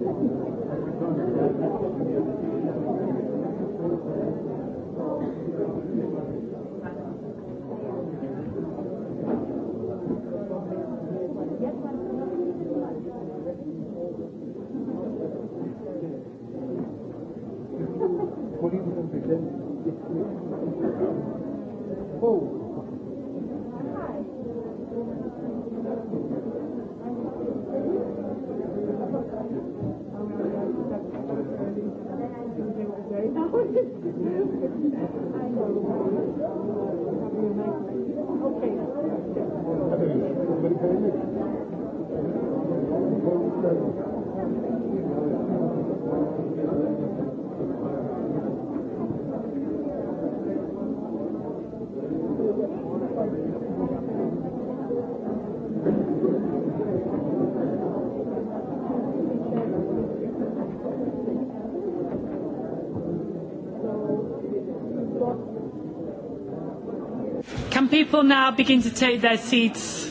I could that. will now begin to take their seats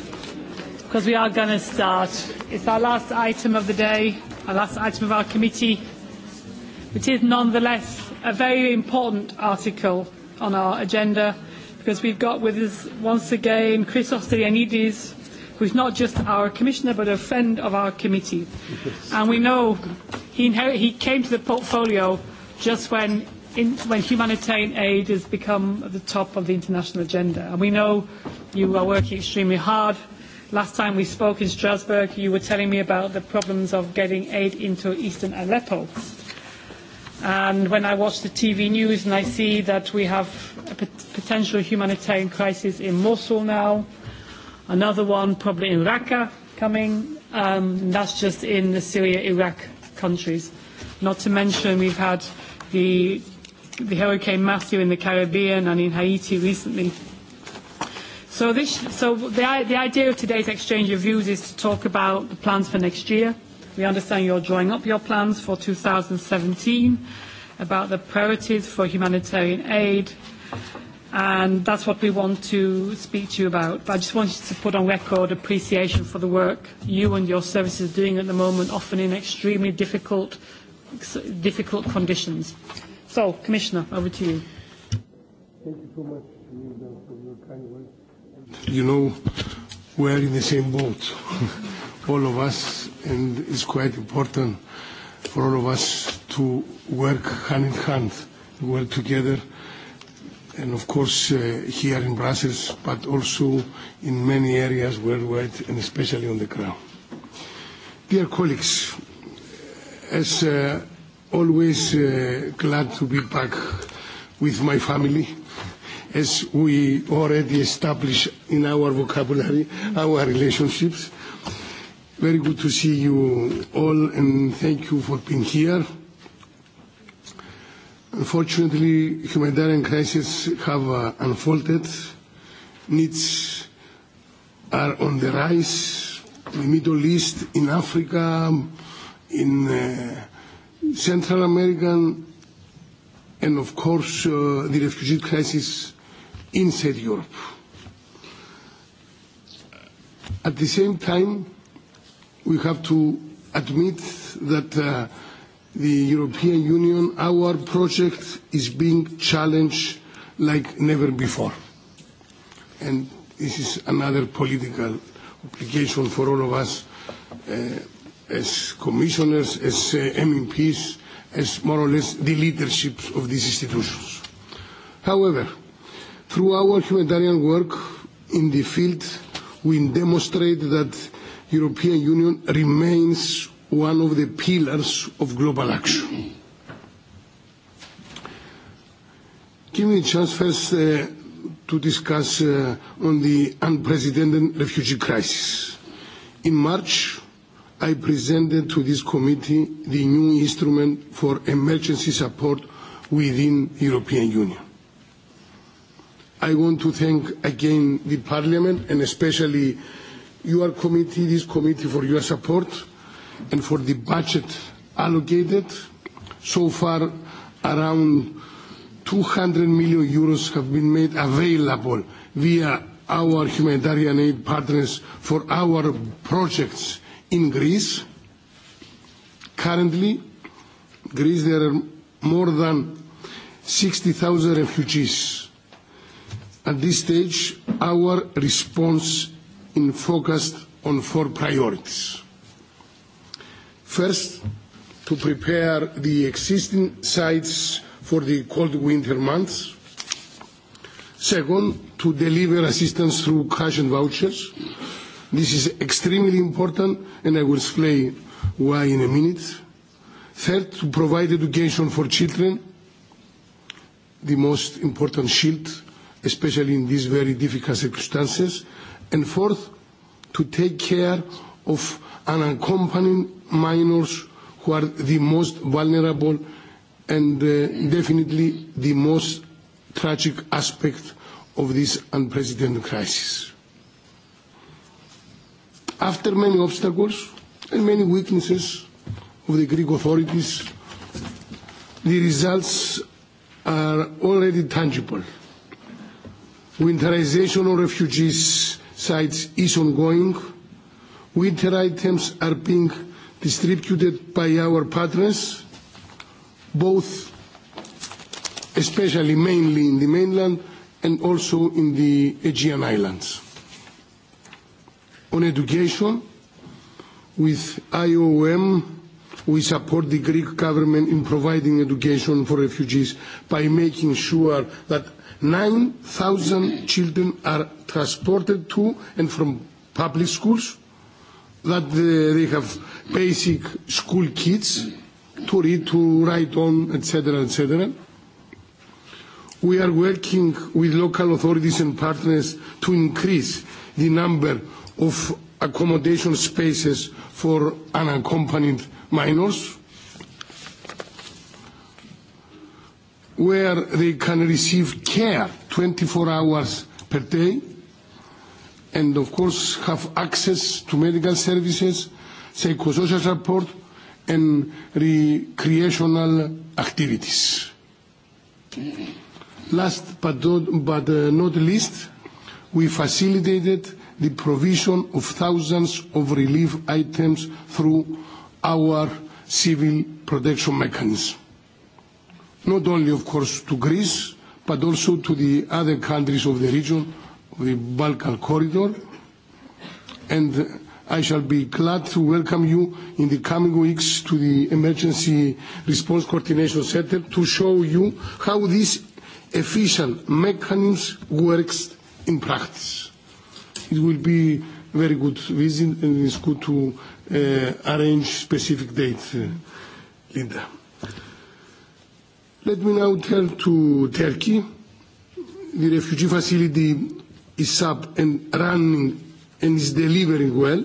because we are going to start. It's our last item of the day, our last item of our committee, which is nonetheless a very important article on our agenda because we've got with us once again Chris who is not just our commissioner but a friend of our committee. And we know he, inherit, he came to the portfolio just when in, when humanitarian aid has become at the top of the international agenda. And we know you are working extremely hard. Last time we spoke in Strasbourg, you were telling me about the problems of getting aid into eastern Aleppo. And when I watch the TV news and I see that we have a potential humanitarian crisis in Mosul now, another one probably in Raqqa coming, um, and that's just in the Syria-Iraq countries. Not to mention we've had the the Hurricane Matthew in the Caribbean and in Haiti recently. So, this, so the, the idea of today's exchange of views is to talk about the plans for next year. We understand you're drawing up your plans for 2017 about the priorities for humanitarian aid, and that's what we want to speak to you about. But I just wanted to put on record appreciation for the work you and your services are doing at the moment, often in extremely difficult, difficult conditions. So, Commissioner, over to you. Thank you so much, You know, we are in the same boat, all of us, and it's quite important for all of us to work hand in hand, work together, and of course uh, here in Brussels, but also in many areas worldwide, and especially on the ground. Dear colleagues, as uh, always uh, glad to be back with my family as we already established in our vocabulary our relationships. Very good to see you all and thank you for being here. Unfortunately, humanitarian crises have uh, unfolded. Needs are on the rise in the Middle East, in Africa, in uh, Central American and of course uh, the refugee crisis inside Europe. At the same time, we have to admit that uh, the European Union, our project is being challenged like never before. And this is another political obligation for all of us. Uh, as commissioners, as uh, MEPs, as more or less the leadership of these institutions. However, through our humanitarian work in the field, we demonstrate that the European Union remains one of the pillars of global action. Give me a chance first uh, to discuss uh, on the unprecedented refugee crisis. In March, i presented to this committee the new instrument for emergency support within the European Union. I want to thank again the Parliament and especially your committee, this committee for your support and for the budget allocated. So far around 200 million euros have been made available via our humanitarian aid partners for our projects in Greece. Currently, Greece there are more than 60,000 refugees. At this stage, our response is focused on four priorities. First, to prepare the existing sites for the cold winter months. Second, to deliver assistance through cash and vouchers This is extremely important and I will explain why in a minute. Third, to provide education for children, the most important shield, especially in these very difficult circumstances. And fourth, to take care of unaccompanied minors who are the most vulnerable and uh, definitely the most tragic aspect of this unprecedented crisis. After many obstacles and many weaknesses of the Greek authorities, the results are already tangible. Winterization of refugees sites is ongoing. Winter items are being distributed by our partners, both especially mainly in the mainland and also in the Aegean Islands. On education, with IOM, we support the Greek government in providing education for refugees by making sure that 9,000 children are transported to and from public schools, that they have basic school kits to read, to write on, etc., etc. We are working with local authorities and partners to increase the number of accommodation spaces for unaccompanied minors where they can receive care 24 hours per day and of course have access to medical services, psychosocial support and recreational activities. Last but not uh, least, we facilitated the provision of thousands of relief items through our civil protection mechanism. Not only, of course, to Greece, but also to the other countries of the region, the Balkan corridor. And I shall be glad to welcome you in the coming weeks to the Emergency Response Coordination Centre to show you how this efficient mechanism works in practice it will be very good visit and it's good to uh, arrange specific dates, uh, Linda. Let me now turn to Turkey. The refugee facility is up and running and is delivering well,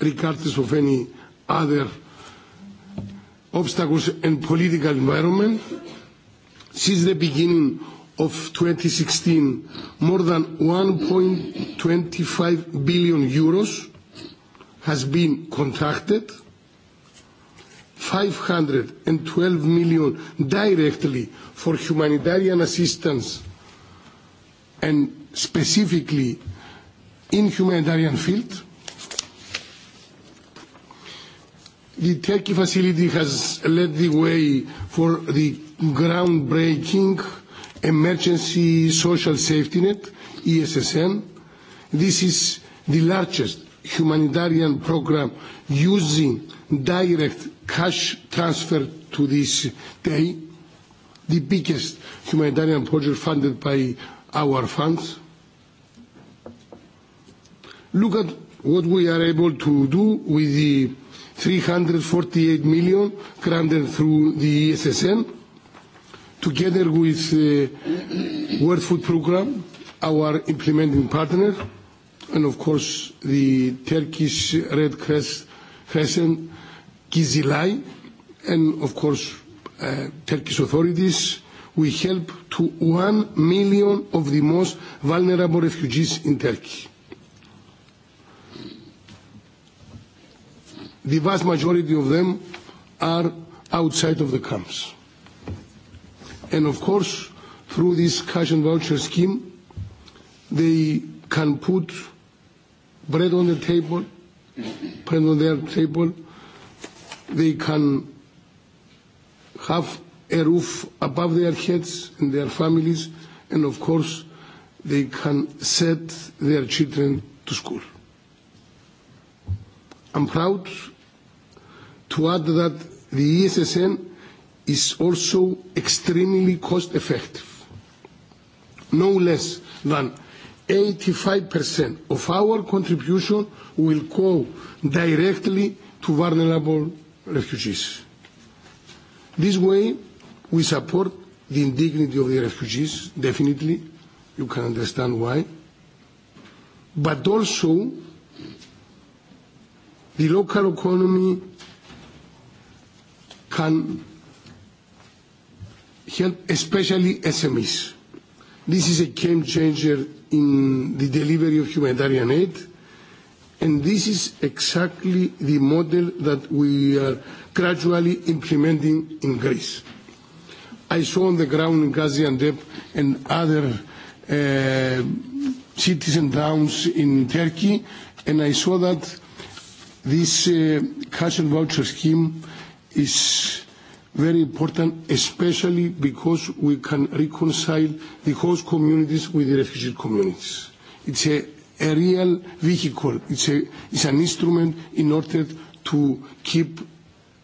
regardless of any other obstacles and political environment. Since the beginning of 2016 more than 1.25 billion euros has been contracted 512 million directly for humanitarian assistance and specifically in humanitarian field the Turkey facility has led the way for the groundbreaking emergency social safety net ESSN. This is the largest humanitarian program using direct cash transfer to this day, the biggest humanitarian project funded by our funds. Look at what we are able to do with the 348 million granted through the ESSN together with the uh, World Food Programme, our implementing partner, and of course the Turkish Red Crescent, Gizilay, and of course uh, Turkish authorities, we help to one million of the most vulnerable refugees in Turkey. The vast majority of them are outside of the camps. And of course, through this cash and voucher scheme, they can put bread on the table, bread on their table. They can have a roof above their heads and their families, and of course, they can set their children to school. I'm proud to add that the ESSN is also extremely cost effective. No less than 85% of our contribution will go directly to vulnerable refugees. This way, we support the indignity of the refugees, definitely. You can understand why. But also, the local economy can help especially SMEs. This is a game changer in the delivery of humanitarian aid and this is exactly the model that we are gradually implementing in Greece. I saw on the ground in Gaziantep and other uh, cities and towns in Turkey and I saw that this uh, cash and voucher scheme is very important, especially because we can reconcile the host communities with the refugee communities. It's a, a real vehicle. It's, a, it's an instrument in order to keep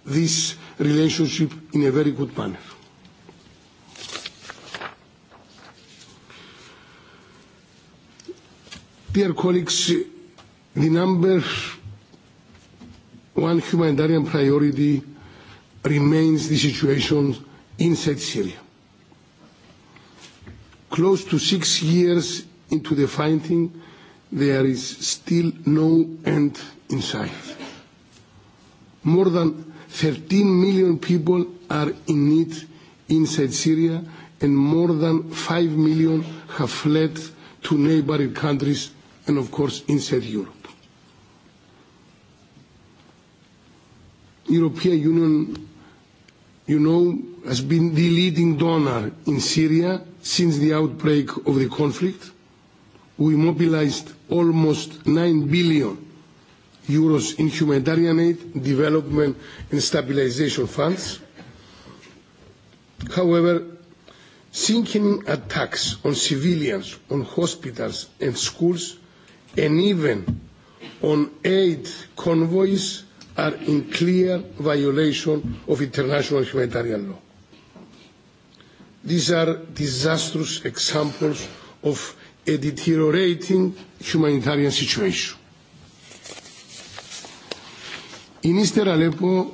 this relationship in a very good manner. Dear colleagues, the number one humanitarian priority remains the situation inside Syria. Close to six years into the fighting, there is still no end in sight. More than 13 million people are in need inside Syria and more than 5 million have fled to neighboring countries and of course inside Europe. European Union you know, has been the leading donor in Syria since the outbreak of the conflict. We mobilized almost 9 billion euros in humanitarian aid, development and stabilization funds. However, sinking attacks on civilians, on hospitals and schools, and even on aid convoys are in clear violation of international humanitarian law. These are disastrous examples of a deteriorating humanitarian situation. In Eastern Aleppo,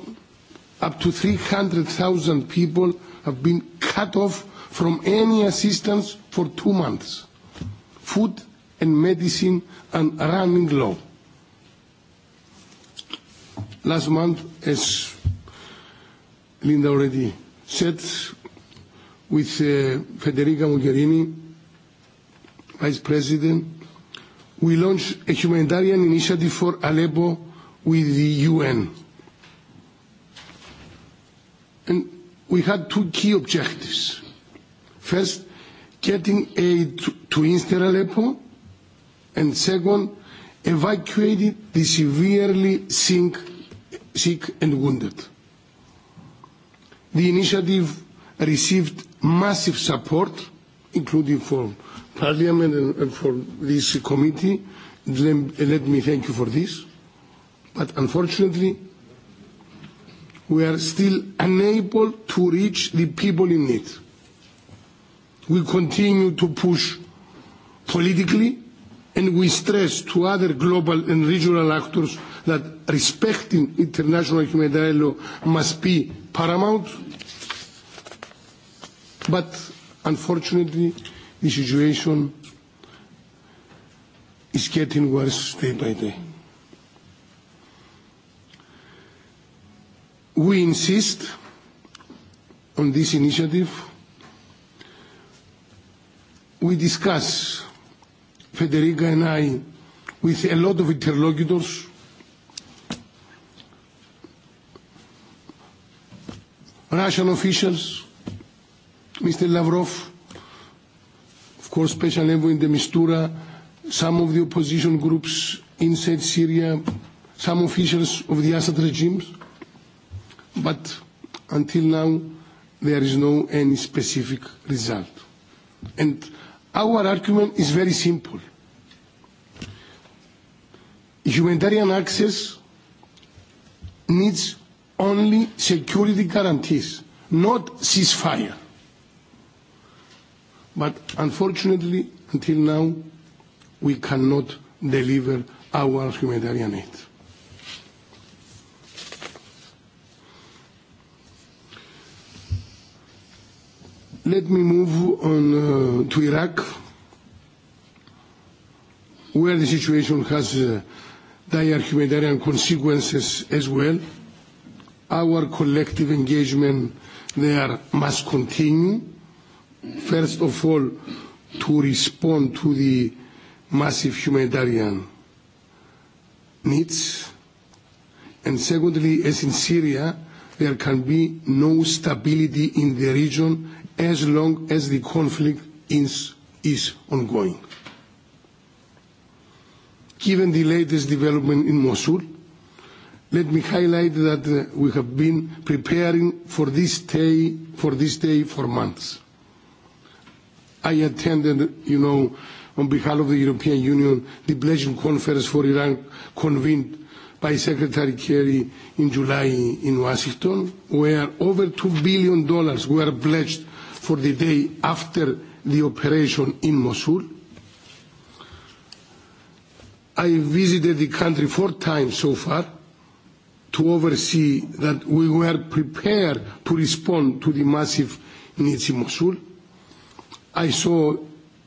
up to 300,000 people have been cut off from any assistance for two months. Food and medicine are running low. Last month, as Linda already said, with uh, Federica Mogherini, Vice President, we launched a humanitarian initiative for Aleppo with the UN. And we had two key objectives. First, getting aid to, Aleppo, and second, evacuating the severely sink sick and wounded. The initiative received massive support, including from Parliament and from this committee. Let me thank you for this. But unfortunately, we are still unable to reach the people in need. We continue to push politically and we stress to other global and regional actors that respecting international humanitarian law must be paramount. But unfortunately, the situation is getting worse day by day. We insist on this initiative. We discuss, Federica and I, with a lot of interlocutors Russian officials, Mr. Lavrov, of course, Special Envoy in the Mistura, some of the opposition groups inside Syria, some officials of the Assad regimes. But until now, there is no any specific result. And our argument is very simple. Humanitarian access needs only security guarantees, not ceasefire. But unfortunately, until now, we cannot deliver our humanitarian aid. Let me move on uh, to Iraq, where the situation has uh, dire humanitarian consequences as well our collective engagement there must continue. First of all, to respond to the massive humanitarian needs. And secondly, as in Syria, there can be no stability in the region as long as the conflict is, is ongoing. Given the latest development in Mosul, Let me highlight that uh, we have been preparing for this day for this day for months. I attended, you know, on behalf of the European Union, the pledging conference for Iran convened by Secretary Kerry in July in Washington, where over $2 billion were pledged for the day after the operation in Mosul. I visited the country four times so far to oversee that we were prepared to respond to the massive needs in Mosul. I saw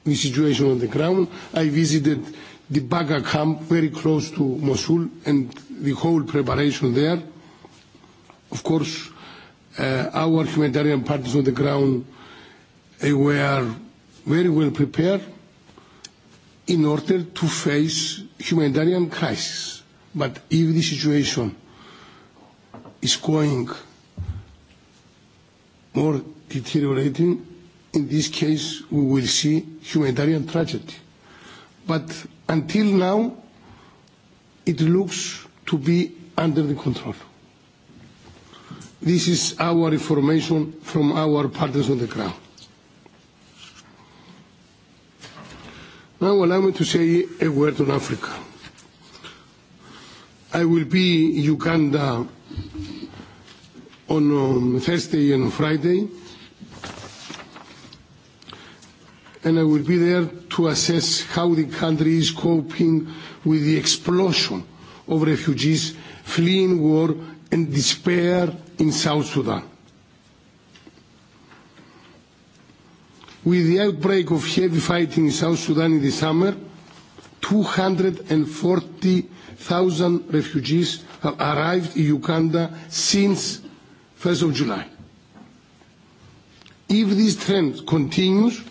the situation on the ground. I visited the Baga camp very close to Mosul and the whole preparation there. Of course, uh, our humanitarian partners on the ground they were very well prepared in order to face humanitarian crisis. But if the situation is going more deteriorating, in this case we will see humanitarian tragedy. But until now, it looks to be under the control. This is our information from our partners on the ground. Now allow me to say a word on Africa. I will be Uganda on um, Thursday and Friday and I will be there to assess how the country is coping with the explosion of refugees fleeing war and despair in South Sudan. With the outbreak of heavy fighting in South Sudan in the summer, 240,000 refugees have arrived in Uganda since 1st of July. If this trend continues,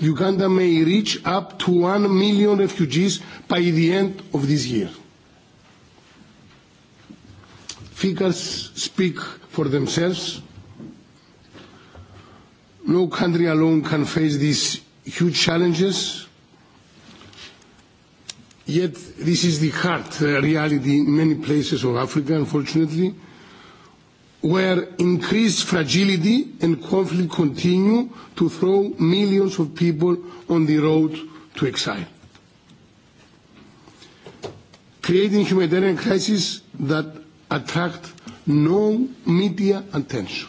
Uganda may reach up to 1 million refugees by the end of this year. Figures speak for themselves. No country alone can face these huge challenges Yet this is the hard uh, reality in many places of Africa, unfortunately, where increased fragility and conflict continue to throw millions of people on the road to exile. Creating humanitarian crises that attract no media attention,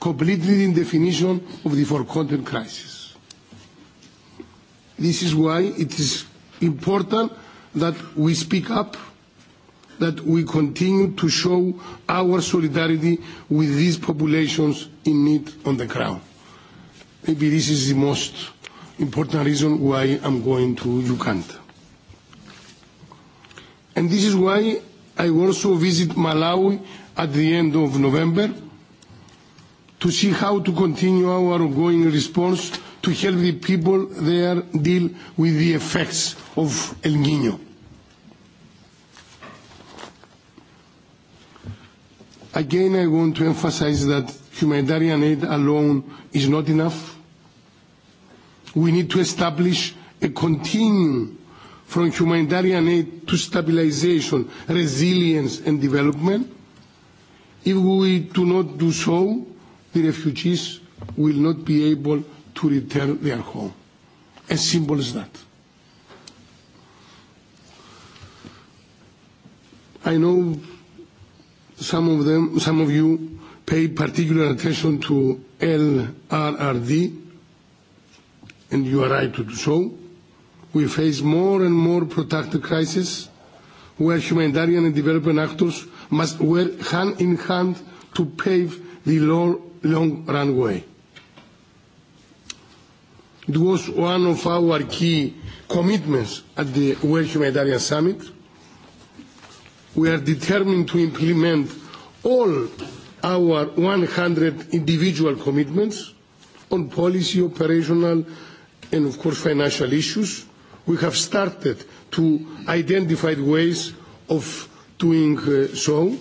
completely in definition of the forgotten crisis. This is why it is important that we speak up, that we continue to show our solidarity with these populations in need on the ground. Maybe this is the most important reason why I'm going to Uganda. And this is why I also visit Malawi at the end of November to see how to continue our ongoing response to help the people there deal with the effects of El Niño. Again, I want to emphasize that humanitarian aid alone is not enough. We need to establish a continuum from humanitarian aid to stabilization, resilience and development. If we do not do so, the refugees will not be able to return their home. As simple as that. I know some of them, some of you pay particular attention to LRRD, and you are right to do so. We face more and more protracted crises where humanitarian and development actors must work hand in hand to pave the long, long runway. It was one of our key commitments at the World Humanitarian Summit. We are determined to implement all our 100 individual commitments on policy, operational and of course financial issues. We have started to identify ways of doing uh, so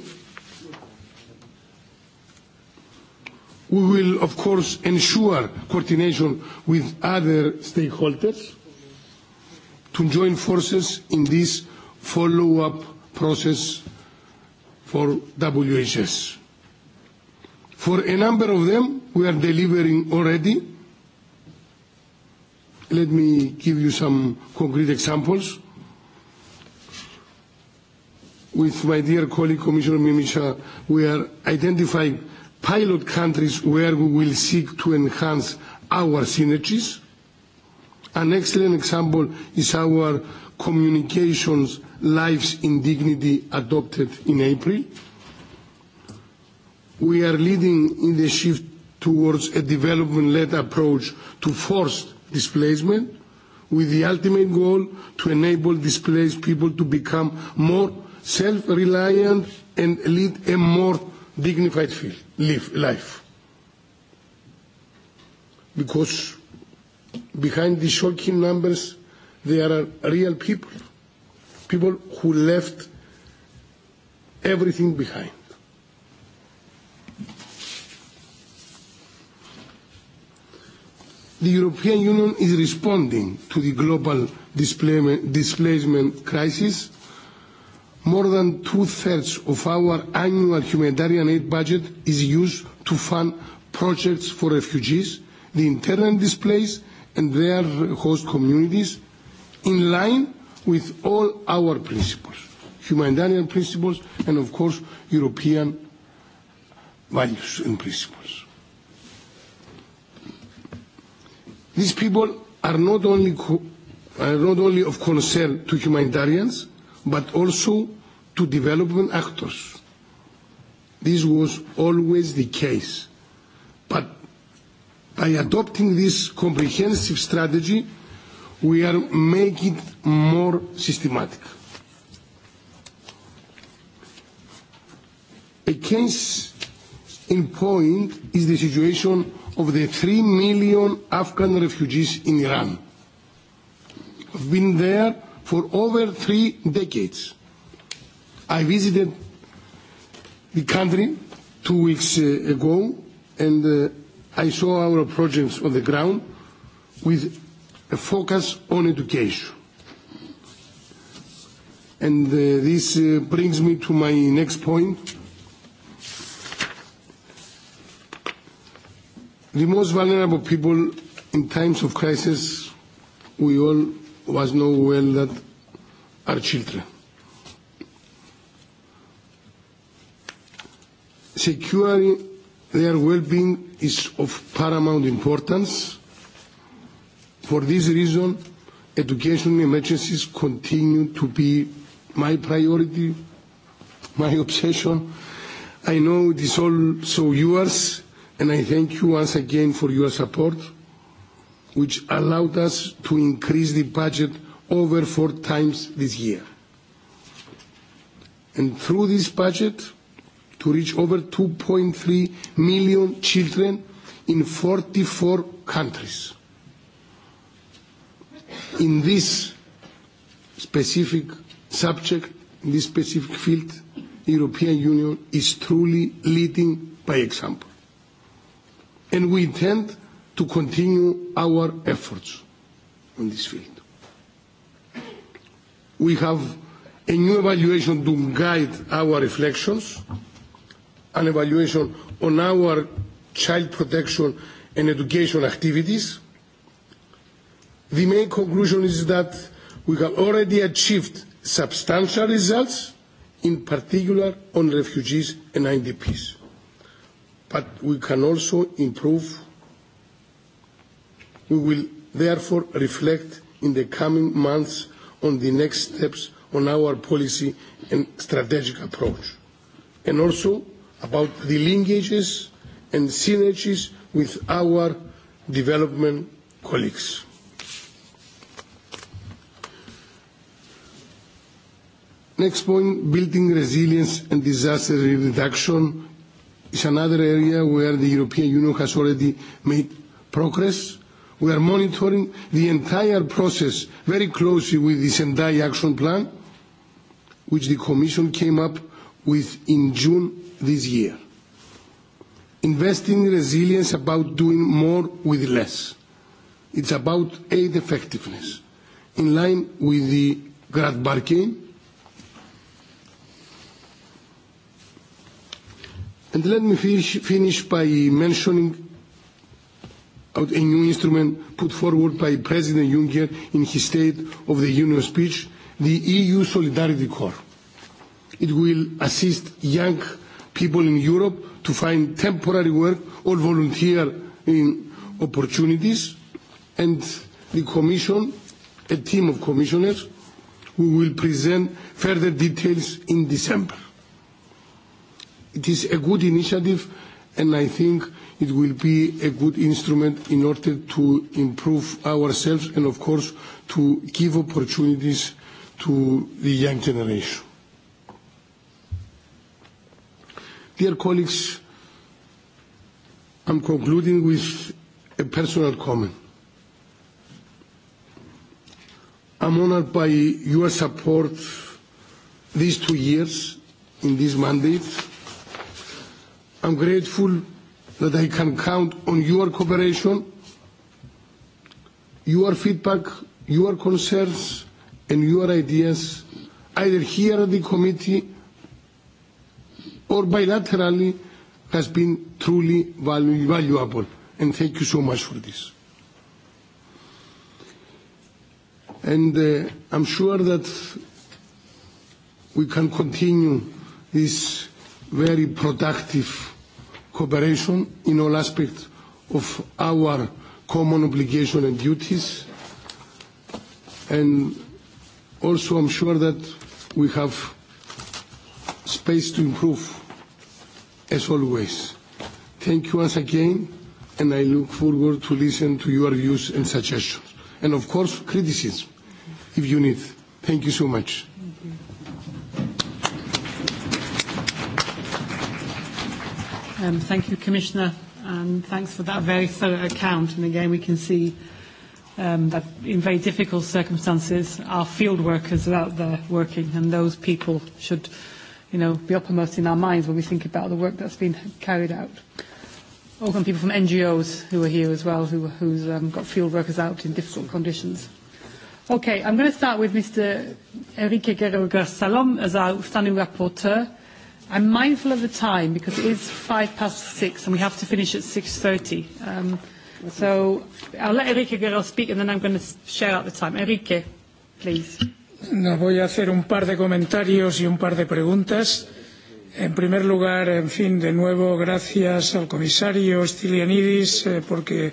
we will of course ensure coordination with other stakeholders to join forces in this follow up process for WHS. For a number of them we are delivering already. Let me give you some concrete examples. With my dear colleague Commissioner Mimica, we are identifying pilot countries where we will seek to enhance our synergies. An excellent example is our communications lives in dignity adopted in April. We are leading in the shift towards a development-led approach to forced displacement with the ultimate goal to enable displaced people to become more self-reliant and lead a more dignified field, live, life. Because behind the shocking numbers, there are real people, people who left everything behind. The European Union is responding to the global displacement crisis more than two-thirds of our annual humanitarian aid budget is used to fund projects for refugees, the internally displaced and their host communities, in line with all our principles, humanitarian principles and of course European values and principles. These people are not only, are not only of concern to humanitarians, but also to development actors. This was always the case. But by adopting this comprehensive strategy, we are making it more systematic. A case in point is the situation of the three million Afghan refugees in Iran. I've been there for over three decades. I visited the country two weeks uh, ago and uh, I saw our projects on the ground with a focus on education. And uh, this brings me to my next point. The most vulnerable people in times of crisis we all was no well that our children. Securing their well-being is of paramount importance. For this reason, education emergencies continue to be my priority, my obsession. I know it is also yours, and I thank you once again for your support which allowed us to increase the budget over four times this year. And through this budget, to reach over 2.3 million children in 44 countries. In this specific subject, in this specific field, the European Union is truly leading by example. And we intend to continue our efforts in this field. We have a new evaluation to guide our reflections, an evaluation on our child protection and education activities. The main conclusion is that we have already achieved substantial results, in particular on refugees and IDPs. But we can also improve We will therefore reflect in the coming months on the next steps on our policy and strategic approach, and also about the linkages and synergies with our development colleagues. Next point, building resilience and disaster reduction is another area where the European Union has already made progress We are monitoring the entire process very closely with the Sendai Action Plan, which the Commission came up with in June this year. Investing in resilience is about doing more with less. It's about aid effectiveness, in line with the Grad Bargain. And let me finish by mentioning out a new instrument put forward by President Juncker in his State of the Union speech, the EU Solidarity Corps. It will assist young people in Europe to find temporary work or volunteer in opportunities and the Commission, a team of commissioners, who will present further details in December. It is a good initiative and I think it will be a good instrument in order to improve ourselves and of course to give opportunities to the young generation. Dear colleagues, I'm concluding with a personal comment. I'm honored by your support these two years in this mandate. I'm grateful that I can count on your cooperation, your feedback, your concerns and your ideas, either here at the committee or bilaterally, has been truly valuable. And thank you so much for this. And uh, I'm sure that we can continue this very productive cooperation in all aspects of our common obligations and duties and also I'm sure that we have space to improve as always. Thank you once again and I look forward to listen to your views and suggestions and of course criticism if you need. Thank you so much. Um, thank you, Commissioner, and thanks for that very thorough account. And again, we can see um, that in very difficult circumstances, our field workers are out there working, and those people should, you know, be uppermost in our minds when we think about the work that's been carried out. Often people from NGOs who are here as well, who, who's um, got field workers out in difficult conditions. Okay, I'm going to start with Mr. Enrique Guerrero Salom as our standing rapporteur I'm mindful of the time because it is five past six and we have to finish at 6.30. Um, so I'll let Enrique Guerrero speak and then I'm going to share out the time. Enrique, please. No, voy a hacer un par de comentarios y un par de preguntas. En primer lugar, en fin, de nuevo, gracias al comisario Stylianidis eh, porque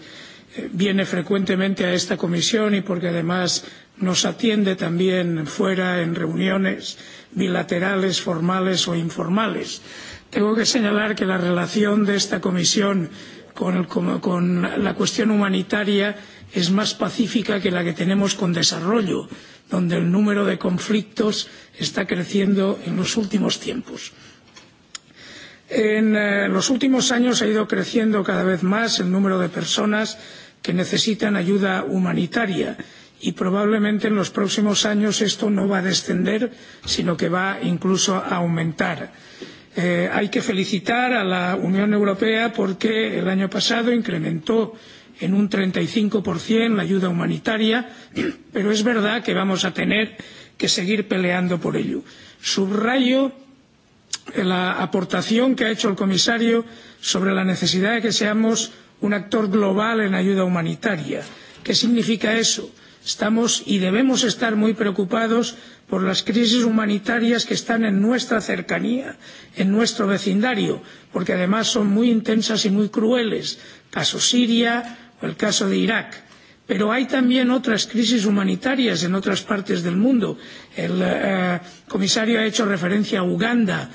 eh, viene frecuentemente a esta comisión y porque además nos atiende también fuera en reuniones bilaterales formales o informales. tengo que señalar que la relación de esta comisión con, el, con la cuestión humanitaria es más pacífica que la que tenemos con desarrollo donde el número de conflictos está creciendo en los últimos tiempos. En eh, los últimos años ha ido creciendo cada vez más el número de personas que necesitan ayuda humanitaria y probablemente en los próximos años esto no va a descender sino que va incluso a aumentar. Eh, hay que felicitar a la unión europea porque el año pasado incrementó en un treinta y cinco la ayuda humanitaria pero es verdad que vamos a tener que seguir peleando por ello. subrayo la aportación que ha hecho el comisario sobre la necesidad de que seamos un actor global en ayuda humanitaria. qué significa eso? estamos y debemos estar muy preocupados por las crisis humanitarias que están en nuestra cercanía en nuestro vecindario porque además son muy intensas y muy crueles caso siria o el caso de irak pero hay también otras crisis humanitarias en otras partes del mundo el eh, comisario ha hecho referencia a uganda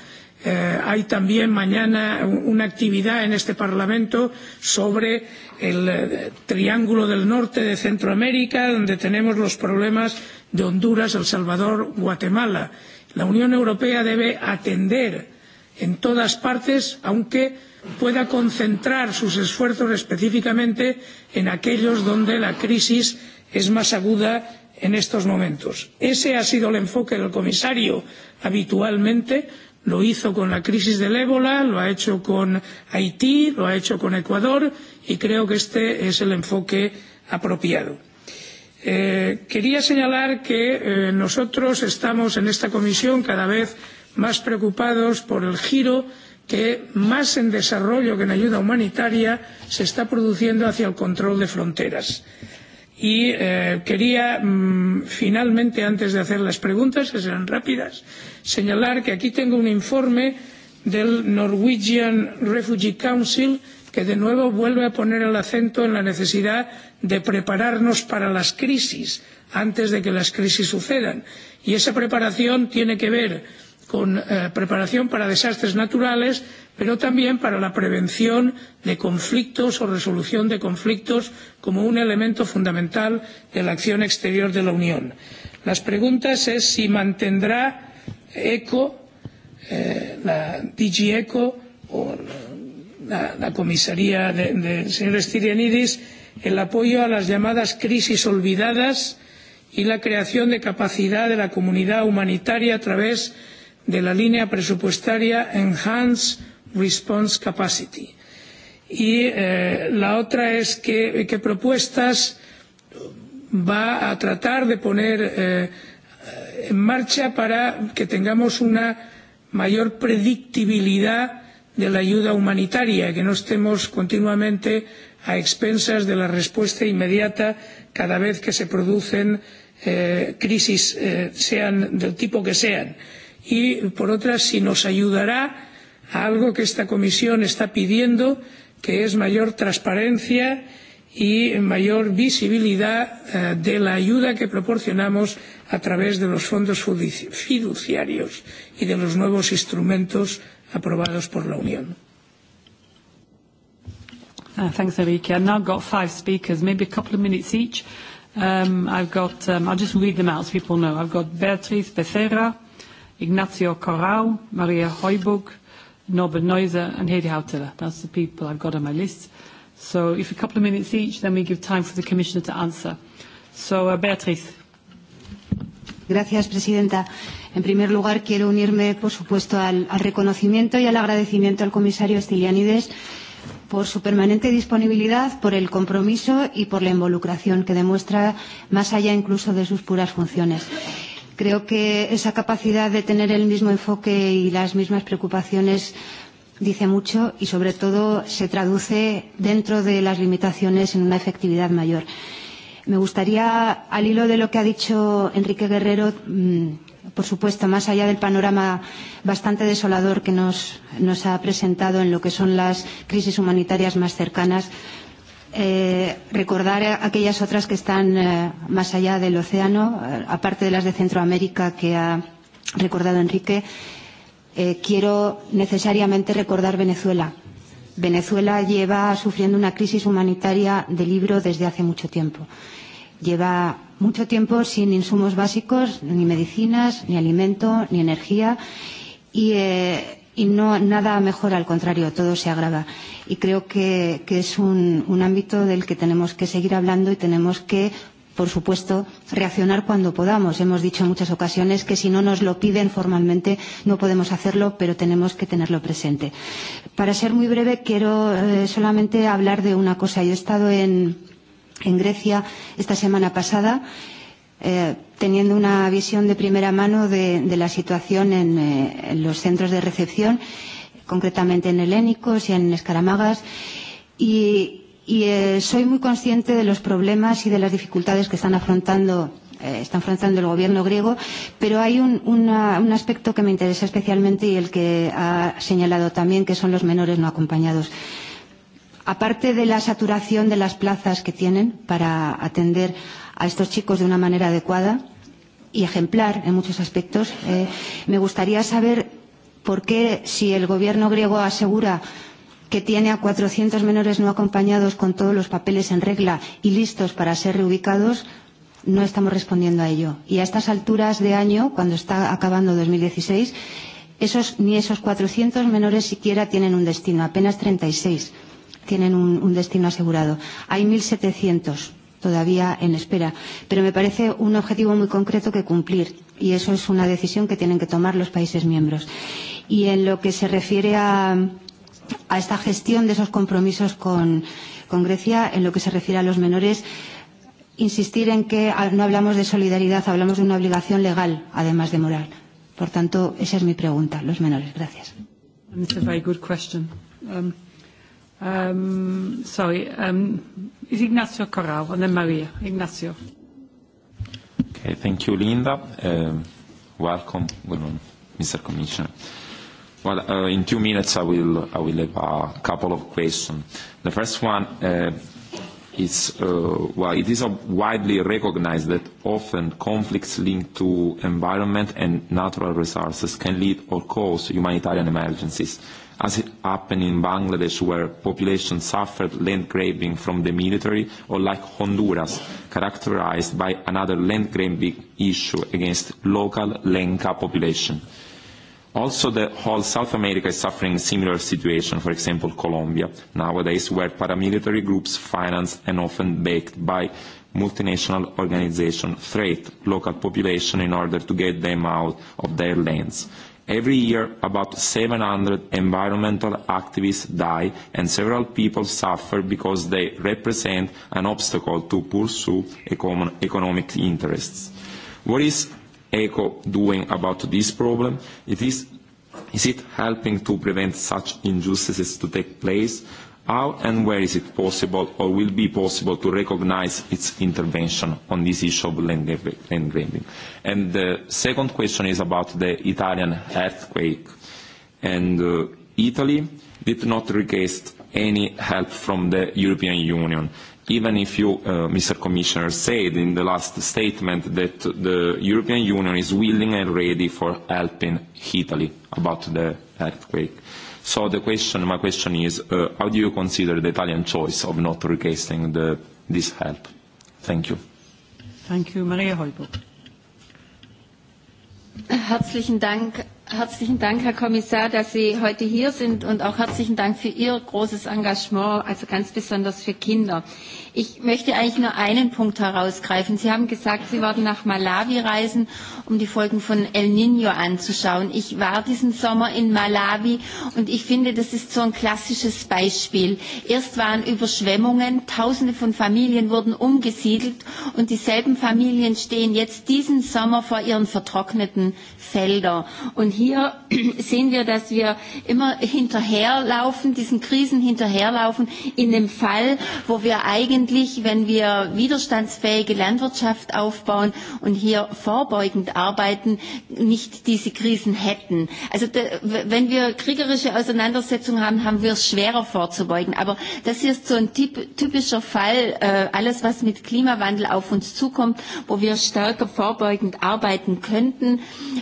Eh, hay también mañana una actividad en este Parlamento sobre el eh, Triángulo del Norte de Centroamérica, donde tenemos los problemas de Honduras, El Salvador, Guatemala. La Unión Europea debe atender en todas partes, aunque pueda concentrar sus esfuerzos específicamente en aquellos donde la crisis es más aguda en estos momentos. Ese ha sido el enfoque del comisario habitualmente lo hizo con la crisis del ébola lo ha hecho con haití lo ha hecho con ecuador y creo que este es el enfoque apropiado. Eh, quería señalar que eh, nosotros estamos en esta comisión cada vez más preocupados por el giro que más en desarrollo que en ayuda humanitaria se está produciendo hacia el control de fronteras y eh, quería mm, finalmente antes de hacer las preguntas que serán rápidas señalar que aquí tengo un informe del Norwegian Refugee Council que de nuevo vuelve a poner el acento en la necesidad de prepararnos para las crisis antes de que las crisis sucedan y esa preparación tiene que ver con eh, preparación para desastres naturales pero también para la prevención de conflictos o resolución de conflictos como un elemento fundamental de la acción exterior de la unión. las preguntas es si mantendrá eco eh, la dg eco o la, la comisaría del señor el apoyo a las llamadas crisis olvidadas y la creación de capacidad de la comunidad humanitaria a través de la línea presupuestaria enhanced response capacity y eh, la otra es que, que propuestas va a tratar de poner eh, en marcha para que tengamos una mayor predictibilidad de la ayuda humanitaria que no estemos continuamente a expensas de la respuesta inmediata cada vez que se producen eh, crisis eh, sean del tipo que sean y por otra si nos ayudará algo que esta comisión está pidiendo que es mayor transparencia y mayor visibilidad eh, de la ayuda que proporcionamos a través de los fondos fiduciarios y de los nuevos instrumentos aprobados por la Unión. Uh, thanks, Enrique. I've now got five speakers, maybe a couple of minutes each. Um, I've got, um, I'll just read them out so people know. I've got Beatriz Becerra, Ignacio Corral, Maria Hoiberg, Norbert Neuser and Heidi Hautala. That's the people I've got on my list. So if a couple of minutes each, then we give time for the Commissioner to answer. So, uh, Beatriz. Gracias, Presidenta. En primer lugar, quiero unirme, por supuesto, al, al reconocimiento y al agradecimiento al comisario Stylianides por su permanente disponibilidad, por el compromiso y por la involucración que demuestra más allá incluso de sus puras funciones. Creo que esa capacidad de tener el mismo enfoque y las mismas preocupaciones dice mucho y sobre todo se traduce dentro de las limitaciones en una efectividad mayor. Me gustaría, al hilo de lo que ha dicho Enrique Guerrero, mm, por supuesto, más allá del panorama bastante desolador que nos, nos ha presentado en lo que son las crisis humanitarias más cercanas, eh, recordar aquellas otras que están eh, más allá del océano, eh, aparte de las de Centroamérica que ha recordado Enrique, eh, quiero necesariamente recordar Venezuela. Venezuela lleva sufriendo una crisis humanitaria de libro desde hace mucho tiempo. Lleva mucho tiempo sin insumos básicos, ni medicinas, ni alimento, ni energía. Y eh, y no nada mejor al contrario, todo se agrava. Y creo que, que es un, un ámbito del que tenemos que seguir hablando y tenemos que por supuesto, reaccionar cuando podamos. Hemos dicho en muchas ocasiones que si no nos lo piden formalmente no podemos hacerlo, pero tenemos que tenerlo presente. Para ser muy breve, quiero eh, solamente hablar de una cosa. Yo he estado en, en Grecia esta semana pasada eh, teniendo una visión de primera mano de, de la situación en, eh, en los centros de recepción, concretamente en Helénicos y en Escaramagas. Y, y eh, soy muy consciente de los problemas y de las dificultades que están afrontando eh, está enfrentando el gobierno griego, pero hay un, una, un aspecto que me interesa especialmente y el que ha señalado también, que son los menores no acompañados. Aparte de la saturación de las plazas que tienen para atender a estos chicos de una manera adecuada y ejemplar en muchos aspectos. Eh, me gustaría saber por qué, si el gobierno griego asegura que tiene a 400 menores no acompañados con todos los papeles en regla y listos para ser reubicados, no estamos respondiendo a ello. Y a estas alturas de año, cuando está acabando 2016, esos, ni esos 400 menores siquiera tienen un destino, apenas 36 tienen un, un destino asegurado. Hay 1.700 todavía en espera. Pero me parece un objetivo muy concreto que cumplir y eso es una decisión que tienen que tomar los países miembros. Y en lo que se refiere a, a esta gestión de esos compromisos con, con Grecia, en lo que se refiere a los menores, insistir en que no hablamos de solidaridad, hablamos de una obligación legal, además de moral. Por tanto, esa es mi pregunta, los menores. Gracias. very good question. Um, um, sorry, um, Is Ignacio Corral and then Maria. Ignacio. Okay, thank you, Linda. Um, welcome, good morning, Mr. Commissioner. Well, uh, in two minutes I will, I will have a couple of questions. The first one uh, is, uh, well, it is widely recognized that often conflicts linked to environment and natural resources can lead or cause humanitarian emergencies as it happened in Bangladesh where population suffered land grabbing from the military or like Honduras characterized by another land grabbing issue against local Lenca population. Also the whole South America is suffering a similar situation, for example Colombia nowadays where paramilitary groups financed and often backed by multinational organizations threat local population in order to get them out of their lands. Every year, about 700 environmental activists die and several people suffer because they represent an obstacle to pursue common economic interests. What is ECHO doing about this problem? It is, is it helping to prevent such injustices to take place? how and where is it possible or will be possible to recognise its intervention on this issue of land grabbing? And the second question is about the Italian earthquake. And uh, Italy did not request any help from the European Union. Even if you, uh, Mr. Commissioner, said in the last statement that the European Union is willing and ready for helping Italy about the earthquake. So the question, my question is, uh, how do you consider the Italian choice of not requesting this help? Thank you. Thank you. Maria Herzlichen Dank. Herzlichen Dank, Herr Kommissar, dass Sie heute hier sind und auch herzlichen Dank für Ihr großes Engagement, also ganz besonders für Kinder. Ich möchte eigentlich nur einen Punkt herausgreifen. Sie haben gesagt, Sie werden nach Malawi reisen, um die Folgen von El Nino anzuschauen. Ich war diesen Sommer in Malawi und ich finde, das ist so ein klassisches Beispiel. Erst waren Überschwemmungen, Tausende von Familien wurden umgesiedelt und dieselben Familien stehen jetzt diesen Sommer vor ihren vertrockneten Feldern. Und hier sehen wir, dass wir immer hinterherlaufen, diesen Krisen hinterherlaufen, in dem Fall, wo wir eigentlich, wenn wir widerstandsfähige Landwirtschaft aufbauen und hier vorbeugend arbeiten, nicht diese Krisen hätten. Also wenn wir kriegerische Auseinandersetzungen haben, haben wir es schwerer vorzubeugen. Aber das hier ist so ein typischer Fall, äh, alles was mit Klimawandel auf uns zukommt, wo wir stärker vorbeugend arbeiten könnten.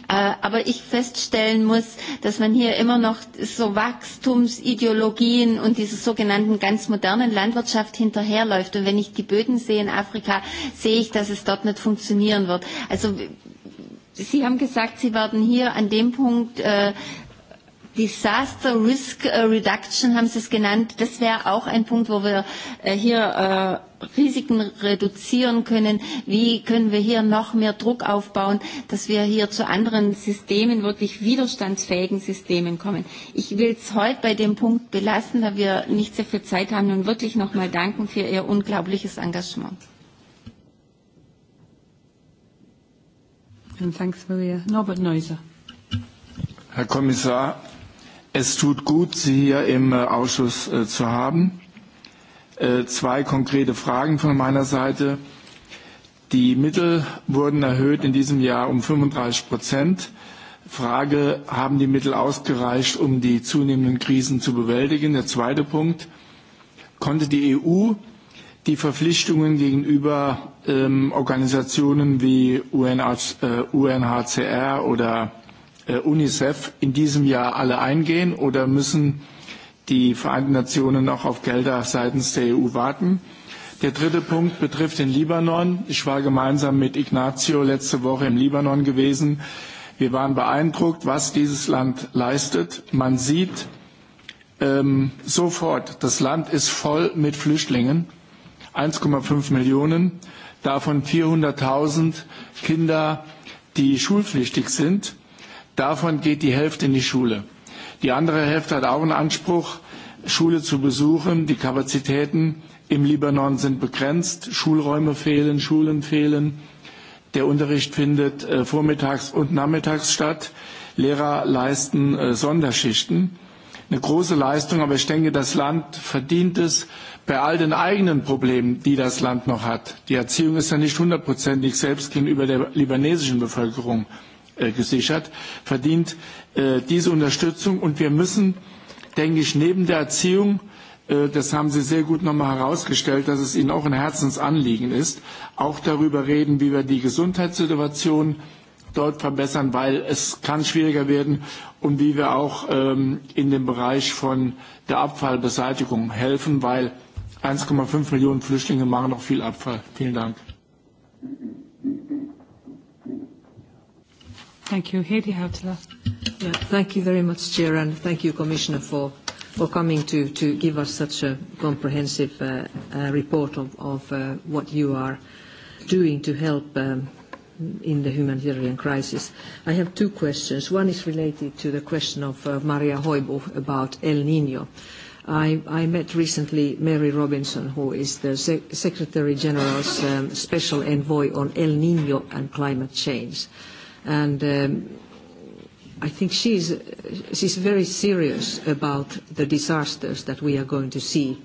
Äh, aber ich fest feststellen muss, dass man hier immer noch so Wachstumsideologien und dieser sogenannten ganz modernen Landwirtschaft hinterherläuft. Und wenn ich die Böden sehe in Afrika, sehe ich, dass es dort nicht funktionieren wird. Also Sie haben gesagt, Sie werden hier an dem Punkt äh, Disaster Risk Reduction haben Sie es genannt. Das wäre auch ein Punkt, wo wir äh, hier äh, Risiken reduzieren können. Wie können wir hier noch mehr Druck aufbauen, dass wir hier zu anderen Systemen, wirklich widerstandsfähigen Systemen kommen. Ich will es heute bei dem Punkt belassen, da wir nicht sehr viel Zeit haben und wirklich mal danken für Ihr unglaubliches Engagement. thanks, Herr Kommissar, Es tut gut, Sie hier im äh, Ausschuss äh, zu haben. Äh, zwei konkrete Fragen von meiner Seite. Die Mittel wurden erhöht in diesem Jahr um 35 Prozent. Frage, haben die Mittel ausgereicht, um die zunehmenden Krisen zu bewältigen? Der zweite Punkt, konnte die EU die Verpflichtungen gegenüber ähm, Organisationen wie UNHCR oder Äh, UNICEF in diesem Jahr alle eingehen oder müssen die Vereinten Nationen noch auf Gelder seitens der EU warten? Der dritte Punkt betrifft den Libanon. Ich war gemeinsam mit Ignazio letzte Woche im Libanon gewesen. Wir waren beeindruckt, was dieses Land leistet. Man sieht ähm, sofort, das Land ist voll mit Flüchtlingen, 1,5 Millionen, davon 400.000 Kinder, die schulpflichtig sind Davon geht die Hälfte in die Schule. Die andere Hälfte hat auch einen Anspruch, Schule zu besuchen. Die Kapazitäten im Libanon sind begrenzt, Schulräume fehlen, Schulen fehlen. Der Unterricht findet äh, vormittags und nachmittags statt. Lehrer leisten äh, Sonderschichten. Eine große Leistung, aber ich denke, das Land verdient es bei all den eigenen Problemen, die das Land noch hat. Die Erziehung ist ja nicht hundertprozentig selbst gegenüber der libanesischen Bevölkerung Äh, gesichert, verdient äh, diese Unterstützung. Und wir müssen, denke ich, neben der Erziehung äh, das haben Sie sehr gut nochmal herausgestellt, dass es Ihnen auch ein Herzensanliegen ist, auch darüber reden, wie wir die Gesundheitssituation dort verbessern, weil es kann schwieriger werden und wie wir auch ähm, in dem Bereich von der Abfallbeseitigung helfen, weil 1,5 Millionen Flüchtlinge machen noch viel Abfall. Vielen Dank. Thank you. Heidi Hautala. Yeah, thank you very much, Chair, and thank you, Commissioner, for, for coming to, to give us such a comprehensive uh, uh, report of, of uh, what you are doing to help um, in the humanitarian crisis. I have two questions. One is related to the question of Maria Hoibu about El Nino. I, I met recently Mary Robinson, who is the Secretary General's um, special envoy on El Nino and climate change and um, I think she's, she's very serious about the disasters that we are going to see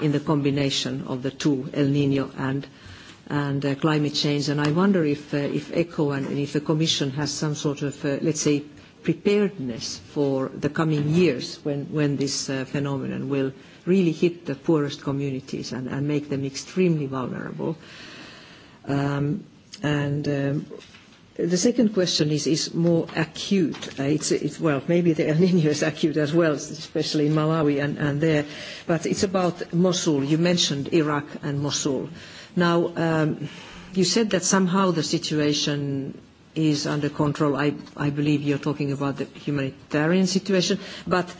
in the combination of the two, El Nino and, and uh, climate change. And I wonder if, uh, if ECHO and, and if the Commission has some sort of, uh, let's say, preparedness for the coming years when, when this uh, phenomenon will really hit the poorest communities and, and make them extremely vulnerable. Um, and um, The second question is, more acute. Uh, it's, well, maybe the El Niño is acute as well, especially in Malawi and, there. But it's about Mosul. You mentioned Iraq and Mosul. Now, um, you said that somehow the situation is under control. I, I believe you're talking about the humanitarian situation. But,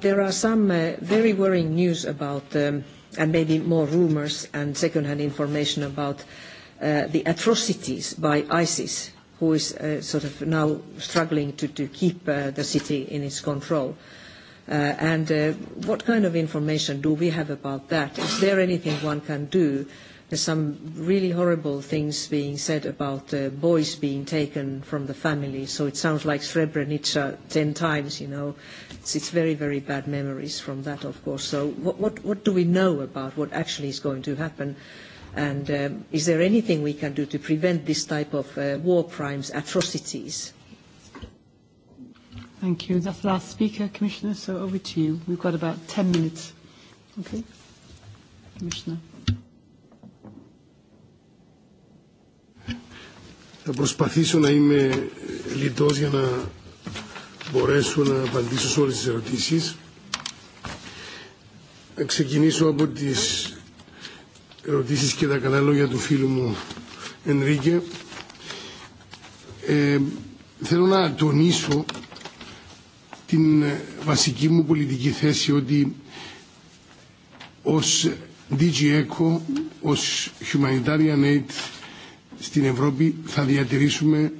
there are some uh, very worrying news about, um, and maybe more rumors and second-hand information about Uh, the atrocities by ISIS, who is uh, sort of now struggling to, to keep uh, the city in its control. Uh, and uh, what kind of information do we have about that? Is there anything one can do? There's some really horrible things being said about uh, boys being taken from the family, so it sounds like Srebrenica ten times, you know. It's, it's very, very bad memories from that, of course. So what, what, what do we know about what actually is going to happen? And um, is there anything we can do to prevent this type of uh, war crimes, atrocities? Thank you. That's the last speaker, Commissioner. So over to you. We've got about 10 minutes. Okay. Commissioner. Θα προσπαθήσω να είμαι λιτός για να μπορέσω να απαντήσω σε όλες τις ερωτήσεις. Να ξεκινήσω από τις ερωτήσεις και τα καλά λόγια του φίλου μου Ενρίκε. Ε, θέλω να τονίσω την βασική μου πολιτική θέση ότι ως DG ECO, ως Humanitarian Aid στην Ευρώπη θα διατηρήσουμε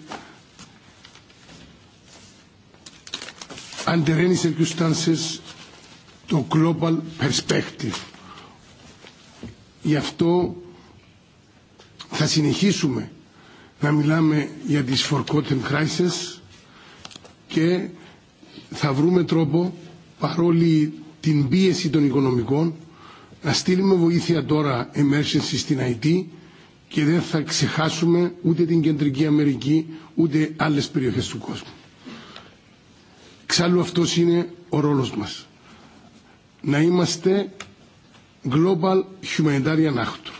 under any circumstances το global perspective Γι' αυτό θα συνεχίσουμε να μιλάμε για τις forgotten crises και θα βρούμε τρόπο παρόλη την πίεση των οικονομικών να στείλουμε βοήθεια τώρα emergency στην IT και δεν θα ξεχάσουμε ούτε την Κεντρική Αμερική ούτε άλλες περιοχές του κόσμου. Εξάλλου αυτός είναι ο ρόλος μας. Να είμαστε Global Humanitarian Actor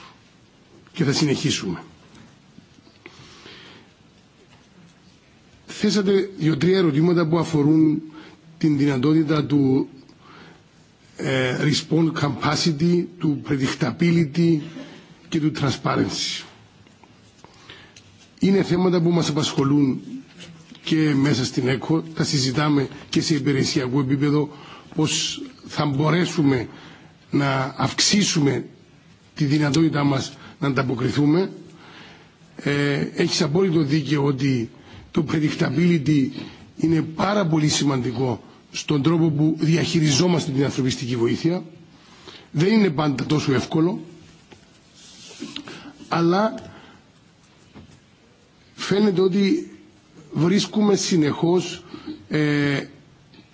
και θα συνεχίσουμε. Θέσατε δύο-τρία ερωτήματα που αφορούν την δυνατότητα του ε, response capacity, του predictability και του transparency. Είναι θέματα που μας απασχολούν και μέσα στην ΕΚΟ, τα συζητάμε και σε υπηρεσιακό επίπεδο, πώς θα μπορέσουμε να αυξήσουμε τη δυνατότητά μας να ανταποκριθούμε. Ε, έχεις απόλυτο δίκαιο ότι το predictability είναι πάρα πολύ σημαντικό στον τρόπο που διαχειριζόμαστε την ανθρωπιστική βοήθεια. Δεν είναι πάντα τόσο εύκολο, αλλά φαίνεται ότι βρίσκουμε συνεχώς ε,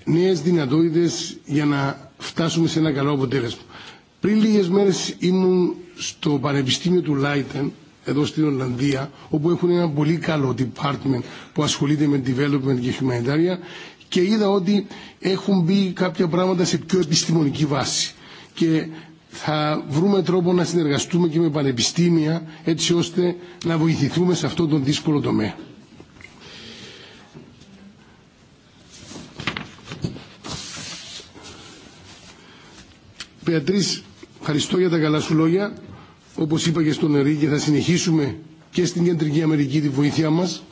νέες δυνατότητες για να φτάσουμε σε ένα καλό αποτέλεσμα. Πριν λίγε μέρε ήμουν στο Πανεπιστήμιο του Λάιτεν, εδώ στην Ολλανδία, όπου έχουν ένα πολύ καλό department που ασχολείται με development και humanitarian και είδα ότι έχουν μπει κάποια πράγματα σε πιο επιστημονική βάση. Και θα βρούμε τρόπο να συνεργαστούμε και με πανεπιστήμια έτσι ώστε να βοηθηθούμε σε αυτό τον δύσκολο τομέα. Πεατρής, ευχαριστώ για τα καλά σου λόγια. Όπως είπα και στον Ερή θα συνεχίσουμε και στην Κεντρική Αμερική τη βοήθειά μας.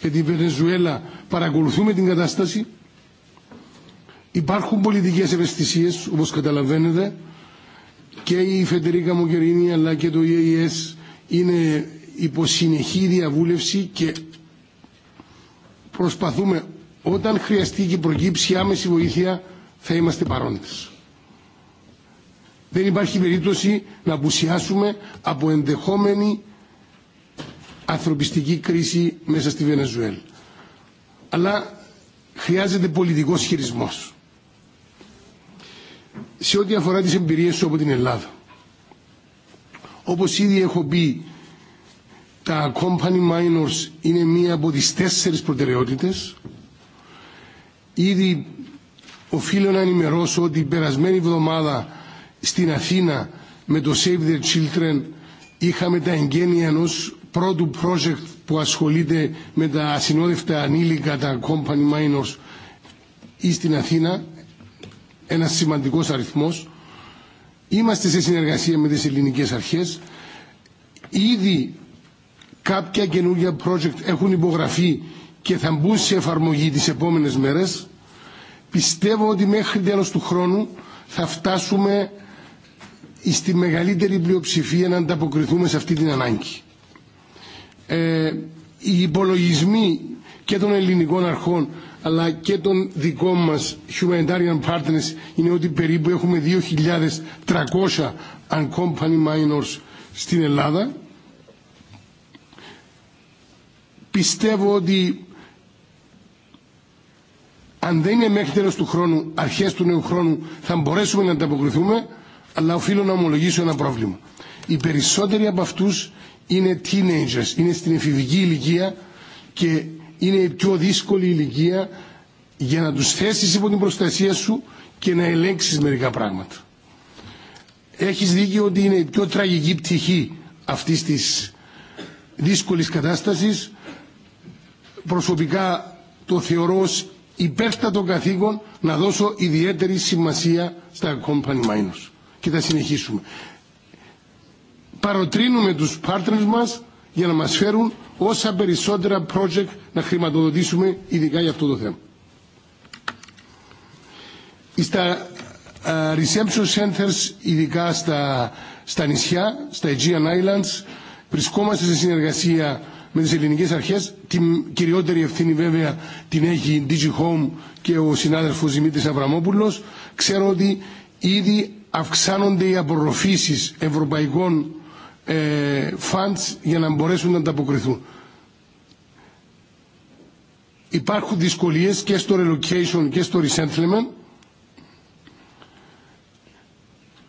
Για την Βενεζουέλα παρακολουθούμε την κατάσταση. Υπάρχουν πολιτικές ευαισθησίες, όπως καταλαβαίνετε, και η Φεντερίκα Μογκερίνη αλλά και το EAS είναι υπό συνεχή διαβούλευση και προσπαθούμε όταν χρειαστεί και προκύψει άμεση βοήθεια θα είμαστε παρόντες. Δεν υπάρχει περίπτωση να απουσιάσουμε από ενδεχόμενη ανθρωπιστική κρίση μέσα στη Βενεζουέλ. Αλλά χρειάζεται πολιτικός χειρισμός. Σε ό,τι αφορά τις εμπειρίες σου από την Ελλάδα. Όπως ήδη έχω πει, τα company minors είναι μία από τις τέσσερις προτεραιότητες. Ήδη οφείλω να ενημερώσω ότι η περασμένη εβδομάδα στην Αθήνα με το Save the Children είχαμε τα εγγένεια ενός πρώτου project που ασχολείται με τα ασυνόδευτα ανήλικα, τα company minors ή στην Αθήνα, ένας σημαντικός αριθμός. Είμαστε σε συνεργασία με τις ελληνικές αρχές. Ήδη κάποια καινούργια project έχουν υπογραφεί και θα μπουν σε εφαρμογή τις επόμενες μέρες. Πιστεύω ότι μέχρι τέλος του χρόνου θα φτάσουμε στη μεγαλύτερη πλειοψηφία να ανταποκριθούμε σε αυτή την ανάγκη. Ε, οι υπολογισμοί και των ελληνικών αρχών αλλά και των δικών μας humanitarian partners είναι ότι περίπου έχουμε 2.300 uncompany minors στην Ελλάδα. Πιστεύω ότι αν δεν είναι μέχρι τέλος του χρόνου, αρχές του νέου χρόνου, θα μπορέσουμε να ανταποκριθούμε αλλά οφείλω να ομολογήσω ένα πρόβλημα. Οι περισσότεροι από αυτού είναι teenagers, είναι στην εφηβική ηλικία και είναι η πιο δύσκολη ηλικία για να τους θέσεις υπό την προστασία σου και να ελέγξεις μερικά πράγματα. Έχεις δίκιο ότι είναι η πιο τραγική πτυχή αυτής της δύσκολης κατάστασης. Προσωπικά το θεωρώ ως υπέρτατο καθήκον να δώσω ιδιαίτερη σημασία στα company minors και θα συνεχίσουμε. Παροτρύνουμε τους partners μας για να μας φέρουν όσα περισσότερα project να χρηματοδοτήσουμε ειδικά για αυτό το θέμα. Στα reception centers, ειδικά στα, στα νησιά, στα Aegean Islands, βρισκόμαστε σε συνεργασία με τις ελληνικές αρχές. Την κυριότερη ευθύνη βέβαια την έχει η Home και ο συνάδελφος Δημήτρης Αβραμόπουλος. Ξέρω ότι ήδη αυξάνονται οι απορροφήσεις ευρωπαϊκών ε, funds για να μπορέσουν να ανταποκριθούν. Υπάρχουν δυσκολίες και στο relocation και στο resettlement.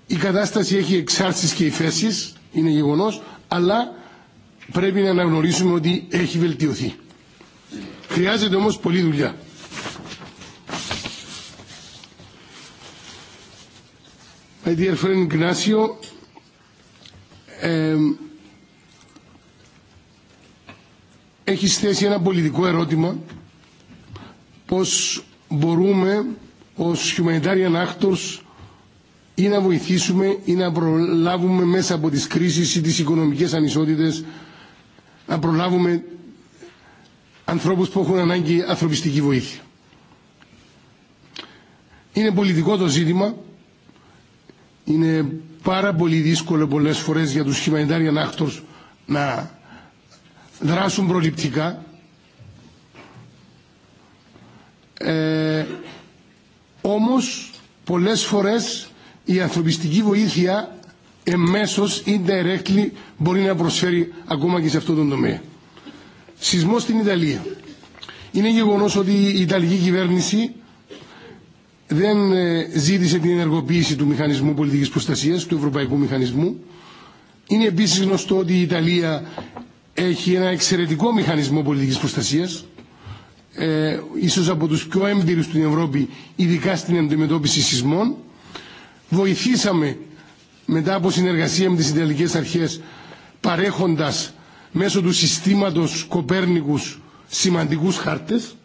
Η κατάσταση έχει εξάρσεις και υφέσεις, είναι γεγονός, αλλά πρέπει να αναγνωρίσουμε ότι έχει βελτιωθεί. Χρειάζεται όμως πολλή δουλειά. My dear friend Ignacio, θέσει ένα πολιτικό ερώτημα πώς μπορούμε ως humanitarian actors ή να βοηθήσουμε ή να προλάβουμε μέσα από τις κρίσεις ή τις οικονομικές ανισότητες να προλάβουμε ανθρώπους που έχουν ανάγκη ανθρωπιστική βοήθεια. Είναι πολιτικό το ζήτημα Είναι πάρα πολύ δύσκολο πολλές φορές για τους humanitarian actors να δράσουν προληπτικά. Ε, όμως πολλές φορές η ανθρωπιστική βοήθεια εμέσως directly μπορεί να προσφέρει ακόμα και σε αυτόν τον τομέα. Σεισμό στην Ιταλία. Είναι γεγονός ότι η Ιταλική κυβέρνηση δεν ζήτησε την ενεργοποίηση του Μηχανισμού Πολιτικής Προστασίας, του Ευρωπαϊκού Μηχανισμού. Είναι επίσης γνωστό ότι η Ιταλία έχει ένα εξαιρετικό μηχανισμό πολιτικής προστασίας, ε, ίσως από τους πιο έμπειρους στην Ευρώπη, ειδικά στην αντιμετώπιση σεισμών. Βοηθήσαμε μετά από συνεργασία με τις Ιταλικές Αρχές, παρέχοντας μέσω του συστήματος Κοπέρνικους σημαντικούς χάρτες.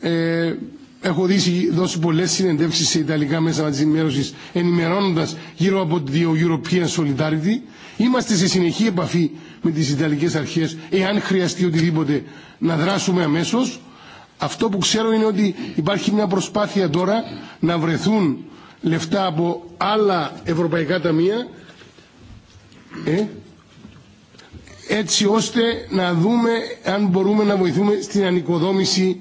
Ε, Έχω δει δώσει πολλέ συνεντεύξει σε Ιταλικά μέσα ενημέρωση ενημερώνοντα γύρω από το European Solidarity. Είμαστε σε συνεχή επαφή με τι Ιταλικέ αρχέ, εάν χρειαστεί οτιδήποτε να δράσουμε αμέσω. Αυτό που ξέρω είναι ότι υπάρχει μια προσπάθεια τώρα να βρεθούν λεφτά από άλλα ευρωπαϊκά ταμεία ε, έτσι ώστε να δούμε αν μπορούμε να βοηθούμε στην ανοικοδόμηση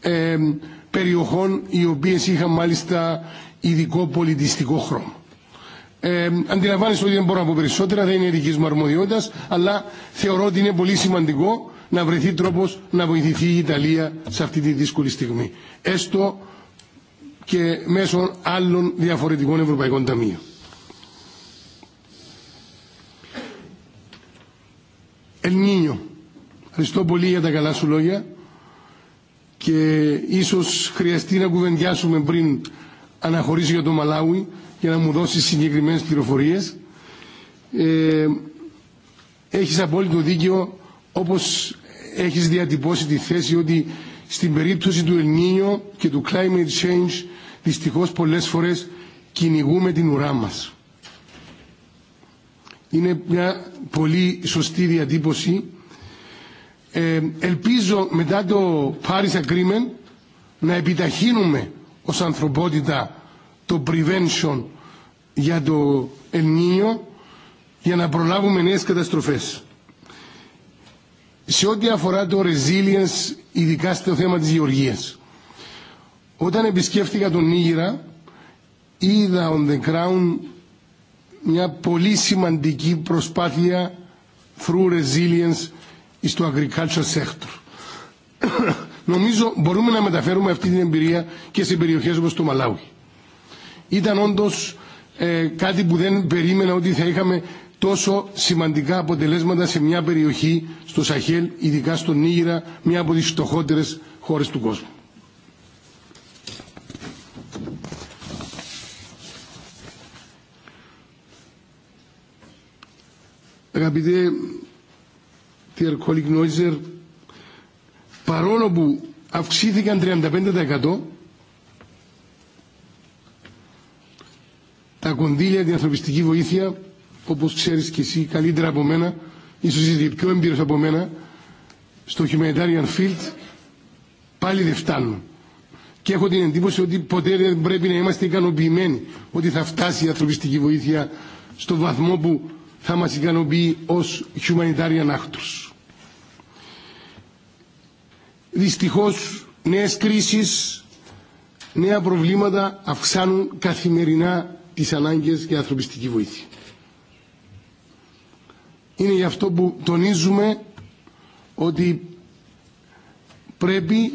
ε, περιοχών οι οποίες είχαν μάλιστα ειδικό πολιτιστικό χρώμα. Ε, αντιλαμβάνεστε ότι δεν μπορώ να πω περισσότερα, δεν είναι δική μου αρμοδιότητα, αλλά θεωρώ ότι είναι πολύ σημαντικό να βρεθεί τρόπο να βοηθηθεί η Ιταλία σε αυτή τη δύσκολη στιγμή. Έστω και μέσω άλλων διαφορετικών ευρωπαϊκών ταμείων. Ελνίνιο, ευχαριστώ πολύ για τα καλά σου λόγια και ίσως χρειαστεί να κουβεντιάσουμε πριν αναχωρήσω για το Μαλάουι για να μου δώσει συγκεκριμένες πληροφορίες. Ε, έχεις απόλυτο δίκαιο όπως έχεις διατυπώσει τη θέση ότι στην περίπτωση του Ελνίνιο και του Climate Change δυστυχώς πολλές φορές κυνηγούμε την ουρά μας. Είναι μια πολύ σωστή διατύπωση ελπίζω μετά το Paris Agreement να επιταχύνουμε ως ανθρωπότητα το prevention για το Ελνίνιο για να προλάβουμε νέες καταστροφές. Σε ό,τι αφορά το resilience, ειδικά στο θέμα της γεωργίας. Όταν επισκέφτηκα τον Νίγηρα, είδα on the ground μια πολύ σημαντική προσπάθεια through resilience στο agriculture sector. Νομίζω μπορούμε να μεταφέρουμε αυτή την εμπειρία και σε περιοχέ όπω το Μαλάουι. Ήταν όντω ε, κάτι που δεν περίμενα ότι θα είχαμε τόσο σημαντικά αποτελέσματα σε μια περιοχή στο Σαχέλ, ειδικά στον Νίγηρα, μια από τι φτωχότερε χώρε του κόσμου. Αγαπητέ dear colleague Noiser, παρόλο που αυξήθηκαν 35% τα κονδύλια, για την ανθρωπιστική βοήθεια, όπως ξέρεις και εσύ καλύτερα από μένα, ίσως είσαι πιο εμπειρος από μένα, στο humanitarian field πάλι δεν φτάνουν. Και έχω την εντύπωση ότι ποτέ δεν πρέπει να είμαστε ικανοποιημένοι ότι θα φτάσει η ανθρωπιστική βοήθεια στο βαθμό που θα μας ικανοποιεί ως humanitarian actors. Δυστυχώς νέες κρίσεις, νέα προβλήματα αυξάνουν καθημερινά τις ανάγκες για ανθρωπιστική βοήθεια. Είναι γι' αυτό που τονίζουμε ότι πρέπει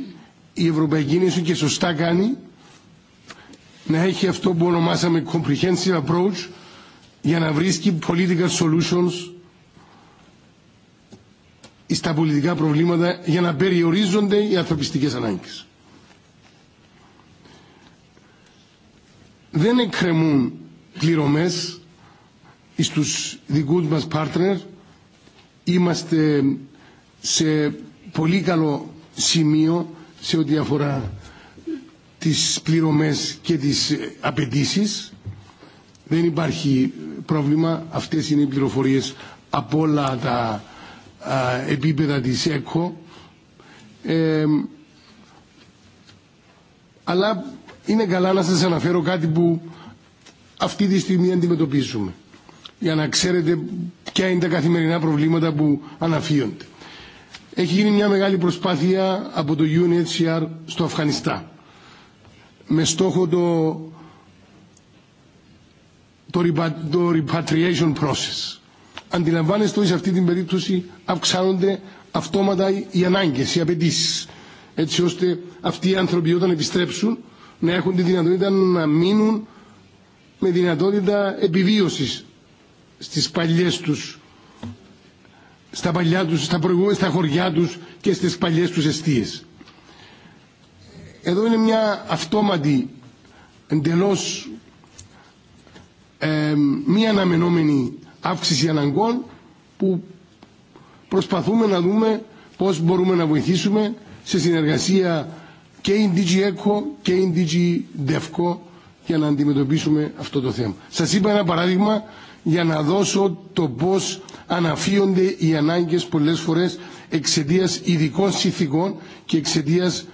η Ευρωπαϊκή Ένωση και σωστά κάνει να έχει αυτό που ονομάσαμε comprehensive approach για να βρίσκει political solutions στα πολιτικά προβλήματα για να περιορίζονται οι ανθρωπιστικές ανάγκες. Δεν εκκρεμούν πληρωμές στους δικούς μας partner. Είμαστε σε πολύ καλό σημείο σε ό,τι αφορά τις πληρωμές και τις απαιτήσει. Δεν υπάρχει πρόβλημα. Αυτές είναι οι πληροφορίες από όλα τα επίπεδα της ΕΚΟ. Ε, αλλά είναι καλά να σας αναφέρω κάτι που αυτή τη στιγμή αντιμετωπίζουμε για να ξέρετε ποια είναι τα καθημερινά προβλήματα που αναφύονται. Έχει γίνει μια μεγάλη προσπάθεια από το UNHCR στο Αφγανιστά. με στόχο το το, το repatriation process. Αντιλαμβάνεστε ότι σε αυτή την περίπτωση αυξάνονται αυτόματα οι ανάγκες, οι απαιτήσει, έτσι ώστε αυτοί οι άνθρωποι όταν επιστρέψουν να έχουν τη δυνατότητα να μείνουν με δυνατότητα επιβίωσης στις παλιές τους στα παλιά τους, στα, στα χωριά τους και στις παλιές τους αιστείες. Εδώ είναι μια αυτόματη εντελώς ε, μία αναμενόμενη αύξηση αναγκών που προσπαθούμε να δούμε πώς μπορούμε να βοηθήσουμε σε συνεργασία και η DG ECHO και η DG DEFCO για να αντιμετωπίσουμε αυτό το θέμα. Σας είπα ένα παράδειγμα για να δώσω το πώς αναφύονται οι ανάγκες πολλές φορές εξαιτίας ειδικών συνθήκων και εξαιτίας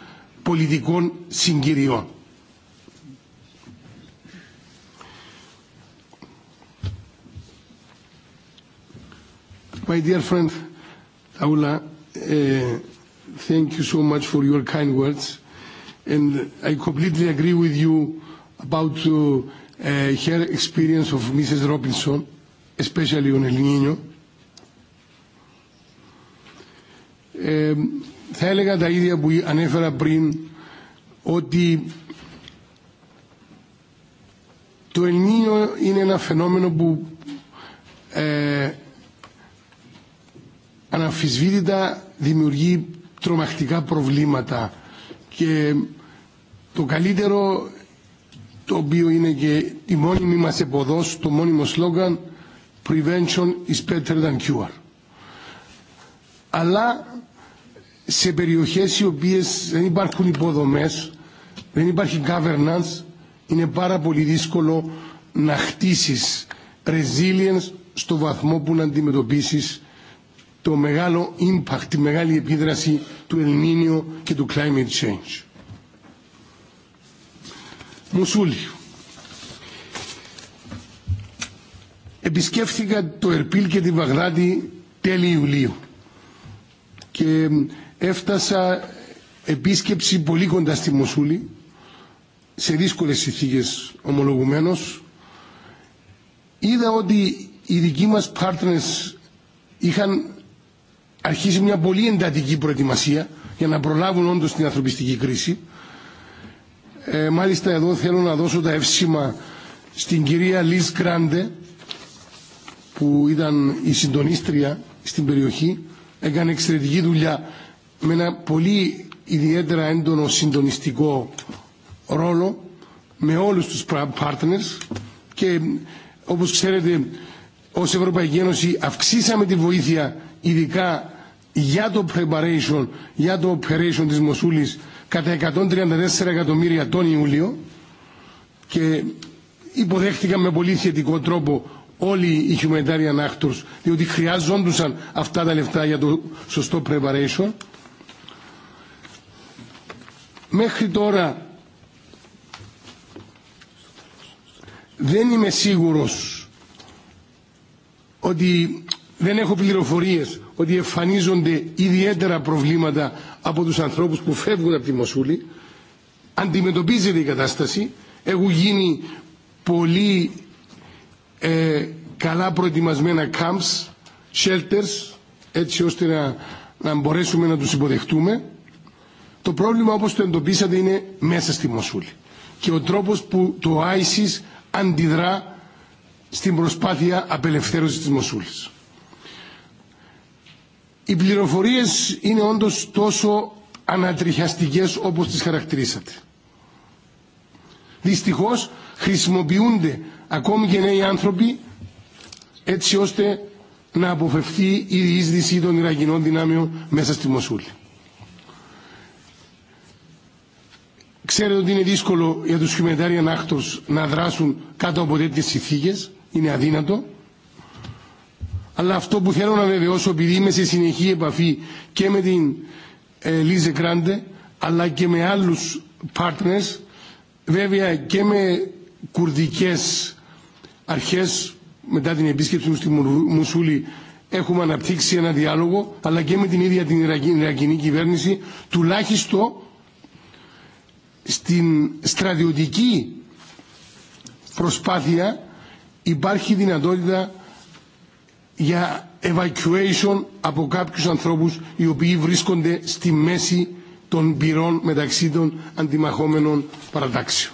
πολιτικών συγκυριών. My dear friend, Aula, uh, thank you so much for your kind words. And I completely agree with you about uh, eh, her experience of Mrs. Robinson, especially on El Niño. θα έλεγα τα ίδια που ανέφερα πριν ότι το Ελνίνιο είναι ένα φαινόμενο που αναμφισβήτητα δημιουργεί τρομακτικά προβλήματα και το καλύτερο το οποίο είναι και η μόνιμη μας εποδός, το μόνιμο σλόγγαν «Prevention is better than cure». Αλλά σε περιοχές οι οποίες δεν υπάρχουν υποδομές, δεν υπάρχει governance, είναι πάρα πολύ δύσκολο να χτίσεις resilience στο βαθμό που να αντιμετωπίσεις το μεγάλο impact, τη μεγάλη επίδραση του ελληνίου και του climate change. Μουσούλη. Επισκέφθηκα το Ερπίλ και τη Βαγδάτη τέλη Ιουλίου και έφτασα επίσκεψη πολύ κοντά στη Μοσούλη σε δύσκολες συνθήκες ομολογουμένως είδα ότι οι δικοί μας partners είχαν αρχίζει μια πολύ εντατική προετοιμασία για να προλάβουν όντως την ανθρωπιστική κρίση. Ε, μάλιστα εδώ θέλω να δώσω τα εύσημα στην κυρία Λίζ Κράντε που ήταν η συντονίστρια στην περιοχή έκανε εξαιρετική δουλειά με ένα πολύ ιδιαίτερα έντονο συντονιστικό ρόλο με όλους τους partners και όπως ξέρετε ως Ευρωπαϊκή Ένωση αυξήσαμε τη βοήθεια ειδικά για το preparation, για το operation της Μοσούλης κατά 134 εκατομμύρια τον Ιούλιο και υποδέχτηκαν με πολύ θετικό τρόπο όλοι οι humanitarian actors διότι χρειάζοντουσαν αυτά τα λεφτά για το σωστό preparation. Μέχρι τώρα δεν είμαι σίγουρος ότι δεν έχω πληροφορίες ότι εμφανίζονται ιδιαίτερα προβλήματα από τους ανθρώπους που φεύγουν από τη Μοσούλη. Αντιμετωπίζεται η κατάσταση. Έχουν γίνει πολύ ε, καλά προετοιμασμένα camps, shelters, έτσι ώστε να, να μπορέσουμε να τους υποδεχτούμε. Το πρόβλημα όπως το εντοπίσατε είναι μέσα στη Μοσούλη και ο τρόπος που το ISIS αντιδρά στην προσπάθεια απελευθέρωσης της Μοσούλης. Οι πληροφορίες είναι όντως τόσο ανατριχιαστικές όπως τις χαρακτηρίσατε. Δυστυχώς χρησιμοποιούνται ακόμη και νέοι άνθρωποι έτσι ώστε να αποφευθεί η διείσδυση των Ιρακινών δυνάμεων μέσα στη Μοσούλη. Ξέρετε ότι είναι δύσκολο για τους humanitarian άκτο να δράσουν κάτω από τέτοιες συνθήκες, είναι αδύνατο. Αλλά αυτό που θέλω να βεβαιώσω, επειδή είμαι σε συνεχή επαφή και με την Λίζε Κράντε, αλλά και με άλλους partners, βέβαια και με κουρδικές αρχές, μετά την επίσκεψη μου στη Μουσούλη, έχουμε αναπτύξει ένα διάλογο, αλλά και με την ίδια την Ιρακινή κυβέρνηση, τουλάχιστον στην στρατιωτική προσπάθεια υπάρχει δυνατότητα για evacuation από κάποιους ανθρώπους οι οποίοι βρίσκονται στη μέση των πυρών μεταξύ των αντιμαχόμενων παρατάξεων.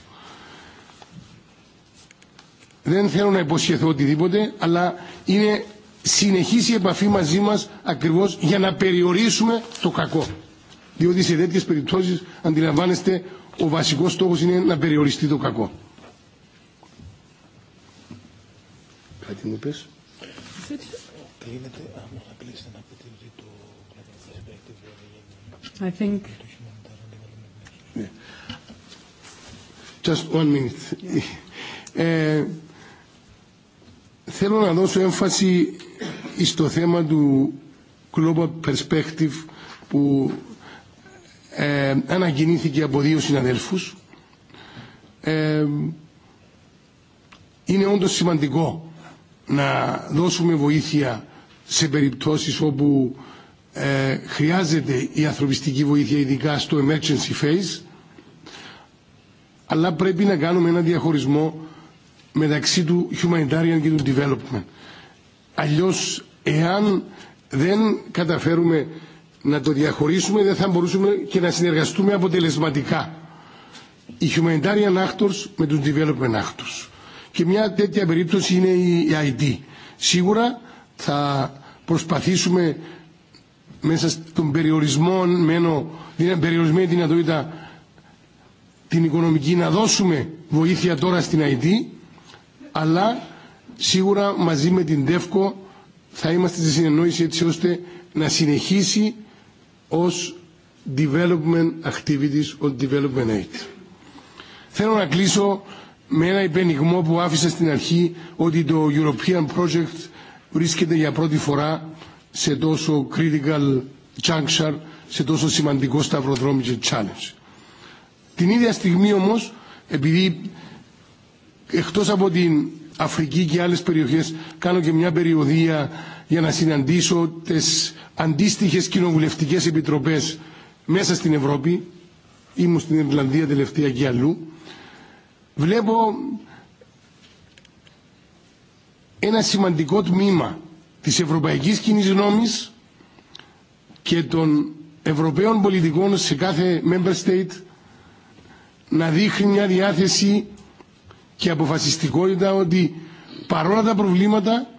Δεν θέλω να υποσχεθώ οτιδήποτε, αλλά είναι συνεχής η επαφή μαζί μας ακριβώς για να περιορίσουμε το κακό. Διότι σε τέτοιες περιπτώσεις αντιλαμβάνεστε ο βασικός στόχος είναι να περιοριστεί το κακό. Κάτι μου πες. I think Just one minute. Ε, θέλω να δώσω έμφαση στο θέμα του global perspective που ε, ανακοινήθηκε από δύο συναδέλφους. Ε, είναι όντως σημαντικό να δώσουμε βοήθεια σε περιπτώσεις όπου ε, χρειάζεται η ανθρωπιστική βοήθεια ειδικά στο emergency phase αλλά πρέπει να κάνουμε ένα διαχωρισμό μεταξύ του humanitarian και του development. Αλλιώς εάν δεν καταφέρουμε να το διαχωρίσουμε δεν θα μπορούσαμε και να συνεργαστούμε αποτελεσματικά οι humanitarian actors με τους development actors. Και μια τέτοια περίπτωση είναι η IT. Σίγουρα θα προσπαθήσουμε μέσα στον περιορισμό, μένω, την περιορισμένη δυνατότητα την οικονομική να δώσουμε βοήθεια τώρα στην ΑΕΤ, αλλά σίγουρα μαζί με την ΤΕΦΚΟ θα είμαστε σε συνεννόηση έτσι ώστε να συνεχίσει ως development activities on development aid. Θέλω να κλείσω με ένα υπενιγμό που άφησε στην αρχή ότι το European Project βρίσκεται για πρώτη φορά σε τόσο critical juncture, σε τόσο σημαντικό σταυροδρόμι και challenge. Την ίδια στιγμή όμως, επειδή εκτός από την Αφρική και άλλες περιοχές κάνω και μια περιοδία για να συναντήσω τις αντίστοιχες κοινοβουλευτικές επιτροπές μέσα στην Ευρώπη, ήμουν στην Ιρλανδία τελευταία και αλλού, βλέπω ένα σημαντικό τμήμα της ευρωπαϊκής κοινής γνώμης και των ευρωπαίων πολιτικών σε κάθε member state να δείχνει μια διάθεση και αποφασιστικότητα ότι παρόλα τα προβλήματα,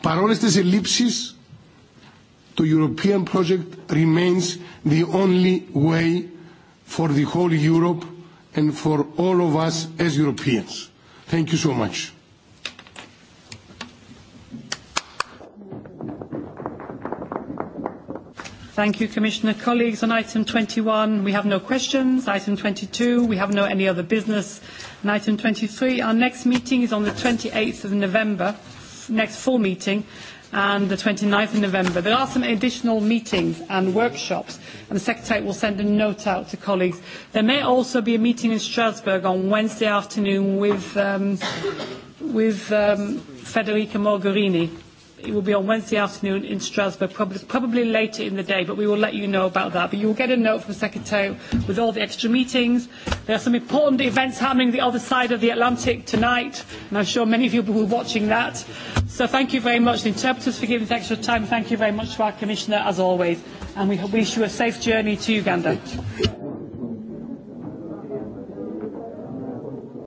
παρόλες τις ελλείψεις, το European project remains the only way for the whole Europe and for all of us as Europeans. Thank you so much. Thank you, Commissioner. Colleagues, on item 21, we have no questions. Item 22, we have no any other business. And item 23, our next meeting is on the 28th of November, next full meeting, and the 29th of November. There are some additional meetings and workshops, and the Secretary will send a note out to colleagues. There may also be a meeting in Strasbourg on Wednesday afternoon with, um, with um, Federica Mogherini It will be on Wednesday afternoon in Strasbourg, probably, probably later in the day, but we will let you know about that. But you will get a note from the Secretary with all the extra meetings. There are some important events happening the other side of the Atlantic tonight, and I'm sure many of you will be watching that. So thank you very much, the interpreters, for giving us extra time. Thank you very much to our Commissioner, as always, and we wish you a safe journey to Uganda.